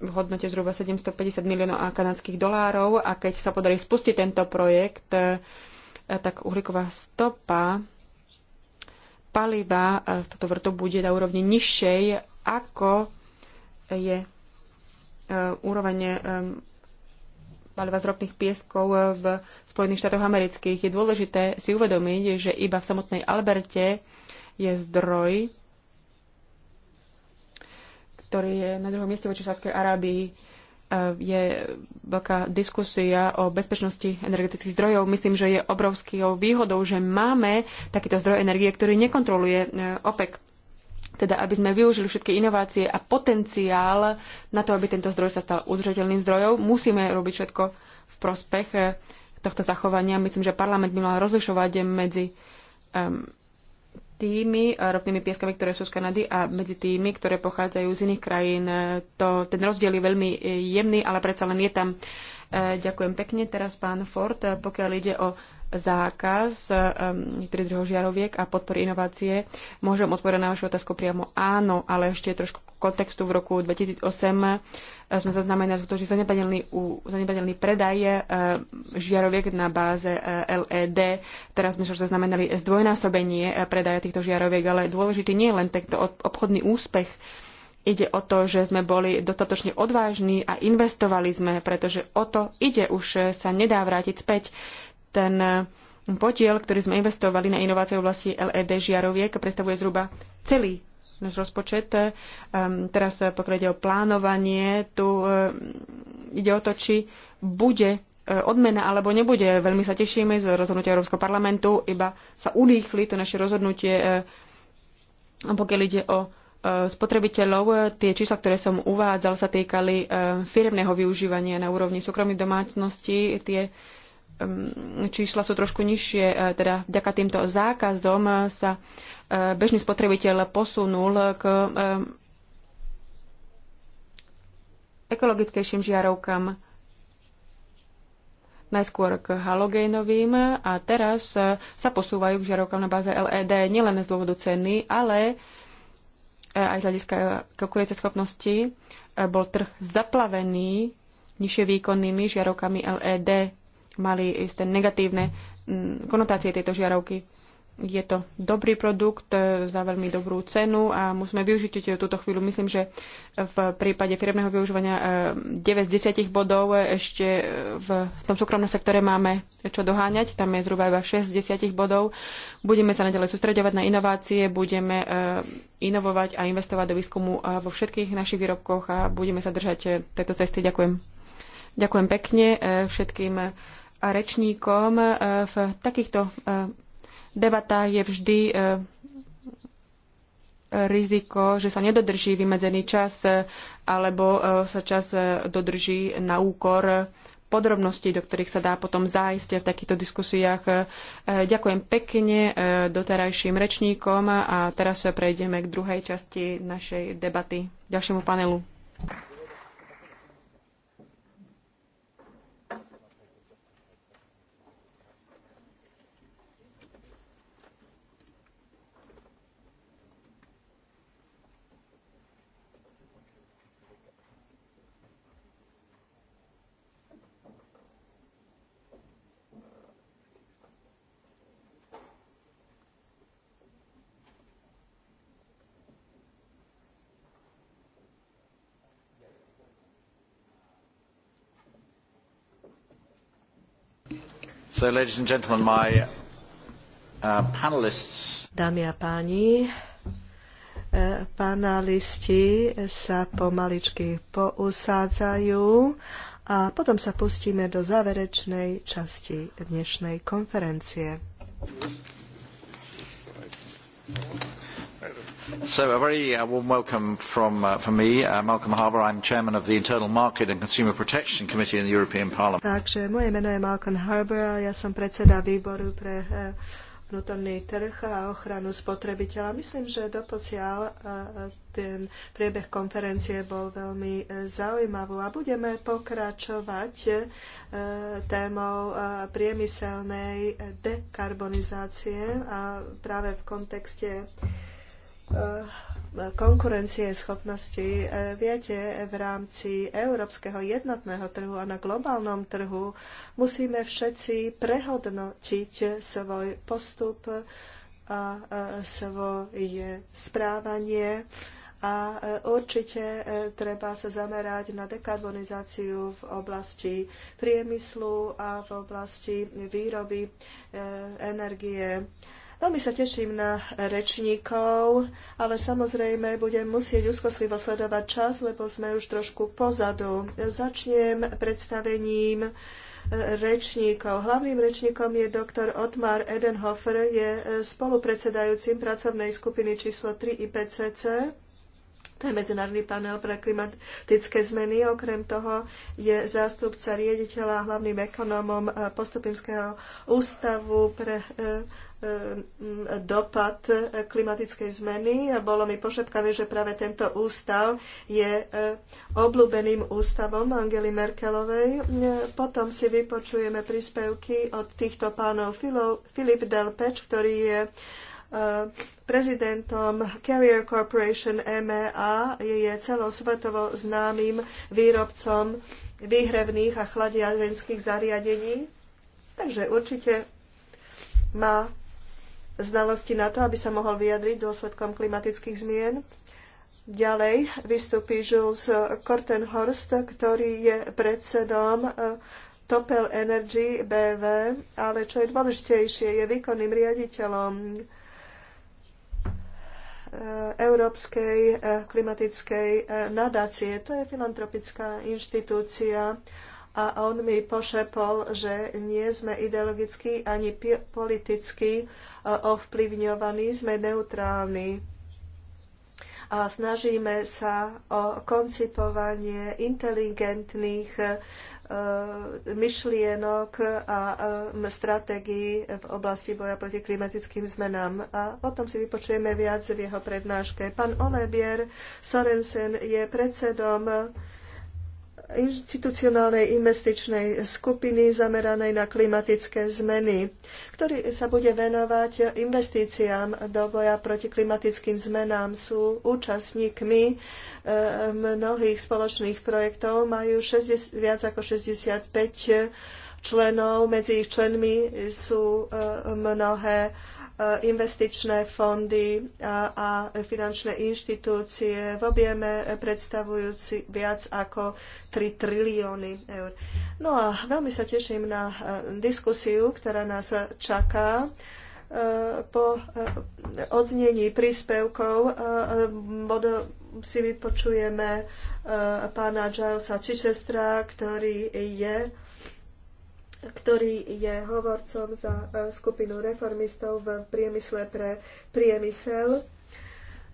v hodnote zhruba 750 miliónov kanadských dolárov a keď sa podarí spustiť tento projekt, e, tak uhlíková stopa paliva v e, toto vrto bude na úrovni nižšej, ako je e, úroveň paliva z ropných pieskov v Spojených štátoch amerických. Je dôležité si uvedomiť, že iba v samotnej Alberte je zdroj ktorý je na druhom mieste voči Sádskej Arábii. E, je veľká diskusia o bezpečnosti energetických zdrojov. Myslím, že je obrovskou výhodou, že máme takýto zdroj energie, ktorý nekontroluje e, OPEC. Teda, aby sme využili všetky inovácie a potenciál na to, aby tento zdroj sa stal udržateľným zdrojom, musíme robiť všetko v prospech e, tohto zachovania. Myslím, že parlament by mal rozlišovať medzi um, tými ropnými pieskami, ktoré sú z Kanady a medzi tými, ktoré pochádzajú z iných krajín. To, ten rozdiel je veľmi eh, jemný, ale predsa len je tam. Eh, ďakujem pekne. Teraz pán Ford, eh, pokiaľ ide o zákaz um, niektorých druhov žiaroviek a podpory inovácie. Môžem odpovedať na vašu otázku priamo áno, ale ešte trošku kontextu v roku 2008 uh, sme zaznamenali skutočne že zanedbateľný predaj uh, žiaroviek na báze uh, LED. Teraz sme sa zaznamenali zdvojnásobenie predaja týchto žiaroviek, ale dôležitý nie je len tento obchodný úspech, Ide o to, že sme boli dostatočne odvážni a investovali sme, pretože o to ide, už sa nedá vrátiť späť. Ten podiel, ktorý sme investovali na inovácie v oblasti LED žiaroviek, predstavuje zhruba celý náš rozpočet. Um, teraz eh, pokiaľ ide o plánovanie, tu um, ide o to, či bude eh, odmena alebo nebude. Veľmi sa tešíme z rozhodnutia Európskeho parlamentu, iba sa urýchli to naše rozhodnutie, pokiaľ ide o spotrebiteľov. Tie čísla, ktoré som uvádzal, sa týkali firmného využívania na úrovni súkromných domácností. Tie čísla sú trošku nižšie, e, teda vďaka týmto zákazom sa e, bežný spotrebiteľ posunul k e, ekologickejším žiarovkám najskôr k halogénovým a teraz sa posúvajú k žiarovkám na báze LED nielen z dôvodu ceny, ale aj z hľadiska schopnosti, Bol trh zaplavený nižšie výkonnými žiarovkami LED mali isté negatívne mm, konotácie tejto žiarovky. Je to dobrý produkt e, za veľmi dobrú cenu a musíme využiť túto chvíľu. Myslím, že v prípade firmného využívania 9 e, z 10 bodov e, ešte v tom súkromnom sektore máme čo doháňať. Tam je zhruba iba 6 z 10 bodov. Budeme sa naďalej sústredovať na inovácie, budeme inovovať a investovať do výskumu vo všetkých našich výrobkoch a budeme sa držať tejto cesty. Ďakujem. Ďakujem pekne všetkým rečníkom. E, v takýchto e, debatách je vždy e, riziko, že sa nedodrží vymedzený čas alebo sa čas dodrží na úkor podrobností, do ktorých sa dá potom zájsť v takýchto diskusiách. Ďakujem pekne doterajším rečníkom a teraz prejdeme k druhej časti našej debaty, ďalšiemu panelu. Uh, Dámy a páni, e, panelisti sa pomaličky pousádzajú a potom sa pustíme do záverečnej časti dnešnej konferencie. So a very uh, warm welcome from, uh, from me, uh, Malcolm Harbour. I'm chairman of the Internal Market and Consumer Protection Committee in the European Parliament. Takže moje meno je Malcolm Harbour a ja som predseda výboru pre uh, vnútorný trh a ochranu spotrebiteľa. Myslím, že doposiaľ uh, ten priebeh konferencie bol veľmi uh, zaujímavý a budeme pokračovať uh, témou uh, priemyselnej dekarbonizácie a práve v kontexte Eh, konkurencie schopnosti. Eh, viete, v rámci európskeho jednotného trhu a na globálnom trhu musíme všetci prehodnotiť svoj postup a svoje správanie a eh, určite treba sa zamerať na dekarbonizáciu v oblasti priemyslu a v oblasti výroby energie Veľmi sa teším na rečníkov, ale samozrejme budem musieť úzkoslivo sledovať čas, lebo sme už trošku pozadu. Začnem predstavením e, rečníkov. Hlavným rečníkom je doktor Otmar Edenhofer, je e, spolupredsedajúcim pracovnej skupiny číslo 3 IPCC. To je Medzinárodný panel pre klimatické zmeny. Okrem toho je zástupca riediteľa hlavným ekonómom e, Postupimského ústavu pre E, dopad klimatickej zmeny a bolo mi pošepkané, že práve tento ústav je e, obľúbeným ústavom Angely Merkelovej. E, potom si vypočujeme príspevky od týchto pánov Filip Delpeč, ktorý je prezidentom Carrier Corporation MEA, je celosvetovo známym výrobcom výhrevných a chladiarenských zariadení. Takže určite má znalosti na to, aby sa mohol vyjadriť dôsledkom klimatických zmien. Ďalej vystupí Jules Kortenhorst, ktorý je predsedom e, Topel Energy BV, ale čo je dôležitejšie, je výkonným riaditeľom e, Európskej e, klimatickej nadácie. To je filantropická inštitúcia a on mi pošepol, že nie sme ideologicky ani politicky ovplyvňovaní, sme neutrálni a snažíme sa o koncipovanie inteligentných e, myšlienok a e, stratégií v oblasti boja proti klimatickým zmenám. A o tom si vypočujeme viac v jeho prednáške. Pán Olebier Sorensen je predsedom inštitucionálnej investičnej skupiny zameranej na klimatické zmeny, ktorý sa bude venovať investíciám do boja proti klimatickým zmenám. Sú účastníkmi e, mnohých spoločných projektov, majú 60, viac ako 65 členov, medzi ich členmi sú e, mnohé E, investičné fondy a, finančné inštitúcie v objeme predstavujúci viac ako 3 trilióny eur. No a veľmi sa teším na e, diskusiu, ktorá nás čaká e, po odznení príspevkov si vypočujeme pána Gilesa Čišestra, ktorý je ktorý je hovorcom za e, skupinu reformistov v priemysle pre priemysel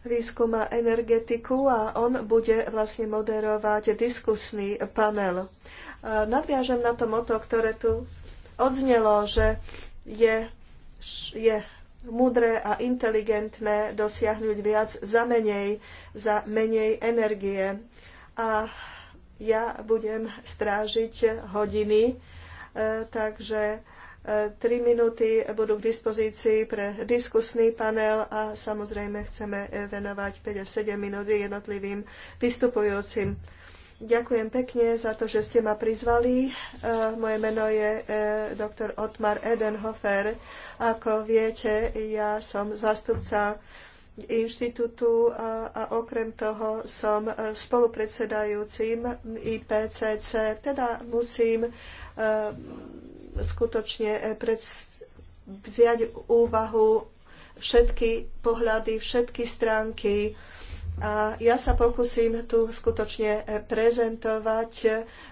výskum a energetiku a on bude vlastne moderovať diskusný panel. E, nadviažem na to moto, ktoré tu odznelo, že je, je múdre a inteligentné dosiahnuť viac za menej, za menej energie. A ja budem strážiť hodiny, E, takže 3 e, minúty budú k dispozícii pre diskusný panel a samozrejme chceme e, venovať 5 až 7 minút jednotlivým vystupujúcim. Ďakujem pekne za to, že ste ma prizvali. Moje meno je doktor Otmar Edenhofer. Ako viete, ja som zastupca inštitútu a, a okrem toho som e, spolupredsedajúcim IPCC, teda musím e, skutočne e, vziať úvahu všetky pohľady, všetky stránky. A ja sa pokúsim tu skutočne prezentovať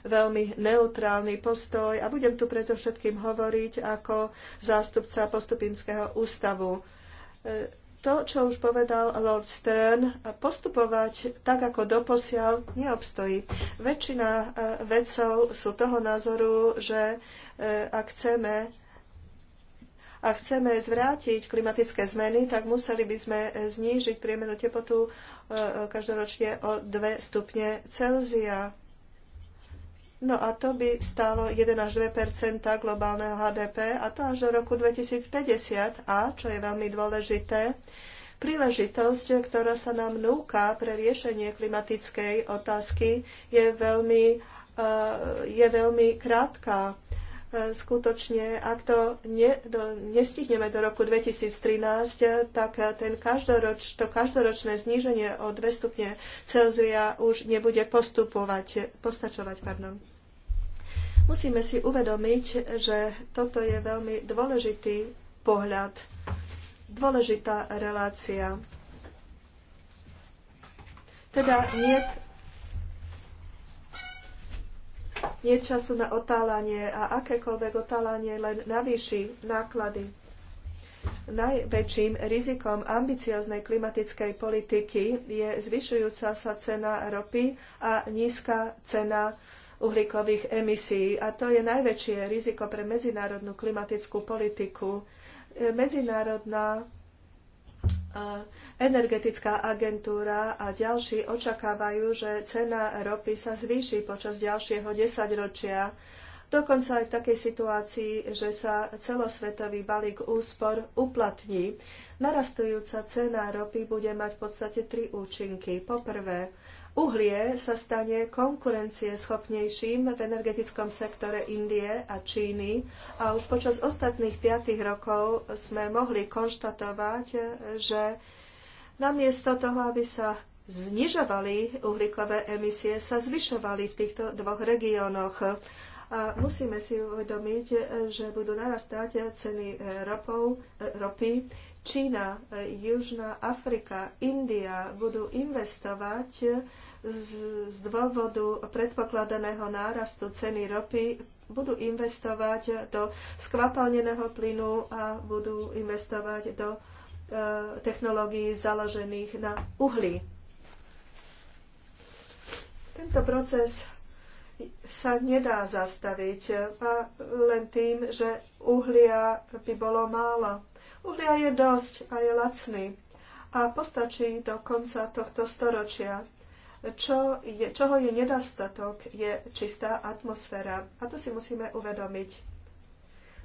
veľmi neutrálny postoj a budem tu preto všetkým hovoriť ako zástupca postupímskeho ústavu to, čo už povedal Lord Stern, postupovať tak, ako doposiaľ, neobstojí. Väčšina e, vedcov sú toho názoru, že e, ak chceme ak chceme zvrátiť klimatické zmeny, tak museli by sme e, znížiť priemernú teplotu každoročne o 2 stupne Celzia. No a to by stálo 1 až 2 globálneho HDP a to až do roku 2050. A, čo je veľmi dôležité, príležitosť, ktorá sa nám núka pre riešenie klimatickej otázky, je veľmi, eh, je veľmi krátka skutočne, ak to ne, do, nestihneme do roku 2013, tak ten každoroč, to každoročné zníženie o 2 stupne Celzia už nebude postupovať, postačovať. Pardon. Musíme si uvedomiť, že toto je veľmi dôležitý pohľad, dôležitá relácia. Teda nie je času na otálanie a akékoľvek otálanie len navýši náklady. Najväčším rizikom ambicioznej klimatickej politiky je zvyšujúca sa cena ropy a nízka cena uhlíkových emisí. A to je najväčšie riziko pre medzinárodnú klimatickú politiku. Medzinárodná Energetická agentúra a ďalší očakávajú, že cena ropy sa zvýši počas ďalšieho desaťročia. Dokonca aj v takej situácii, že sa celosvetový balík úspor uplatní. Narastujúca cena ropy bude mať v podstate tri účinky. Poprvé, Uhlie sa stane konkurencieschopnejším v energetickom sektore Indie a Číny a už počas ostatných piatých rokov sme mohli konštatovať, že namiesto toho, aby sa znižovali uhlíkové emisie, sa zvyšovali v týchto dvoch regiónoch. A musíme si uvedomiť, že budú narastať ceny ropov, ropy. Čína, Južná Afrika, India budú investovať z, z dôvodu predpokladaného nárastu ceny ropy budú investovať do skvapalneného plynu a budú investovať do uh, Eh, technológií založených na uhlí. Tento proces sa nedá zastaviť eh, a len tým, že uhlia by bolo málo. Uhlia je dosť a je lacný a postačí do konca tohto storočia. Čo je, čoho je nedostatok, je čistá atmosféra. A to si musíme uvedomiť.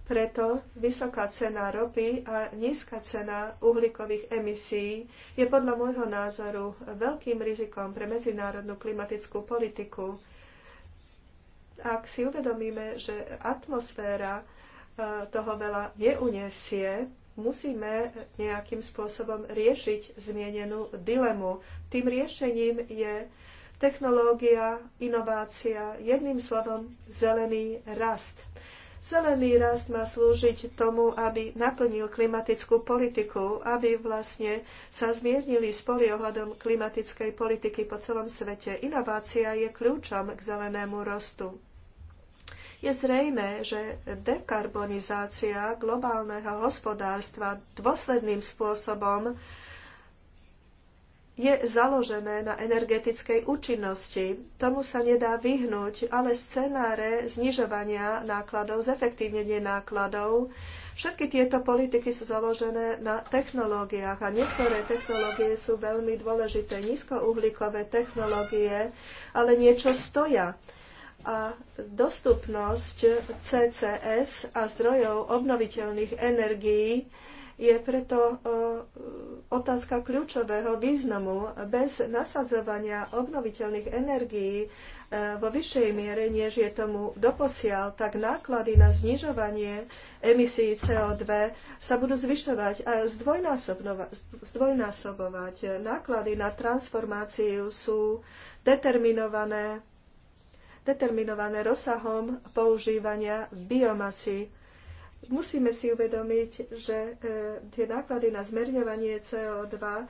Preto vysoká cena ropy a nízka cena uhlíkových emisí je podľa môjho názoru veľkým rizikom pre medzinárodnú klimatickú politiku. Ak si uvedomíme, že atmosféra e, toho veľa neuniesie, musíme nejakým spôsobom riešiť zmienenú dilemu. Tým riešením je technológia, inovácia, jedným slovom zelený rast. Zelený rast má slúžiť tomu, aby naplnil klimatickú politiku, aby vlastne sa zmiernili spory ohľadom klimatickej politiky po celom svete. Inovácia je kľúčom k zelenému rostu. Je zrejme, že dekarbonizácia globálneho hospodárstva dôsledným spôsobom je založené na energetickej účinnosti. Tomu sa nedá vyhnúť, ale scenáre znižovania nákladov, zefektívnenie nákladov, všetky tieto politiky sú založené na technológiách a niektoré technológie sú veľmi dôležité, nízkouhlíkové technológie, ale niečo stoja. A dostupnosť CCS a zdrojov obnoviteľných energií je preto e, otázka kľúčového významu. Bez nasadzovania obnoviteľných energií e, vo vyššej miere, než je tomu doposiaľ, tak náklady na znižovanie emisí CO2 sa budú zvyšovať a zdvojnásobovať. Náklady na transformáciu sú determinované, determinované rozsahom používania biomasy Musíme si uvedomiť, že e, tie náklady na zmerňovanie CO2 e,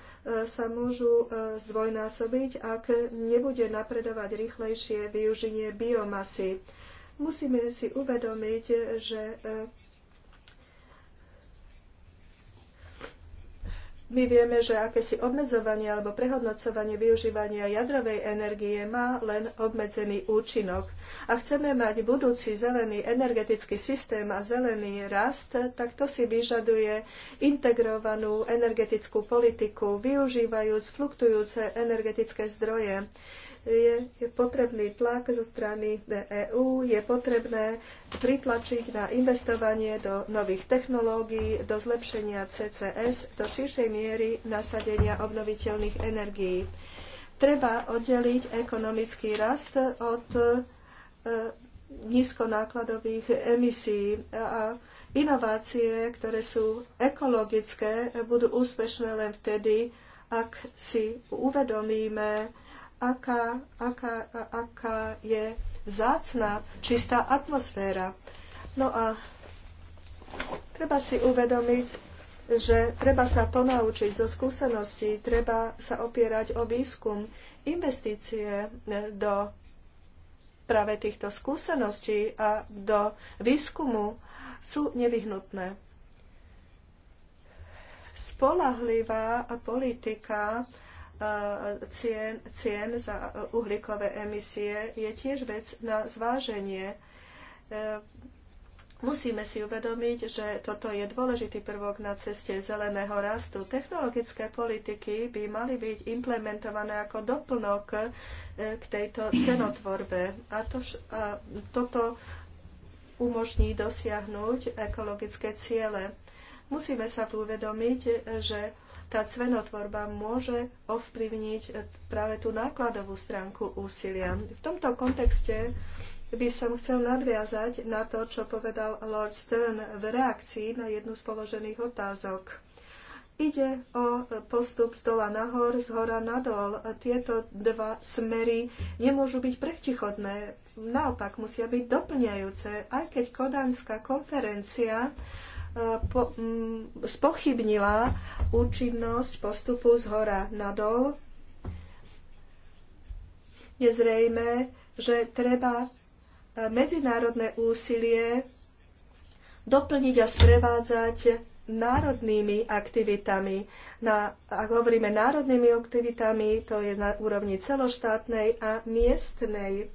sa môžu e, zdvojnásobiť, ak nebude napredovať rýchlejšie využitie biomasy. Musíme si uvedomiť, že My vieme, že akési obmedzovanie alebo prehodnocovanie využívania jadrovej energie má len obmedzený účinok. A chceme mať budúci zelený energetický systém a zelený rast, tak to si vyžaduje integrovanú energetickú politiku, využívajúc fluktujúce energetické zdroje je, je potrebný tlak zo strany EÚ, je potrebné pritlačiť na investovanie do nových technológií, do zlepšenia CCS, do širšej miery nasadenia obnoviteľných energií. Treba oddeliť ekonomický rast od e, nízkonákladových emisí a inovácie, ktoré sú ekologické, budú úspešné len vtedy, ak si uvedomíme aká, aká, aká je zácná, čistá atmosféra. No a treba si uvedomiť, že treba sa ponaučiť zo skúseností, treba sa opierať o výskum, investície e, do práve týchto skúseností a do výskumu sú nevyhnutné. Spolahlivá politika cien, cien za uhlíkové emisie je tiež vec na zváženie. E, musíme si uvedomiť, že toto je dôležitý prvok na ceste zeleného rastu. Technologické politiky by mali byť implementované ako doplnok e, k tejto cenotvorbe. A, to, a toto umožní dosiahnuť ekologické ciele. Musíme sa uvedomiť, že tá cvenotvorba môže ovplyvniť eh, práve tú nákladovú stránku úsilia. V tomto kontexte by som chcel nadviazať na to, čo povedal Lord Stern v reakcii na jednu z položených otázok. Ide o postup z dola nahor, z hora nadol. Tieto dva smery nemôžu byť prechtichodné, naopak musia byť doplňajúce, aj keď Kodánska konferencia po, m, mm, spochybnila účinnosť postupu z hora nadol, je zrejme, že treba e, medzinárodné úsilie doplniť a sprevádzať národnými aktivitami. Na, ak hovoríme národnými aktivitami, to je na úrovni celoštátnej a miestnej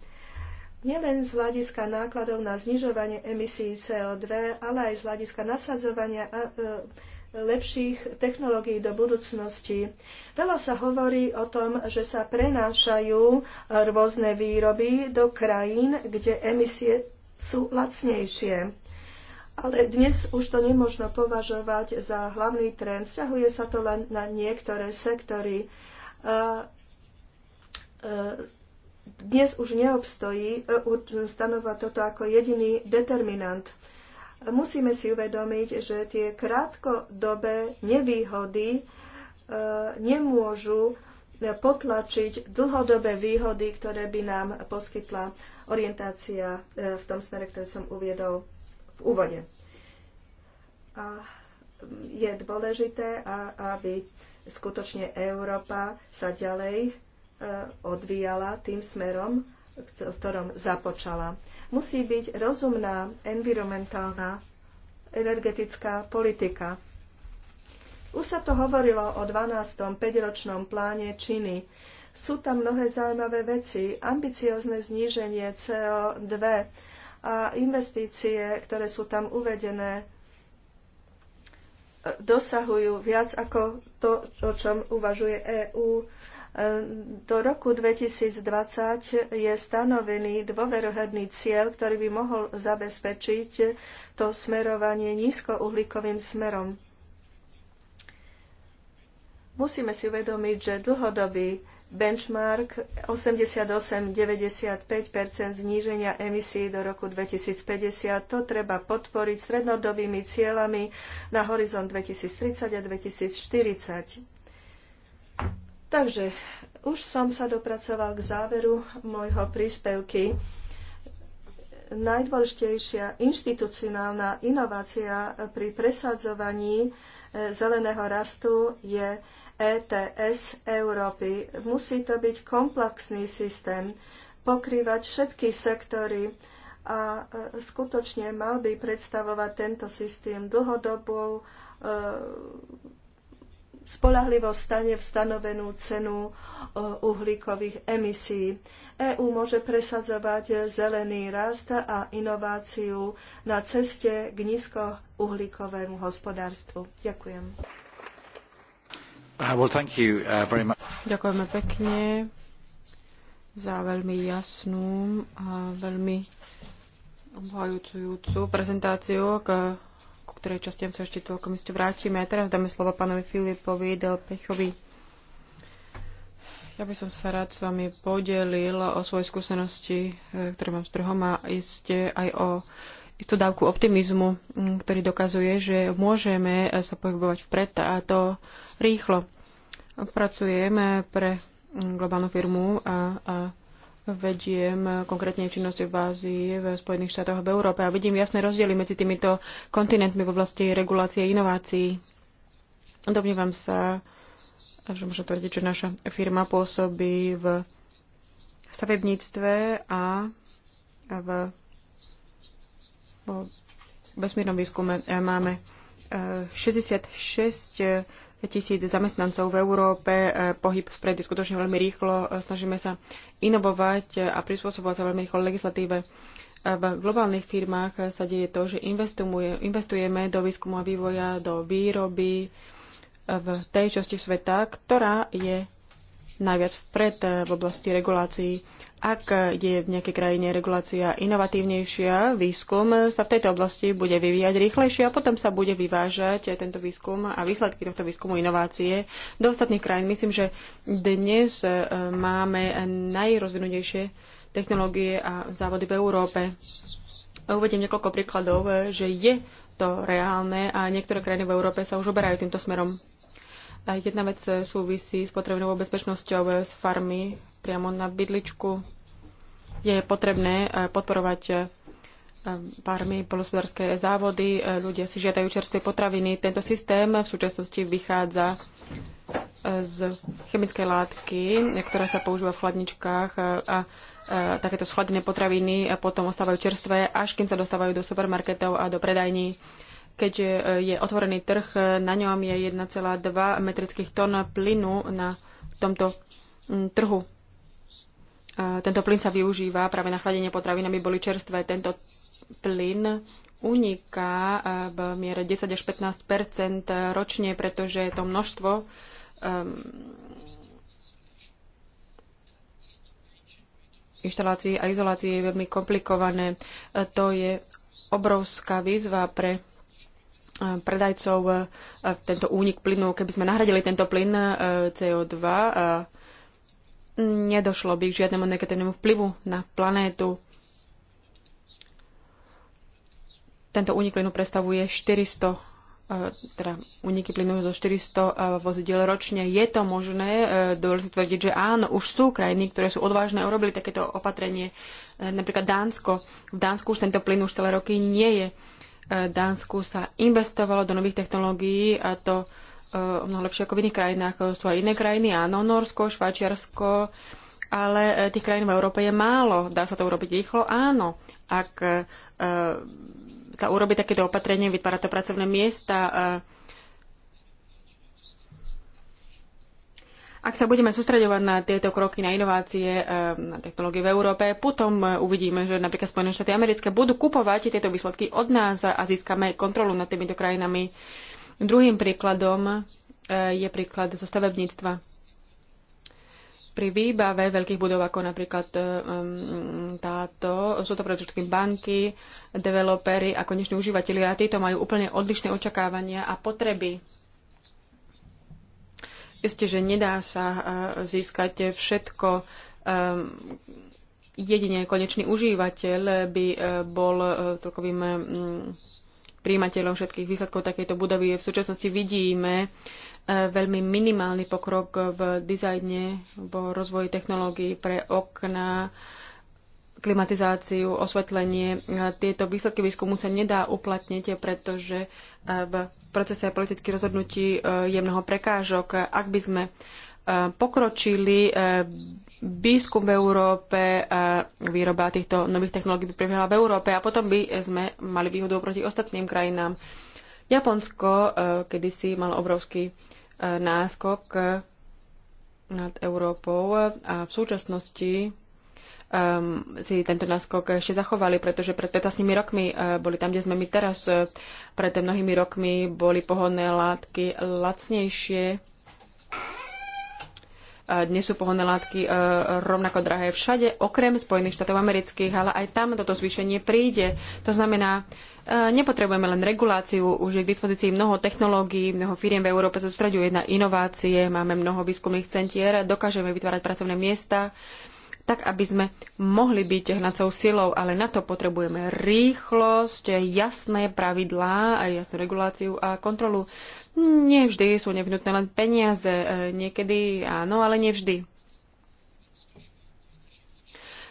nielen z hľadiska nákladov na znižovanie emisí CO2, ale aj z hľadiska nasadzovania e, lepších technológií do budúcnosti. Veľa sa hovorí o tom, že sa prenášajú e, rôzne výroby do krajín, kde emisie sú lacnejšie. Ale dnes už to nemôžno považovať za hlavný trend. Vzťahuje sa to len na niektoré sektory e, dnes už neobstojí e, stanovať toto ako jediný determinant. Musíme si uvedomiť, že tie krátkodobé nevýhody e, nemôžu e, potlačiť dlhodobé výhody, ktoré by nám poskytla orientácia v tom smere, ktorý som uviedol v úvode. A je dôležité, aby skutočne Európa sa ďalej Eh, odvíjala tým smerom, v ktorom započala. Musí byť rozumná environmentálna energetická politika. Už sa to hovorilo o 12. 5-ročnom pláne Číny. Sú tam mnohé zaujímavé veci, ambiciozne zníženie CO2 a investície, ktoré sú tam uvedené, eh, dosahujú viac ako to, o čom uvažuje EÚ do roku 2020 je stanovený dôverohodný cieľ, ktorý by mohol zabezpečiť to smerovanie nízkouhlíkovým smerom. Musíme si uvedomiť, že dlhodobý benchmark 88-95 zníženia emisí do roku 2050. To treba podporiť strednodobými cieľami na horizont 2030 a 2040. Takže už som sa dopracoval k záveru môjho príspevky. Najdôležitejšia inštitucionálna inovácia pri presadzovaní e, zeleného rastu je ETS Európy. Musí to byť komplexný systém, pokrývať všetky sektory a e, skutočne mal by predstavovať tento systém dlhodobú e, spolahlivo stane v stanovenú cenu e, uhlíkových emisí. EÚ môže presadzovať zelený rast a inováciu na ceste k nízkouhlíkovému hospodárstvu. Ďakujem. Uh, well, you, uh, Ďakujeme pekne za veľmi jasnú a veľmi obhajujúcu prezentáciu k ktorej časti sa ešte celkom isto vrátime. A teraz dáme slovo pánovi Filipovi Delpechovi. Ja by som sa rád s vami podelil o svoje skúsenosti, e, ktoré mám s trhom a iste aj o istú dávku optimizmu, ktorý dokazuje, že môžeme e, sa pohybovať vpred a to rýchlo. pracujeme pre globálnu firmu a, a vediem konkrétne činnosti v Ázii, v Spojených štátoch, v Európe a vidím jasné rozdiely medzi týmito kontinentmi v oblasti regulácie inovácií. Domnívam sa, že môžem tvrdiť, že naša firma pôsobí v stavebníctve a v vesmírnom výskume máme 66 eh, tisíc zamestnancov v Európe. E, pohyb vpred je skutočne veľmi rýchlo. E, snažíme sa inovovať e, a prispôsobovať sa veľmi rýchlo legislatíve. V globálnych firmách sa deje to, že investujeme do výskumu a vývoja, do výroby v tej časti sveta, ktorá je najviac vpred eh, v oblasti regulácií. Ak eh, je v nejakej krajine regulácia inovatívnejšia, výskum eh, sa v tejto oblasti bude vyvíjať rýchlejšie a potom sa bude vyvážať tento výskum a výsledky tohto výskumu inovácie do ostatných krajín. Myslím, že dnes máme najrozvinutejšie technológie a závody v Európe. Uvediem niekoľko príkladov, že je to reálne a niektoré krajiny v Európe sa už oberajú týmto smerom. Jedna vec súvisí s potrebnou bezpečnosťou z eh, farmy priamo na bydličku. Je potrebné eh, podporovať eh, farmy, polospodárske závody, ľudia si žiadajú čerstvé potraviny. Tento systém v súčasnosti vychádza z chemickej látky, ktorá sa používa v chladničkách a takéto schladené potraviny potom ostávajú čerstvé, až kým sa dostávajú do supermarketov a do predajní keďže e, je otvorený trh, e, na ňom je 1,2 metrických tón plynu na tomto mm, trhu. E, tento plyn sa využíva práve na chladenie potravín, aby boli čerstvé. Tento plyn uniká v miere 10 až 15 ročne, pretože to množstvo ehm, inštalácií a izolácií je veľmi komplikované. To je obrovská výzva pre predajcov e, e, tento únik plynu, keby sme nahradili tento plyn e, CO2, nedošlo by k žiadnemu negatívnemu vplyvu na planétu. Tento únik plynu predstavuje 400 teda uniky plynu zo 400 vozidiel ročne. Je to možné? Dovolím si tvrdiť, že áno, už sú krajiny, ktoré sú odvážne a urobili takéto opatrenie. Napríklad Dánsko. V Dánsku už tento plyn už celé roky nie je Dánsku sa investovalo do nových technológií a to e, mnoho lepšie ako v iných krajinách. Sú aj iné krajiny, áno, Norsko, Švajčiarsko, ale e, tých krajín v Európe je málo. Dá sa to urobiť rýchlo? Áno. Ak e, sa urobí takéto opatrenie, vytvára to pracovné miesta, Ak sa budeme sústredovať na tieto kroky, na inovácie, eh, na technológie v Európe, potom eh, uvidíme, že napríklad Spojené štáty americké budú kupovať tieto výsledky od nás a získame kontrolu nad týmito krajinami. Druhým príkladom eh, je príklad zo stavebníctva. Pri výbave veľkých budov, ako napríklad mm, táto, sú to predovšetkým banky, developery a koneční užívateľi a títo majú úplne odlišné očakávania a potreby Isté, že nedá sa e, získať všetko. E, jedine konečný užívateľ by e, bol celkovým príjimateľom všetkých výsledkov takejto budovy. V súčasnosti vidíme veľmi minimálny pokrok v dizajne, v rozvoji technológií pre okná, klimatizáciu, osvetlenie. Tieto výsledky výskumu sa nedá uplatniť, pretože v procese politických rozhodnutí e, je mnoho prekážok. Ak by sme e, pokročili e, výskum v Európe, výroba týchto nových technológií by prebiehala v Európe a potom by sme mali výhodu proti ostatným krajinám. Japonsko kedysi malo obrovský náskok nad Európou a v súčasnosti um, si tento náskok ešte zachovali, pretože pred 15 rokmi uh, boli tam, kde sme my teraz. Uh, pred mnohými rokmi boli pohodné látky lacnejšie. dnes sú pohodné látky e, rovnako drahé všade, okrem Spojených štátov amerických, ale aj tam toto zvýšenie príde. To znamená, e, nepotrebujeme len reguláciu, už je k dispozícii mnoho technológií, mnoho firiem v Európe sa sústreďuje na inovácie, máme mnoho výskumných centier, dokážeme vytvárať pracovné miesta, tak aby sme mohli byť hnacou silou, ale na to potrebujeme rýchlosť, jasné pravidlá, a jasnú reguláciu a kontrolu. Nie vždy sú nevnutné len peniaze, e, niekedy áno, ale nevždy.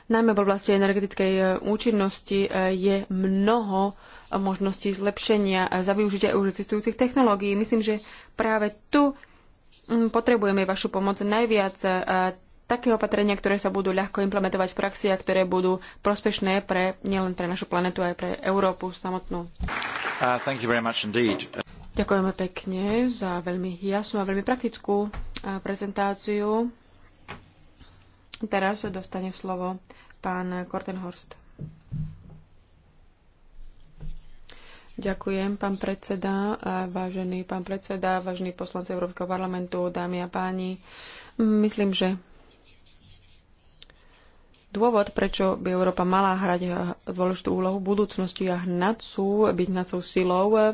Najmä v oblasti energetickej e, účinnosti e, je mnoho možností zlepšenia za využitia už existujúcich technológií. Myslím, že práve tu potrebujeme vašu pomoc najviac také opatrenia, ktoré sa budú ľahko implementovať v praxi a ktoré budú prospešné pre nielen pre našu planetu, aj pre Európu samotnú. Uh, Ďakujeme pekne za veľmi jasnú a veľmi praktickú uh, prezentáciu. Teraz dostane slovo pán Kortenhorst. Ďakujem, pán predseda, vážený pán predseda, vážení poslanci Európskeho parlamentu, dámy a páni. Myslím, že Dôvod, prečo by Európa mala hrať e, dôležitú úlohu v budúcnosti a hnať sú, byť hnacou silou, e,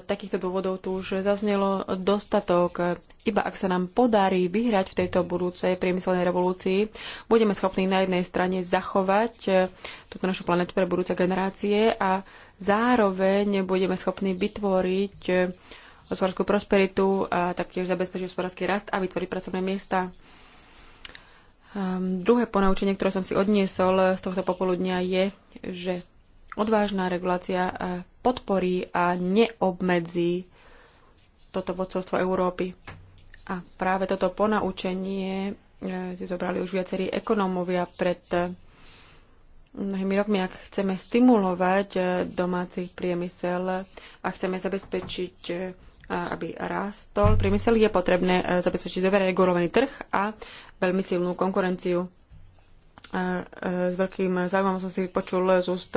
takýchto dôvodov tu už zaznelo dostatok. Iba ak sa nám podarí vyhrať v tejto budúcej priemyselnej revolúcii, budeme schopní na jednej strane zachovať e, túto našu planetu pre budúce generácie a zároveň budeme schopní vytvoriť hospodárskú prosperitu a taktiež zabezpečiť hospodársky rast a vytvoriť pracovné miesta. Um, druhé ponaučenie, ktoré som si odniesol z tohto popoludnia, je, že odvážna regulácia eh, podporí a neobmedzí toto vodcovstvo Európy. A práve toto ponaučenie eh, si zobrali už viacerí ekonómovia pred eh, mnohými rokmi, ak chceme stimulovať domáci priemysel a chceme zabezpečiť aby rástol priemysel, je potrebné e, zabezpečiť dobre regulovaný trh a veľmi silnú konkurenciu. E, e, s veľkým zaujímavom som si počul z úst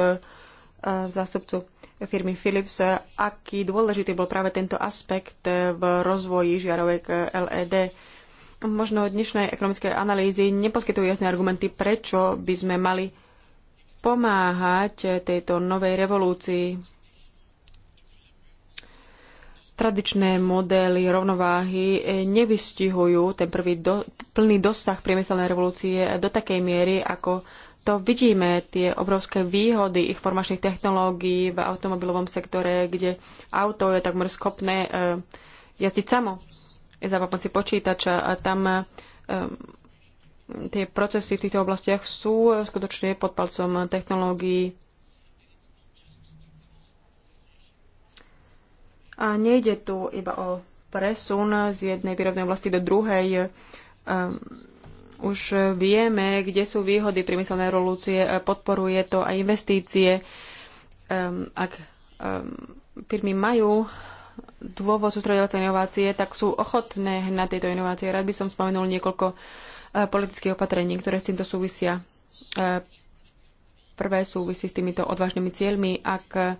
zástupcu firmy Philips, aký dôležitý bol práve tento aspekt v rozvoji žiarovek LED. Možno dnešné ekonomické analýzy neposkytujú jasné argumenty, prečo by sme mali pomáhať tejto novej revolúcii Tradičné modely rovnováhy eh, nevystihujú ten prvý do, plný dosah priemyselnej revolúcie do takej miery, ako to vidíme, tie obrovské výhody ich formačných technológií v automobilovom sektore, kde auto je takmer schopné eh, jazdiť samo za pomoci počítača a tam eh, tie procesy v týchto oblastiach sú skutočne pod palcom technológií A nejde tu iba o presun z jednej výrobnej oblasti do druhej. Um, už vieme, kde sú výhody priemyselnej revolúcie, e, podporuje to aj investície. Um, ak um, firmy majú dôvod sústredovať sa inovácie, tak sú ochotné na tieto inovácie. Rád by som spomenul niekoľko e, politických opatrení, ktoré s týmto súvisia. E, prvé súvisí s týmito odvážnymi cieľmi. Ak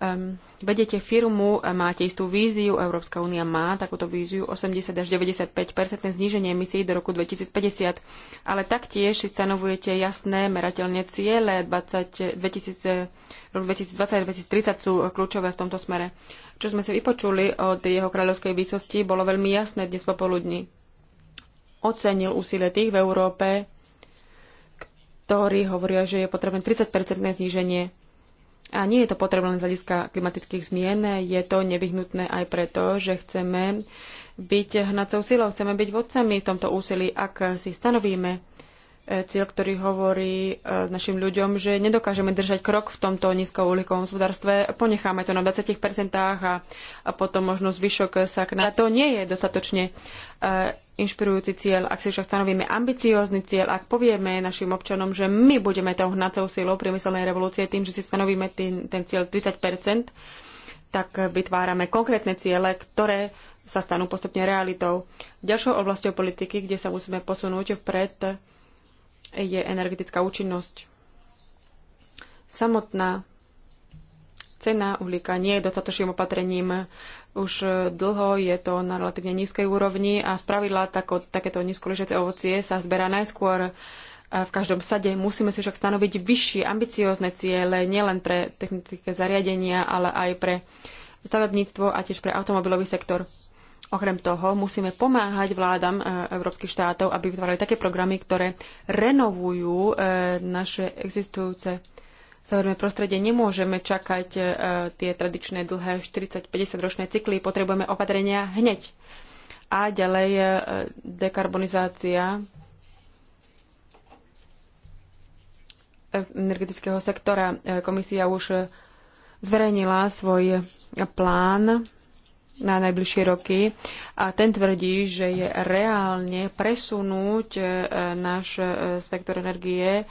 um, vedete firmu, máte istú víziu, Európska únia má takúto víziu 80 až 95 zníženie emisí do roku 2050, ale taktiež si stanovujete jasné merateľné ciele, 20, 2000, rok 2020 2030 sú kľúčové v tomto smere. Čo sme si vypočuli od jeho kráľovskej výsosti, bolo veľmi jasné dnes popoludní. Ocenil úsilie tých v Európe, ktorí hovoria, že je potrebné 30-percentné zníženie a nie je to potrebné z hľadiska klimatických zmien, je to nevyhnutné aj preto, že chceme byť hnacou silou, chceme byť vodcami v tomto úsilí, ak si stanovíme e, cieľ, ktorý hovorí e, našim ľuďom, že nedokážeme držať krok v tomto nízkouhlíkovom hospodárstve, ponecháme to na 20% a, a potom možno zvyšok sa k nám. A to nie je dostatočne e, inšpirujúci cieľ, ak si však stanovíme ambiciózny cieľ, ak povieme našim občanom, že my budeme tou hnacou silou priemyselnej revolúcie tým, že si stanovíme ten, ten cieľ 30 tak vytvárame konkrétne ciele, ktoré sa stanú postupne realitou. Ďalšou oblasťou politiky, kde sa musíme posunúť vpred, je energetická účinnosť. Samotná cena uhlíka nie je dostatočným opatrením. Už e, dlho je to na relatívne nízkej úrovni a spravidla tako, takéto nízkoležiace ovocie sa zberá najskôr e, v každom sade. Musíme si však stanoviť vyššie, ambiciózne ciele, nielen pre technické zariadenia, ale aj pre stavebníctvo a tiež pre automobilový sektor. Okrem toho musíme pomáhať vládam e, európskych štátov, aby vytvárali také programy, ktoré renovujú naše existujúce Severné prostredie nemôžeme čakať e, tie tradičné dlhé 40-50 ročné cykly, potrebujeme opatrenia hneď. A ďalej e, dekarbonizácia e, energetického sektora. Komisia už zverejnila svoj plán na najbližšie roky a ten tvrdí, že je reálne presunúť náš sektor energie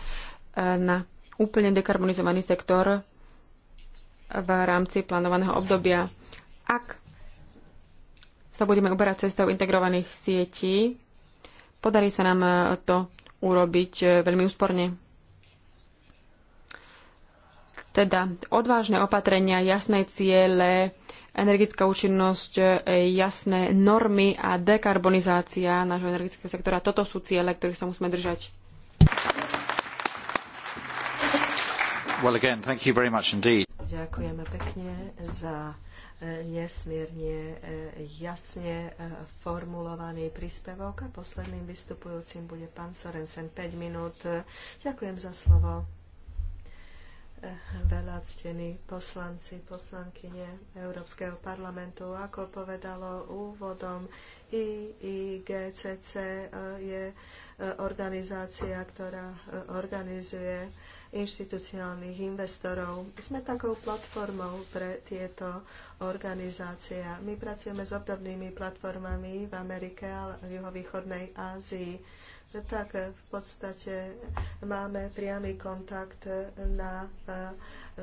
na úplne dekarbonizovaný sektor v rámci plánovaného obdobia. Ak sa budeme uberať cestou integrovaných sietí, podarí sa nám to urobiť veľmi úsporne. Teda odvážne opatrenia, jasné ciele, energická účinnosť, jasné normy a dekarbonizácia nášho energetického sektora. Toto sú ciele, ktorých sa musíme držať. Well, again, thank you very much indeed. Ďakujeme pekne za e, nesmierne e, jasne e, formulovaný príspevok a posledným vystupujúcim bude pán Sorensen 5 minút. Ďakujem za slovo. Veľa ctení poslanci, poslankyne Európskeho parlamentu, ako povedalo úvodom, IIGCC je organizácia, ktorá organizuje inštitucionálnych investorov. Sme takou platformou pre tieto organizácie. My pracujeme s obdobnými platformami v Amerike a v juhovýchodnej Ázii. Tak v podstate máme priamy kontakt na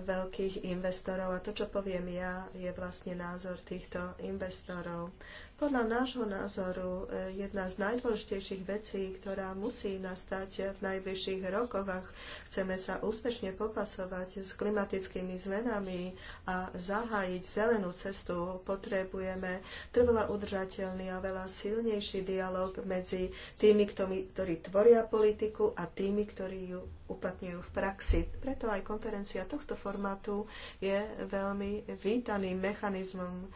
veľkých investorov. A to, čo poviem ja, je vlastne názor týchto investorov. Podľa nášho názoru e, jedna z najdôležitejších vecí, ktorá musí nastať v najbližších rokoch, ak chceme sa úspešne popasovať s klimatickými zmenami a zahájiť zelenú cestu, potrebujeme trvalo udržateľný a veľa silnejší dialog medzi tými, ktorí tvoria politiku a tými, ktorí ju uplatňujú v praxi. Preto aj konferencia tohto formátu je veľmi vítaným mechanizmom. E,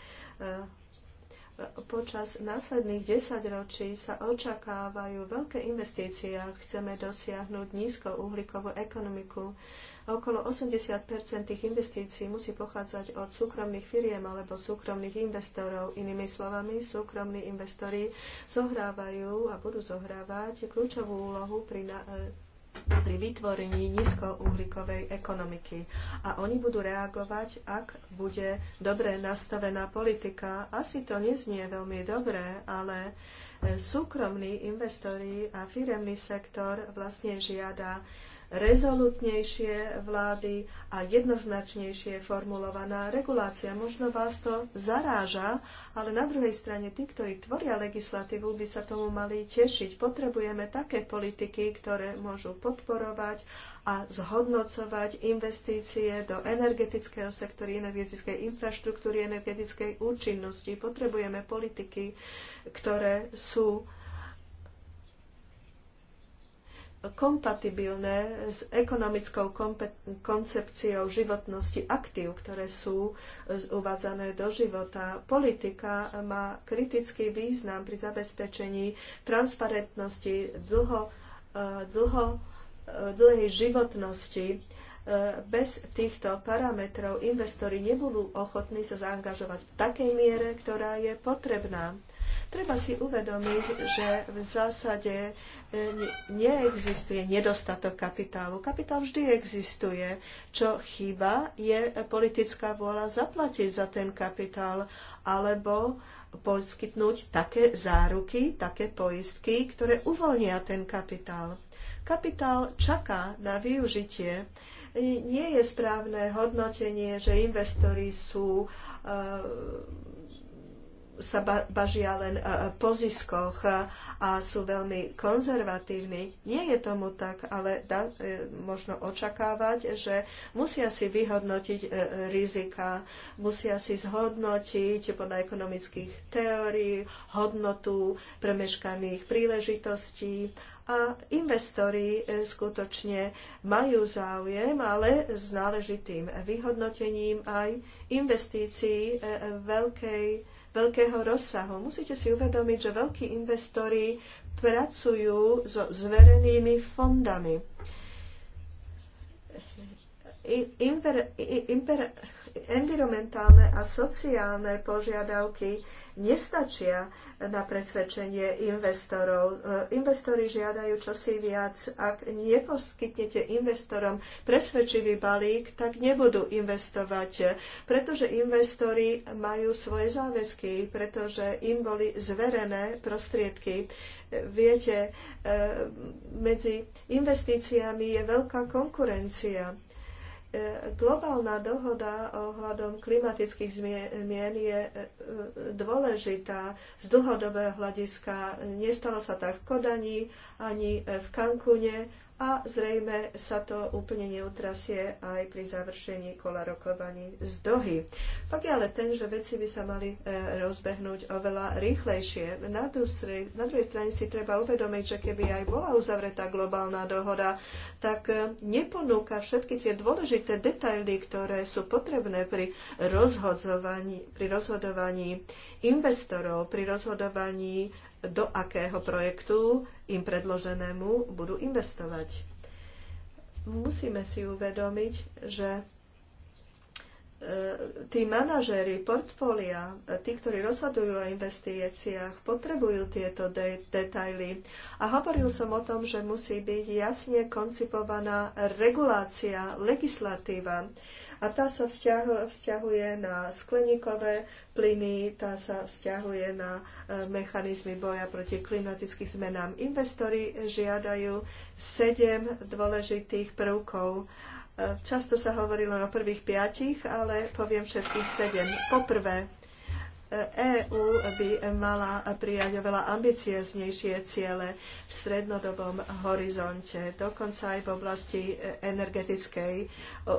počas následných ročí sa očakávajú veľké investície a chceme dosiahnuť nízkouhlíkovú ekonomiku. Okolo 80 tých investícií musí pochádzať od súkromných firiem alebo súkromných investorov. Inými slovami, súkromní investori zohrávajú a budú zohrávať kľúčovú úlohu pri pri vytvorení nízkouhlíkovej ekonomiky. A oni budú reagovať, ak bude dobre nastavená politika. Asi to neznie veľmi dobre, ale e, súkromní investori a firemný sektor vlastne žiada rezolutnejšie vlády a jednoznačnejšie formulovaná regulácia. Možno vás to zaráža, ale na druhej strane tí, ktorí tvoria legislatívu, by sa tomu mali tešiť. Potrebujeme také politiky, ktoré môžu podporovať a zhodnocovať investície do energetického sektoru, energetickej infraštruktúry, energetickej účinnosti. Potrebujeme politiky, ktoré sú kompatibilné s ekonomickou koncepciou životnosti aktív, ktoré sú uvádzané do života. Politika má kritický význam pri zabezpečení transparentnosti dlho, e, dlho, e, dlhej životnosti e, bez týchto parametrov investori nebudú ochotní sa zaangažovať v takej miere, ktorá je potrebná. Treba si uvedomiť, že v zásade e, neexistuje nedostatok kapitálu. Kapitál vždy existuje. Čo chýba, je politická vôľa zaplatiť za ten kapitál alebo poskytnúť také záruky, také poistky, ktoré uvoľnia ten kapitál. Kapitál čaká na využitie. E, nie je správne hodnotenie, že investori sú e, sa bažia len e, po ziskoch a sú veľmi konzervatívni. Nie je tomu tak, ale da, e, možno očakávať, že musia si vyhodnotiť e, rizika, musia si zhodnotiť podľa ekonomických teórií hodnotu premeškaných príležitostí a investori skutočne majú záujem, ale s náležitým vyhodnotením aj investícií veľkej veľkého rozsahu. Musíte si uvedomiť, že veľkí investori pracujú so zverenými fondami. environmentálne a sociálne požiadavky nestačia na presvedčenie investorov. E, investori žiadajú čosi viac. Ak neposkytnete investorom presvedčivý balík, tak nebudú investovať, pretože investori majú svoje záväzky, pretože im boli zverené prostriedky viete, e, medzi investíciami je veľká konkurencia. Globálna dohoda ohľadom klimatických zmien je e, dôležitá z dlhodobého hľadiska. Nestalo sa tak v Kodani ani v Cancúne a zrejme sa to úplne neutrasie aj pri završení kola rokovaní z Dohy. Pak je ale ten, že veci by sa mali e, rozbehnúť oveľa rýchlejšie. Na, druhej, na druhej strane si treba uvedomiť, že keby aj bola uzavretá globálna dohoda, tak e, neponúka všetky tie dôležité detaily, ktoré sú potrebné pri rozhodovaní, pri rozhodovaní investorov, pri rozhodovaní e, do akého projektu im predloženému budú investovať. Musíme si uvedomiť, že e, tí manažéri portfólia, tí, ktorí rozhodujú o investíciách, potrebujú tieto de- detaily. A hovoril som o tom, že musí byť jasne koncipovaná regulácia, legislatíva. Uh, a tá sa vzťahuje na skleníkové plyny, tá sa vzťahuje na e, mechanizmy boja proti klimatickým zmenám. Investori žiadajú sedem dôležitých prvkov. E, často sa hovorilo o prvých piatich, ale poviem všetkých sedem. Poprvé, EÚ by mala prijať oveľa ambicioznejšie ciele v strednodobom horizonte, dokonca aj v oblasti energetickej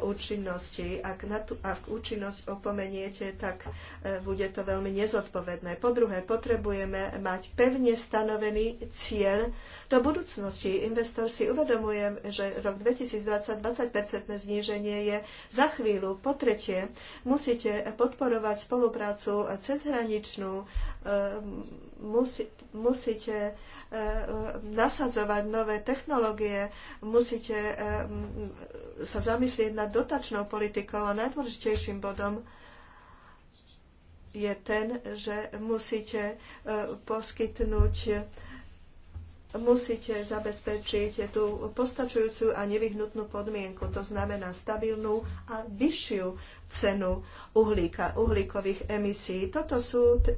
účinnosti. Ak, na tú, ak účinnosť opomeniete, tak e, bude to veľmi nezodpovedné. Po druhé, potrebujeme mať pevne stanovený cieľ do budúcnosti. Investor si uvedomuje, že rok 2020 20-percentné zníženie je za chvíľu. Po tretie, musíte podporovať spoluprácu cez cezhraničnú. Eh, Musí, musíte eh, nasadzovať nové technológie, musíte eh, sa zamyslieť nad dotačnou politikou a najdôležitejším bodom je ten, že musíte poskytnúť musíte zabezpečiť tú postačujúcu a nevyhnutnú podmienku, to znamená stabilnú a vyššiu cenu uhlíka, uhlíkových emisí. Toto sú e,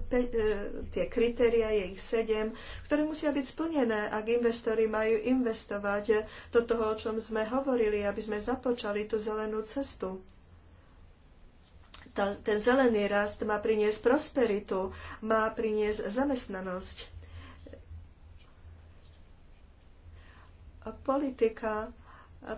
tie kritéria, je ich sedem, ktoré musia byť splnené, ak investori majú investovať do toho, o čom sme hovorili, aby sme započali tú zelenú cestu ten zelený rast má priniesť prosperitu, má priniesť zamestnanosť. A politika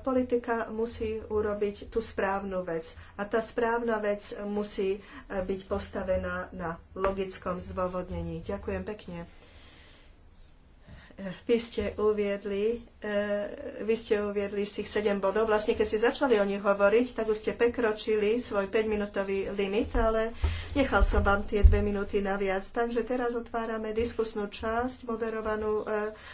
politika musí urobiť tú správnu vec. A tá správna vec musí eh, byť postavená na logickom zdôvodnení. Ďakujem pekne. Vy ste uviedli, eh, vy ste uviedli z tých 7 bodov. Vlastne, keď ste začali o nich hovoriť, tak už ste prekročili svoj 5-minútový limit, ale nechal som vám tie 2 minúty naviac. Takže teraz otvárame diskusnú časť, moderovanú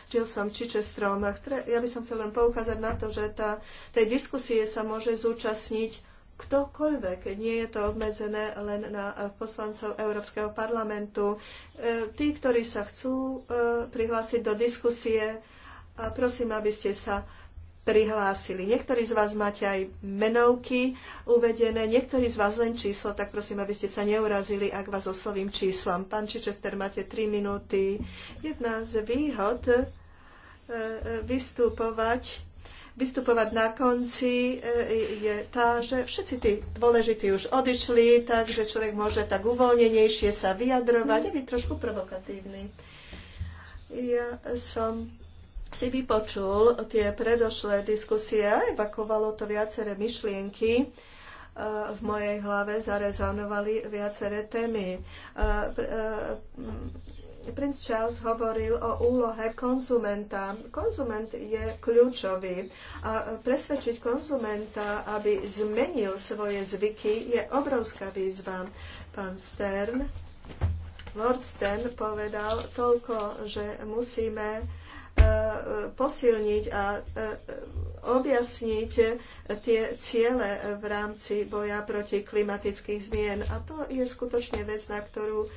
Jillsom eh, Čičestrom. Ja by som chcel len poukázať na to, že tá, tej diskusie sa môže zúčastniť ktokoľvek. Nie je to obmedzené len na eh, poslancov Európskeho parlamentu. Eh, tí, ktorí sa chcú eh, prihlásiť do diskusie, prosím, aby ste sa prihlásili. Niektorí z vás máte aj menovky uvedené, niektorí z vás len číslo, tak prosím, aby ste sa neurazili, ak vás oslovím číslom. Pán Čičester, máte 3 minúty. Jedna z výhod vystupovať vystupovať na konci, e, je tá, že všetci tí dôležití už odišli, takže človek môže tak uvoľnenejšie sa vyjadrovať a byť trošku provokatívny. Ja som si vypočul tie predošlé diskusie a evakovalo to viaceré myšlienky e, v mojej hlave zarezonovali viaceré témy. E, princ Charles hovoril o úlohe konzumenta. Konzument je kľúčový a presvedčiť konzumenta, aby zmenil svoje zvyky, je obrovská výzva. Pán Stern, Lord Stern povedal toľko, že musíme e, posilniť a e, objasniť tie ciele v rámci boja proti klimatických zmien. A to je skutočne vec, na ktorú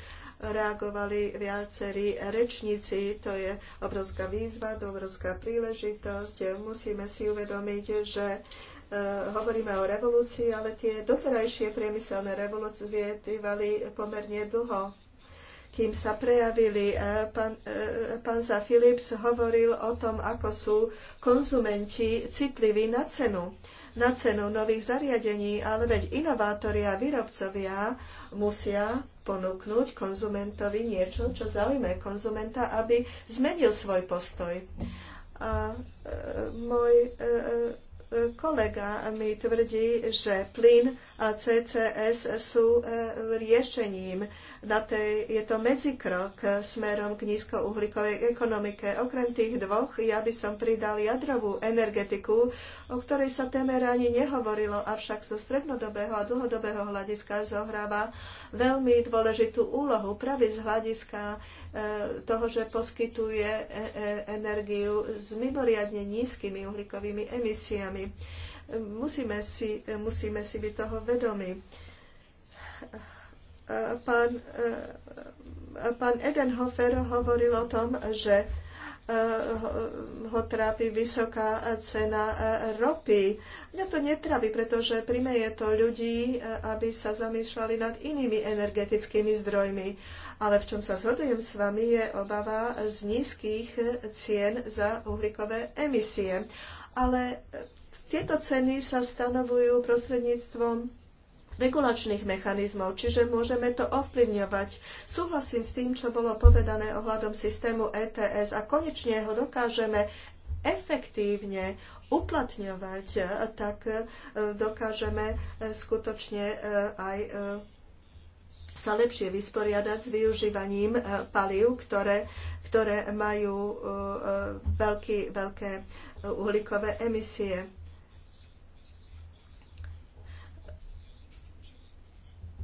reagovali viacerí rečníci. To je obrovská výzva, to obrovská príležitosť. Musíme si uvedomiť, že e, hovoríme o revolúcii, ale tie doterajšie priemyselné revolúcie trvali pomerne dlho kým sa prejavili. E, pán, e, pán za Philips hovoril o tom, ako sú konzumenti citliví na cenu, na cenu nových zariadení, ale veď inovátori a výrobcovia musia ponúknuť konzumentovi niečo, čo zaujíma konzumenta, aby zmenil svoj postoj. A e, môj e, e, kolega mi tvrdí, že plyn a CCS sú e, riešením. Na tej, je to medzikrok smerom k nízkouhlíkovej ekonomike. Okrem tých dvoch ja by som pridal jadrovú energetiku, o ktorej sa temer ani nehovorilo, avšak zo strednodobého a dlhodobého hľadiska zohráva veľmi dôležitú úlohu práve z hľadiska e, toho, že poskytuje e, energiu s mimoriadne nízkymi uhlíkovými emisiami. Musíme si, musíme si byť toho vedomi. Pán, pán Edenhofer hovoril o tom, že eh, ho trápi vysoká cena eh, ropy. Mňa to netrápi, pretože primeje to ľudí, eh, aby sa zamýšľali nad inými energetickými zdrojmi. Ale v čom sa zhodujem s vami je obava z nízkych cien za uhlíkové emisie. Ale tieto ceny sa stanovujú prostredníctvom regulačných mechanizmov, čiže môžeme to ovplyvňovať. Súhlasím s tým, čo bolo povedané ohľadom systému ETS a konečne ho dokážeme efektívne uplatňovať, tak e, dokážeme e, skutočne e, aj sa lepšie vysporiadať s využívaním palív, ktoré, ktoré majú veľký, veľké uhlíkové emisie.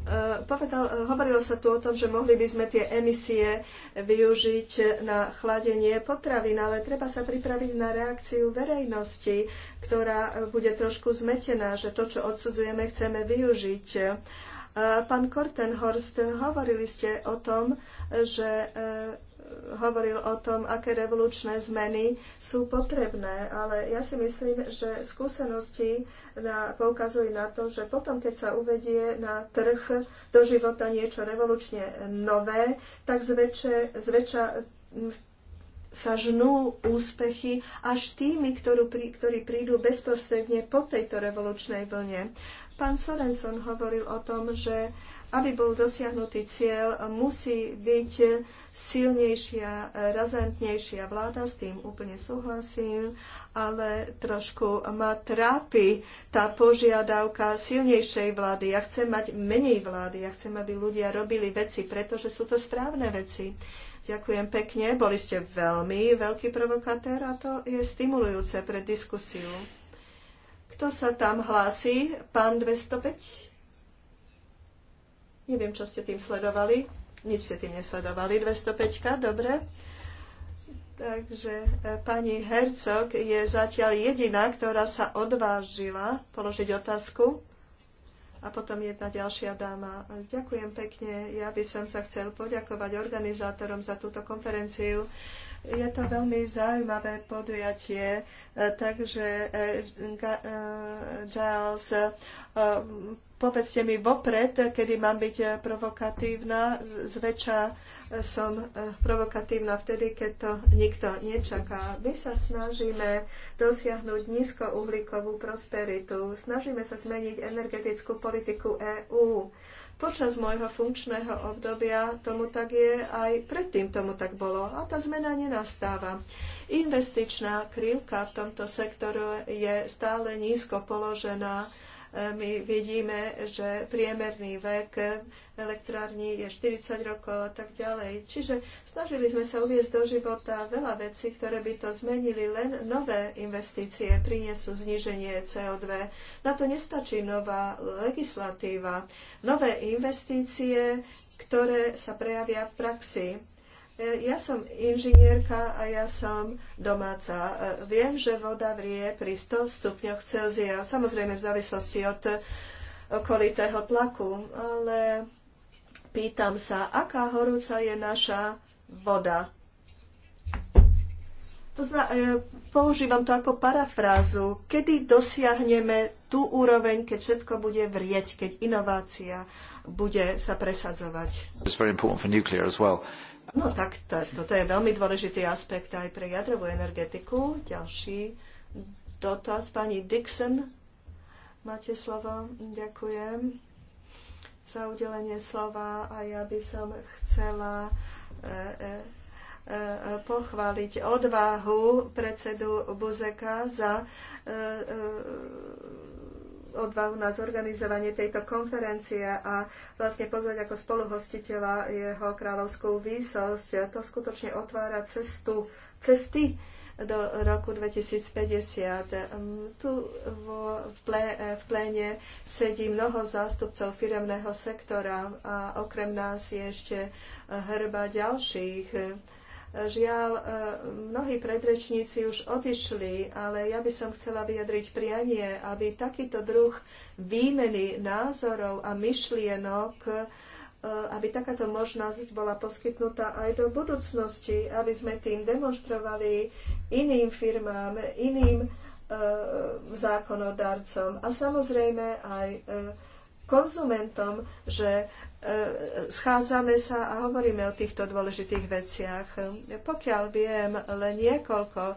Eh, povedal, eh, hovorilo sa tu o tom, že mohli by sme tie emisie využiť na chladenie potravín, ale treba sa pripraviť na reakciu verejnosti, ktorá eh, bude trošku zmetená, že to, čo odsudzujeme, chceme využiť. Pán Kortenhorst, hovorili ste o tom, že hovoril o tom, aké revolučné zmeny sú potrebné, ale ja si myslím, že skúsenosti na, poukazujú na to, že potom, keď sa uvedie na trh do života niečo revolučne nové, tak zväčša, zväčša sa žnú úspechy až tými, ktorú, ktorí prídu bezprostredne po tejto revolučnej vlne. Pán Sorenson hovoril o tom, že aby bol dosiahnutý cieľ, musí byť silnejšia, razantnejšia vláda, s tým úplne súhlasím, ale trošku ma trápi tá požiadavka silnejšej vlády. Ja chcem mať menej vlády, ja chcem, aby ľudia robili veci, pretože sú to správne veci. Ďakujem pekne, boli ste veľmi veľký provokatér a to je stimulujúce pre diskusiu. Kto sa tam hlási? Pán 205? Neviem, čo ste tým sledovali. Nič ste tým nesledovali. 205, dobre. Takže e, pani Hercog je zatiaľ jediná, ktorá sa odvážila položiť otázku. A potom jedna ďalšia dáma. Ďakujem pekne. Ja by som sa chcel poďakovať organizátorom za túto konferenciu. Je to veľmi zaujímavé podujatie, e, takže e, Giles povedzte mi vopred, kedy mám byť eh, provokatívna. Zväčša eh, som eh, provokatívna vtedy, keď to nikto nečaká. My sa snažíme dosiahnuť nízkouhlíkovú prosperitu. Snažíme sa zmeniť energetickú politiku EÚ. Počas môjho funkčného obdobia tomu tak je, aj predtým tomu tak bolo. A tá zmena nenastáva. Investičná krivka v tomto sektore je stále nízko položená my vidíme, že priemerný vek elektrární je 40 rokov a tak ďalej. Čiže snažili sme sa uviezť do života veľa vecí, ktoré by to zmenili, len nové investície priniesú zníženie CO2. Na to nestačí nová legislatíva. Nové investície, ktoré sa prejavia v praxi E, ja som inžinierka a ja som domáca. E, viem, že voda vrie pri 100 stupňoch Celzia, samozrejme v závislosti od okolitého tlaku, ale pýtam sa, aká horúca je naša voda. To zna, e, používam to ako parafrázu. Kedy dosiahneme tú úroveň, keď všetko bude vrieť, keď inovácia bude sa presadzovať. It's very important for nuclear as well. No tak to, toto je veľmi dôležitý aspekt aj pre jadrovú energetiku. Ďalší dotaz, pani Dixon. Máte slovo. Ďakujem za udelenie slova a ja by som chcela e, e, e, pochváliť odvahu predsedu Buzeka za odvahu na zorganizovanie tejto konferencie a vlastne pozvať ako spoluhostiteľa jeho kráľovskú výsosť. To skutočne otvára cestu, cesty do roku 2050. Mm, tu v pléne sedí mnoho zástupcov firemného sektora a okrem nás je ešte hrba ďalších Žiaľ, e, mnohí predrečníci už odišli, ale ja by som chcela vyjadriť prianie, aby takýto druh výmeny názorov a myšlienok e, aby takáto možnosť bola poskytnutá aj do budúcnosti, aby sme tým demonstrovali iným firmám, iným e, zákonodarcom a samozrejme aj konzumentom, že schádzame sa a hovoríme o týchto dôležitých veciach. Pokiaľ viem, len niekoľko e,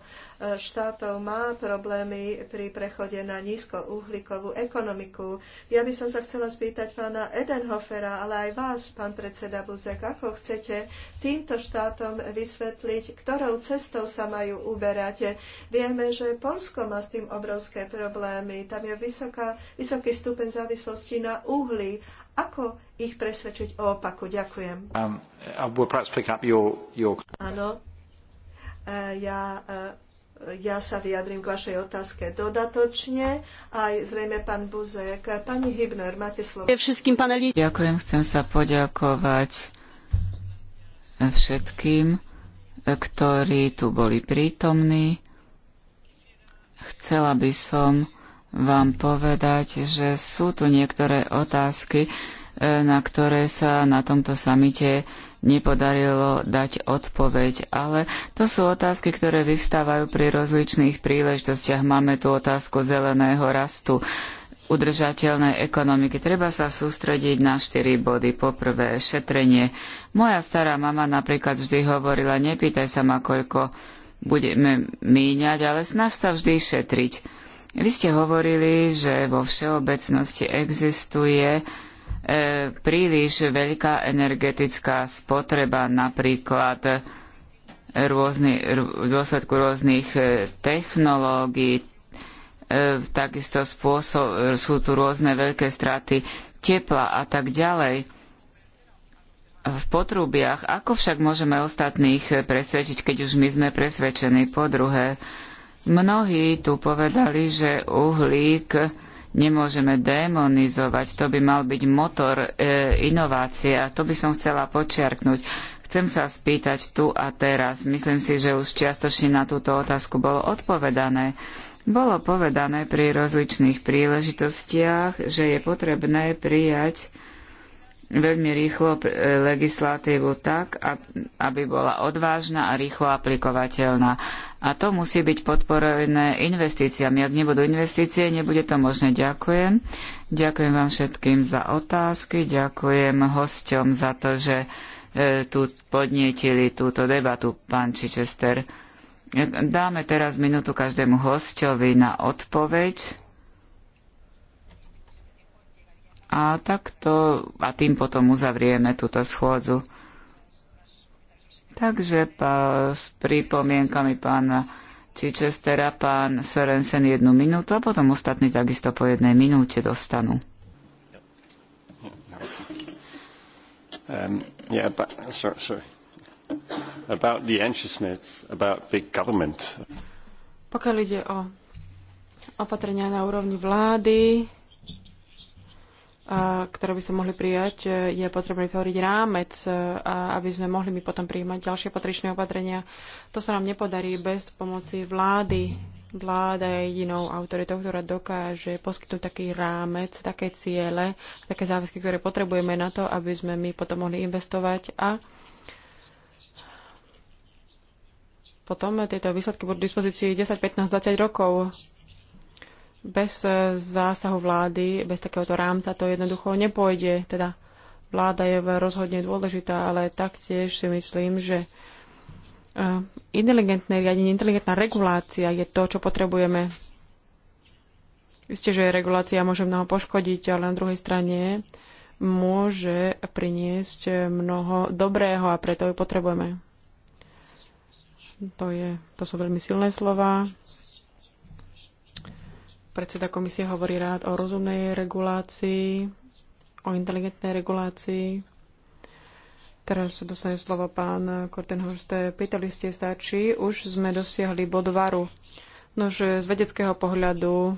štátov má problémy pri prechode na nízkouhlíkovú ekonomiku. Ja by som sa chcela spýtať pána Edenhofera, ale aj vás, pán predseda Buzek, ako chcete týmto štátom vysvetliť, ktorou cestou sa majú uberať. Vieme, že Polsko má s tým obrovské problémy. Tam je vysoká, vysoký stupeň závislosti na uhlí ako ich presvedčiť o opaku? Ďakujem. Um, your, your... Áno. E, ja, e, ja sa vyjadrím k vašej otázke dodatočne. Aj zrejme pán Buzek. Pani Hybner, máte slovo. Ďakujem, chcem sa poďakovať všetkým, ktorí tu boli prítomní. Chcela by som vám povedať, že sú tu niektoré otázky, e, na ktoré sa na tomto samite nepodarilo dať odpoveď. Ale to sú otázky, ktoré vyvstávajú pri rozličných príležitostiach. Máme tu otázku zeleného rastu udržateľnej ekonomiky. Treba sa sústrediť na štyri body. Poprvé, šetrenie. Moja stará mama napríklad vždy hovorila, nepýtaj sa ma, koľko budeme míňať, ale snaž sa vždy šetriť. Vy ste hovorili, že vo všeobecnosti existuje e, príliš veľká energetická spotreba, napríklad rôzny, rôzny, v dôsledku rôznych e, technológií. E, takisto spôsob, sú tu rôzne veľké straty tepla a tak ďalej v potrubiach. Ako však môžeme ostatných e, presvedčiť, keď už my sme presvedčení? Po druhé, Mnohí tu povedali, že uhlík nemôžeme demonizovať, to by mal byť motor e, inovácie a to by som chcela počiarknúť. Chcem sa spýtať tu a teraz. Myslím si, že už čiastočne na túto otázku bolo odpovedané. Bolo povedané pri rozličných príležitostiach, že je potrebné prijať veľmi rýchlo e, legislatívu tak, aby bola odvážna a rýchlo aplikovateľná. A to musí byť podporené investíciami. Ak nebudú investície, nebude to možné. Ďakujem. Ďakujem vám všetkým za otázky. Ďakujem hosťom za to, že e, tu podnietili túto debatu, pán Čičester. E, dáme teraz minútu každému hosťovi na odpoveď. A takto, a tým potom uzavrieme túto schôdzu. Takže pa, s pripomienkami pána Čičestera, pán Sorensen jednu minútu a potom ostatní takisto po jednej minúte dostanú. Um, yeah, but, sorry, sorry. About the anxiousness about big government. Pokiaľ ide o opatrenia na úrovni vlády, ktoré by sme mohli prijať, e, je potrebné vytvoriť rámec, e, aby sme mohli my potom prijímať ďalšie patričné opatrenia. To sa nám nepodarí bez pomoci vlády. Vláda je jedinou autoritou, ktorá dokáže poskytnúť taký rámec, také ciele, také záväzky, ktoré potrebujeme na to, aby sme my potom mohli investovať a potom tieto výsledky budú v dispozícii 10, 15, 20 rokov bez e, zásahu vlády, bez takéhoto rámca to jednoducho nepôjde. Teda vláda je rozhodne dôležitá, ale taktiež si myslím, že e, inteligentné riadenie, inteligentná regulácia je to, čo potrebujeme. Isté, že regulácia môže mnoho poškodiť, ale na druhej strane môže priniesť e, mnoho dobrého a preto ju potrebujeme. To, je, to sú veľmi silné slova. Predseda komisie hovorí rád o rozumnej regulácii, o inteligentnej regulácii. Teraz dostane slovo pán Kortenhorst. Pýtali ste sa, či už sme dosiahli bod varu. Nož z vedeckého pohľadu e,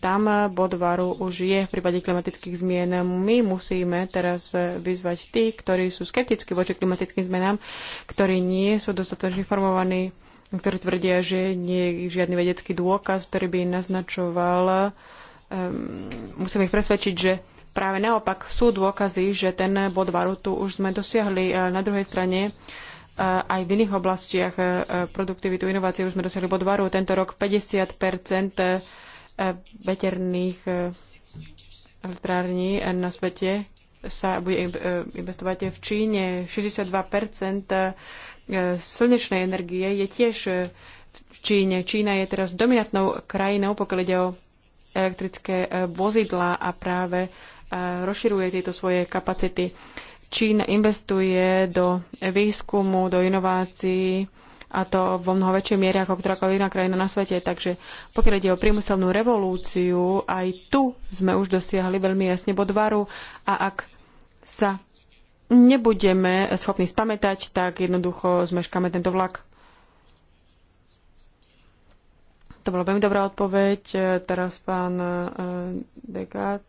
tam bod varu už je v prípade klimatických zmien. My musíme teraz vyzvať tí, ktorí sú skeptickí voči klimatickým zmenám, ktorí nie sú dostatočne informovaní ktorí tvrdia, že nie je žiadny vedecký dôkaz, ktorý by naznačoval. Um, musím ich presvedčiť, že práve naopak sú dôkazy, že ten bod varutu už sme dosiahli. Na druhej strane e, aj v iných oblastiach e, produktivitu inovácie už sme dosiahli bod varu. Tento rok 50 e, veterných elektrární na svete sa bude investovať v Číne, 62 E, slnečnej energie je tiež e, v Číne. Čína je teraz dominantnou krajinou, pokiaľ ide o elektrické e, vozidlá a práve rozširuje tieto svoje kapacity. Čína investuje do výskumu, do inovácií a to vo mnoho väčšej miere ako ktorákoľvek iná krajina na svete. Takže pokiaľ ide o priemyselnú revolúciu, aj tu sme už dosiahli veľmi jasne bod varu a ak sa nebudeme schopní spamätať, tak jednoducho zmeškáme tento vlak. To bola veľmi dobrá odpoveď. E, teraz pán e, Degat.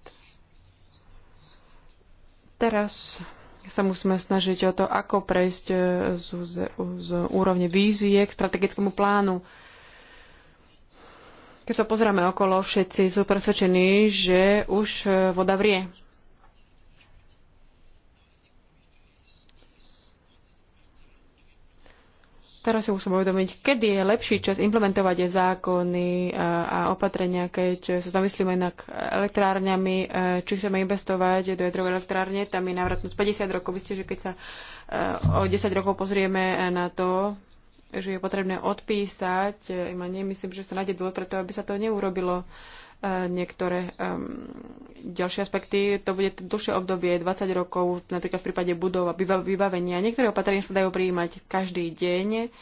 Teraz sa musíme snažiť o to, ako prejsť e, z, z úrovne vízie k strategickému plánu. Keď sa pozrieme okolo, všetci sú presvedčení, že už voda vrie. Teraz si musím uvedomiť, kedy je lepší čas implementovať zákony eh, a opatrenia, keď sa zamyslíme nad elektrárňami, eh, či chceme investovať do jadrovej elektrárne, tam je návratnosť 50 rokov. Vy že keď sa eh, o 10 rokov pozrieme na to, že je potrebné odpísať, myslím, že sa nájde dôvod preto, aby sa to neurobilo niektoré ďalšie aspekty. To bude dlhšie obdobie, 20 rokov, napríklad v prípade budov a vybavenia. Niektoré opatrenia sa dajú prijímať každý deň,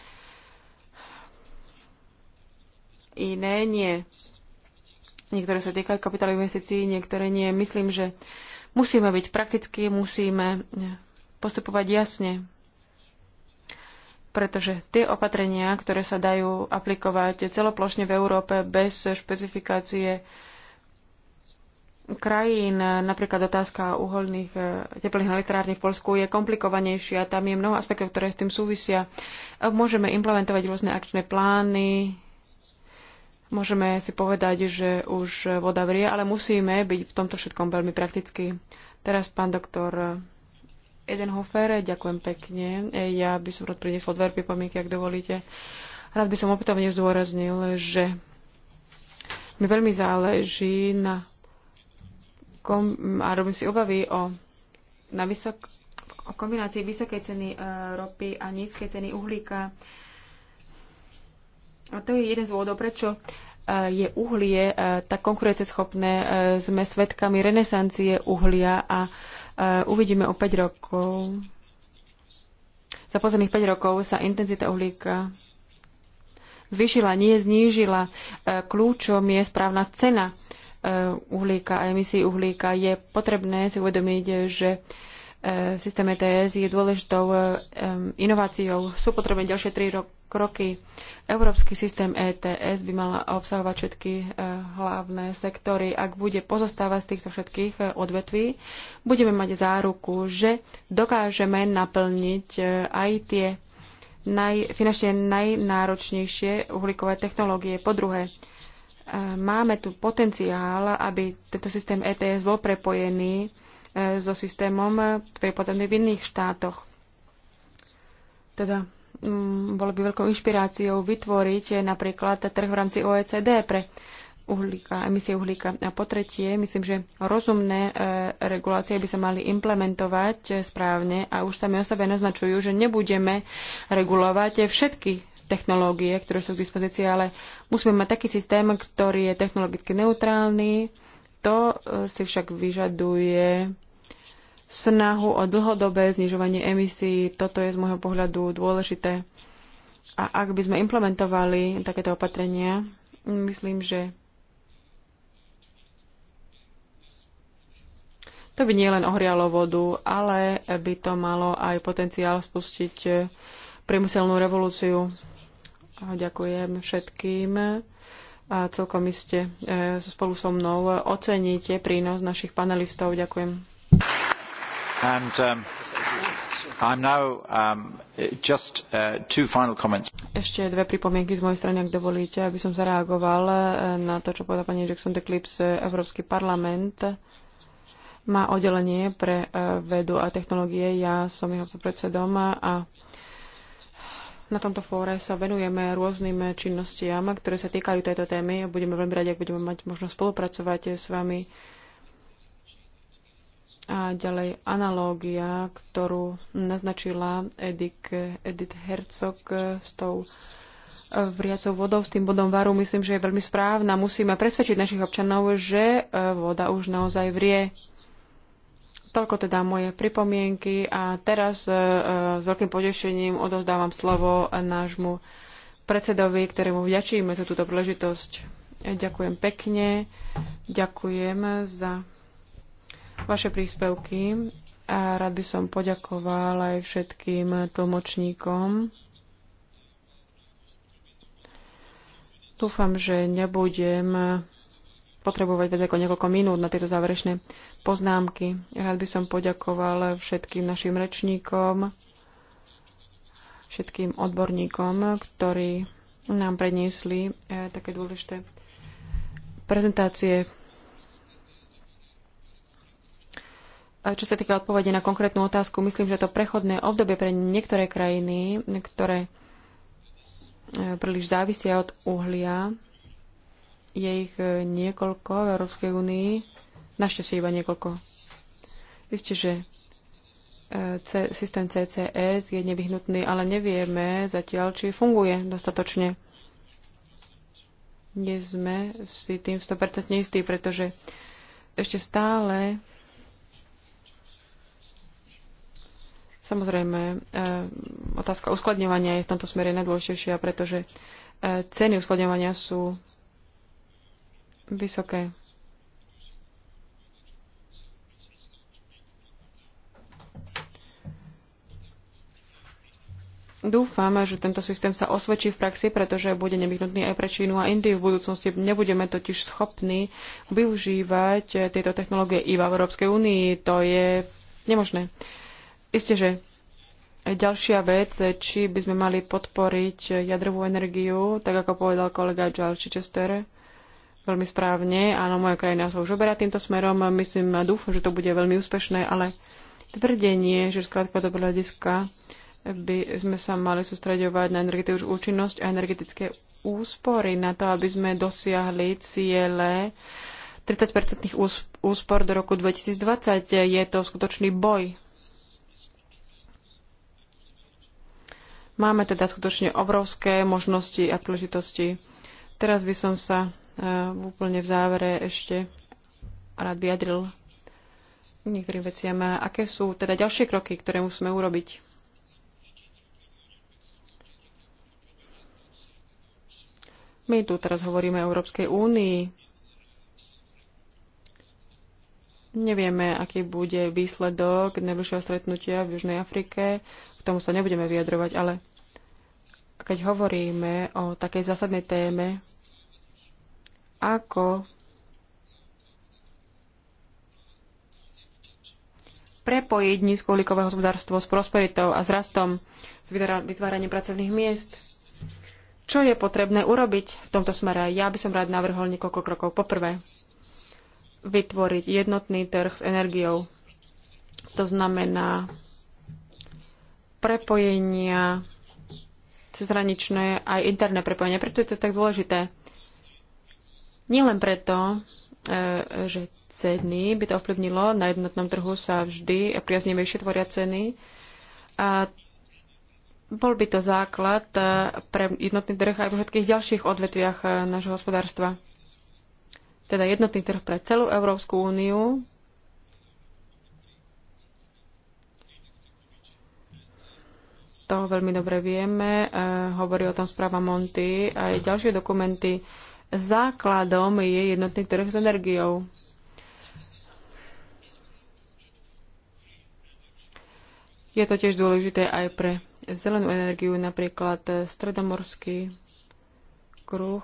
iné nie. Niektoré sa týkajú kapitálových investícií, niektoré nie. Myslím, že musíme byť praktickí, musíme eh, postupovať jasne pretože tie opatrenia, ktoré sa dajú aplikovať celoplošne v Európe bez špecifikácie krajín, napríklad otázka uholných e, teplných elektrární v Polsku je komplikovanejšia. Tam je mnoho aspektov, ktoré s tým súvisia. E, môžeme implementovať rôzne akčné plány, Môžeme si povedať, že už voda vrie, ale musíme byť v tomto všetkom veľmi praktickí. Teraz pán doktor Edenhofer, ďakujem pekne. Ja by som rád priniesol dve pripomienky, ak dovolíte. Rád by som opätovne zdôraznil, že mi veľmi záleží na kom, a robím si obavy o, na vysok, o kombinácii vysokej ceny e, ropy a nízkej ceny uhlíka. A to je jeden z dôvodov, prečo e, je uhlie e, tak konkurenceschopné. Sme svedkami renesancie uhlia a uvidíme o 5 rokov. Za posledných 5 rokov sa intenzita uhlíka zvýšila, nie znížila. E, kľúčom je správna cena e, uhlíka a emisí uhlíka. Je potrebné si uvedomiť, že E, systém ETS je dôležitou e, inováciou. Sú potrebné ďalšie tri kroky. Európsky systém ETS by mal obsahovať všetky e, hlavné sektory. Ak bude pozostávať z týchto všetkých odvetví, budeme mať záruku, že dokážeme naplniť aj tie naj, finančne najnáročnejšie uhlíkové technológie. Po druhé, máme tu potenciál, aby tento systém ETS bol prepojený E, so systémom, ktorý je potrebný v iných štátoch. Teda mm, bolo by veľkou inšpiráciou vytvoriť e, napríklad trh v rámci OECD pre uhlíka, emisie uhlíka. A po tretie, myslím, že rozumné e, regulácie by sa mali implementovať správne a už sami o sebe naznačujú, že nebudeme regulovať všetky technológie, ktoré sú k dispozícii, ale musíme mať taký systém, ktorý je technologicky neutrálny, to e, si však vyžaduje snahu o dlhodobé znižovanie emisí. Toto je z môjho pohľadu dôležité. A ak by sme implementovali takéto opatrenia, myslím, že to by nielen ohrialo vodu, ale by to malo aj potenciál spustiť e, priemyselnú revolúciu. ďakujem všetkým a celkom iste e, spolu so mnou oceníte prínos našich panelistov. Ďakujem. And, um, I'm now, um, just, uh, two final comments. Ešte dve pripomienky z mojej strany, ak dovolíte, aby som zareagoval e, na to, čo povedal pani Jackson de Clips, e, Európsky parlament má oddelenie pre vedu a technológie. Ja som jeho predsedom a na tomto fóre sa venujeme rôznym činnostiam, ktoré sa týkajú tejto témy a budeme veľmi radi, ak budeme mať možnosť spolupracovať s vami. A ďalej analógia, ktorú naznačila Edik, Edith Herzog s tou e, vriacou vodou, s tým bodom varu, myslím, že je veľmi správna. Musíme presvedčiť našich občanov, že e, voda už naozaj vrie Toľko teda moje pripomienky a teraz e, e, s veľkým potešením odovzdávam slovo nášmu predsedovi, ktorému vďačíme za túto príležitosť. E, ďakujem pekne, ďakujem za vaše príspevky a rád by som poďakoval aj všetkým tlmočníkom. Dúfam, že nebudem potrebovať viac ako niekoľko minút na tieto záverečné poznámky. Rád by som poďakoval všetkým našim rečníkom, všetkým odborníkom, ktorí nám predniesli eh, také dôležité prezentácie. Čo sa týka odpovede na konkrétnu otázku, myslím, že to prechodné obdobie pre niektoré krajiny, ktoré eh, príliš závisia od uhlia, je ich eh, niekoľko v Európskej únii, Našťastie iba niekoľko. Viete, že e, C- systém CCS je nevyhnutný, ale nevieme zatiaľ, či funguje dostatočne. Nie sme si tým 100% istí, pretože ešte stále Samozrejme, e, otázka uskladňovania je v tomto smere najdôležitejšia, pretože e, ceny uskladňovania sú vysoké. Dúfam, že tento systém sa osvedčí v praxi, pretože bude nevyhnutný aj pre Čínu a Indiu. V budúcnosti nebudeme totiž schopní využívať tieto technológie iba v Európskej únii. To je nemožné. Isté, že ďalšia vec, či by sme mali podporiť jadrovú energiu, tak ako povedal kolega Joel Chichester, veľmi správne. Áno, moja krajina sa už oberá týmto smerom. Myslím a dúfam, že to bude veľmi úspešné, ale tvrdenie, že skrátka do hľadiska by sme sa mali sústredovať na energetickú účinnosť a energetické úspory na to, aby sme dosiahli ciele 30-percentných úspor do roku 2020. Je to skutočný boj. Máme teda skutočne obrovské možnosti a príležitosti. Teraz by som sa e, úplne v závere ešte rád vyjadril niektorým veciam. Aké sú teda ďalšie kroky, ktoré musíme urobiť? My tu teraz hovoríme o Európskej únii. Nevieme, aký bude výsledok najbližšieho stretnutia v Južnej Afrike. K tomu sa nebudeme vyjadrovať, ale keď hovoríme o takej zásadnej téme, ako prepojiť nízkouhlíkové hospodárstvo s prosperitou a s rastom, s vytváraním pracovných miest. Čo je potrebné urobiť v tomto smere? Ja by som rád navrhol niekoľko krokov. Poprvé, vytvoriť jednotný trh s energiou. To znamená prepojenia cezhraničné aj interné prepojenia. Preto je to tak dôležité. len preto, e, že ceny by to ovplyvnilo, na jednotnom trhu sa vždy priaznivejšie tvoria ceny. A bol by to základ eh, pre jednotný trh aj vo všetkých ďalších odvetviach eh, nášho hospodárstva. Teda jednotný trh pre celú Európsku úniu. To veľmi dobre vieme. Eh, hovorí o tom správa Monty a aj ďalšie dokumenty. Základom je jednotný trh s energiou. Je to tiež dôležité aj pre zelenú energiu, napríklad e, stredomorský kruh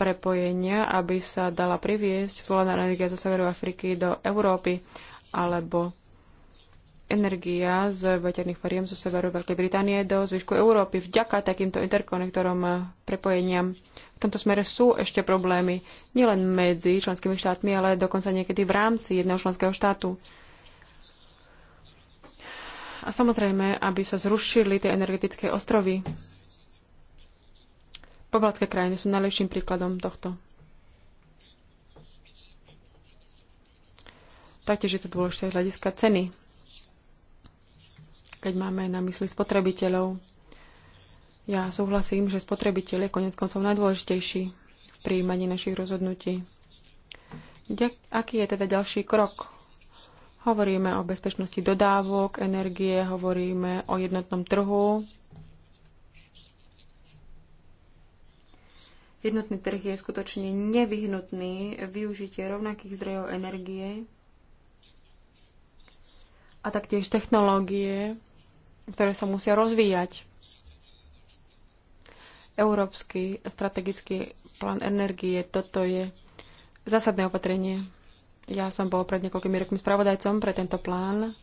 prepojenia, aby sa dala priviesť solárna energia zo Severu Afriky do Európy, alebo energia z veterných fariem zo severu Veľkej Británie do zvyšku Európy. Vďaka takýmto interkonektorom e, prepojeniam v tomto smere sú ešte problémy nielen medzi členskými štátmi, ale dokonca niekedy v rámci jedného členského štátu. A samozrejme, aby sa zrušili tie energetické ostrovy. Pobaltské krajiny sú najlepším príkladom tohto. Taktiež je to dôležité z hľadiska ceny, keď máme na mysli spotrebiteľov. Ja súhlasím, že spotrebiteľ je konec koncov najdôležitejší v príjmaní našich rozhodnutí. Aký je teda ďalší krok Hovoríme o bezpečnosti dodávok, energie, hovoríme o jednotnom trhu. Jednotný trh je skutočne nevyhnutný využitie rovnakých zdrojov energie a taktiež technológie, ktoré sa musia rozvíjať. Európsky strategický plán energie, toto je zásadné opatrenie. Ja som bol pred niekoľkými rokmi spravodajcom pre tento plán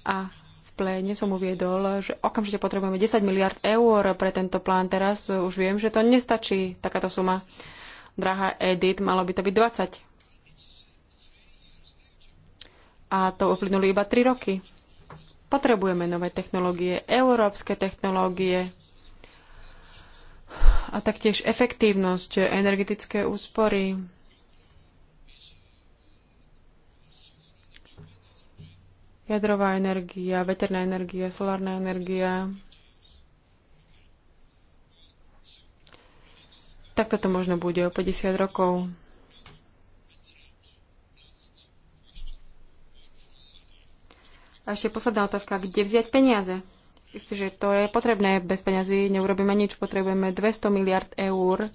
a v pléne som uviedol, že okamžite potrebujeme 10 miliard eur pre tento plán. Teraz už viem, že to nestačí takáto suma. Drahá Edith, malo by to byť 20. A to uplynuli iba 3 roky. Potrebujeme nové technológie, európske technológie, a taktiež efektívnosť, energetické úspory. jadrová energia, veterná energia, solárna energia. Tak toto možno bude o 50 rokov. A ešte posledná otázka, kde vziať peniaze? Myslím, že to je potrebné, bez peniazy, neurobíme nič, potrebujeme 200 miliard eur eh,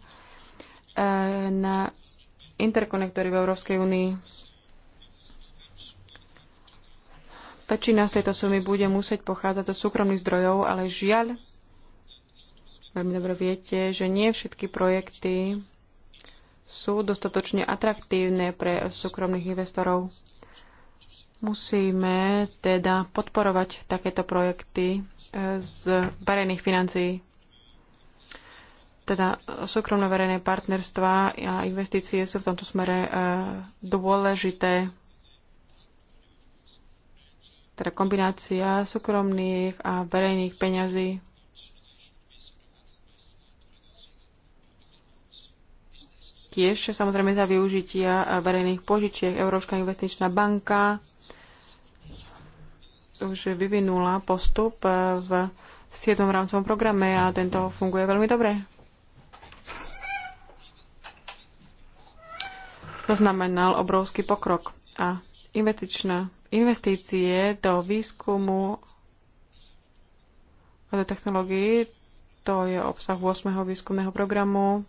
na interkonektory v Európskej únii. Väčšina z tejto sumy bude musieť pochádzať zo súkromných zdrojov, ale žiaľ, veľmi dobre viete, že nie všetky projekty sú dostatočne atraktívne pre súkromných investorov. Musíme teda podporovať takéto projekty e, z verejných financií. Teda súkromné verejné partnerstva a investície sú v tomto smere e, dôležité teda kombinácia súkromných a verejných peňazí. Tiež samozrejme za využitia verejných požičiek Európska investičná banka už vyvinula postup v 7. rámcovom programe a tento funguje veľmi dobre. Zaznamenal obrovský pokrok a investičná investície do výskumu a do technológií, to je obsah 8. výskumného programu.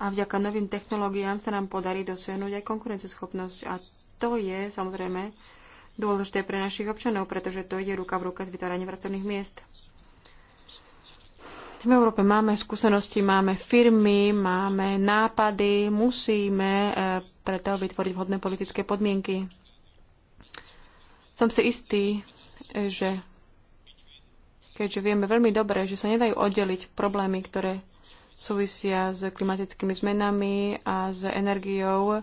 A vďaka novým technológiám sa nám podarí dosiahnuť aj konkurenceschopnosť. A to je samozrejme dôležité pre našich občanov, pretože to ide ruka v ruka s vytváraním pracovných miest. V Európe máme skúsenosti, máme firmy, máme nápady, musíme eh, preto vytvoriť vhodné politické podmienky. Som si istý, že keďže vieme veľmi dobre, že sa nedajú oddeliť problémy, ktoré súvisia s klimatickými zmenami a s energiou, um,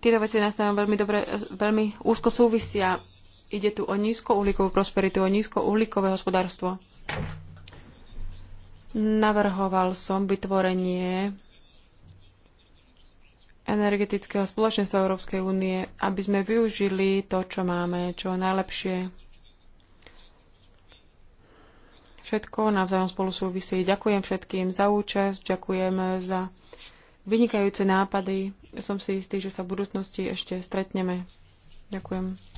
tieto veci nás tam veľmi, dobre, veľmi úzko súvisia. Ide tu o nízkouhlíkovú prosperitu, o nízkouhlíkové hospodárstvo. Navrhoval som vytvorenie energetického spoločenstva Európskej únie, aby sme využili to, čo máme, čo najlepšie. Všetko navzájom spolu súvisí. Ďakujem všetkým za účasť, ďakujem za vynikajúce nápady. Som si istý, že sa v budúcnosti ešte stretneme. Ďakujem.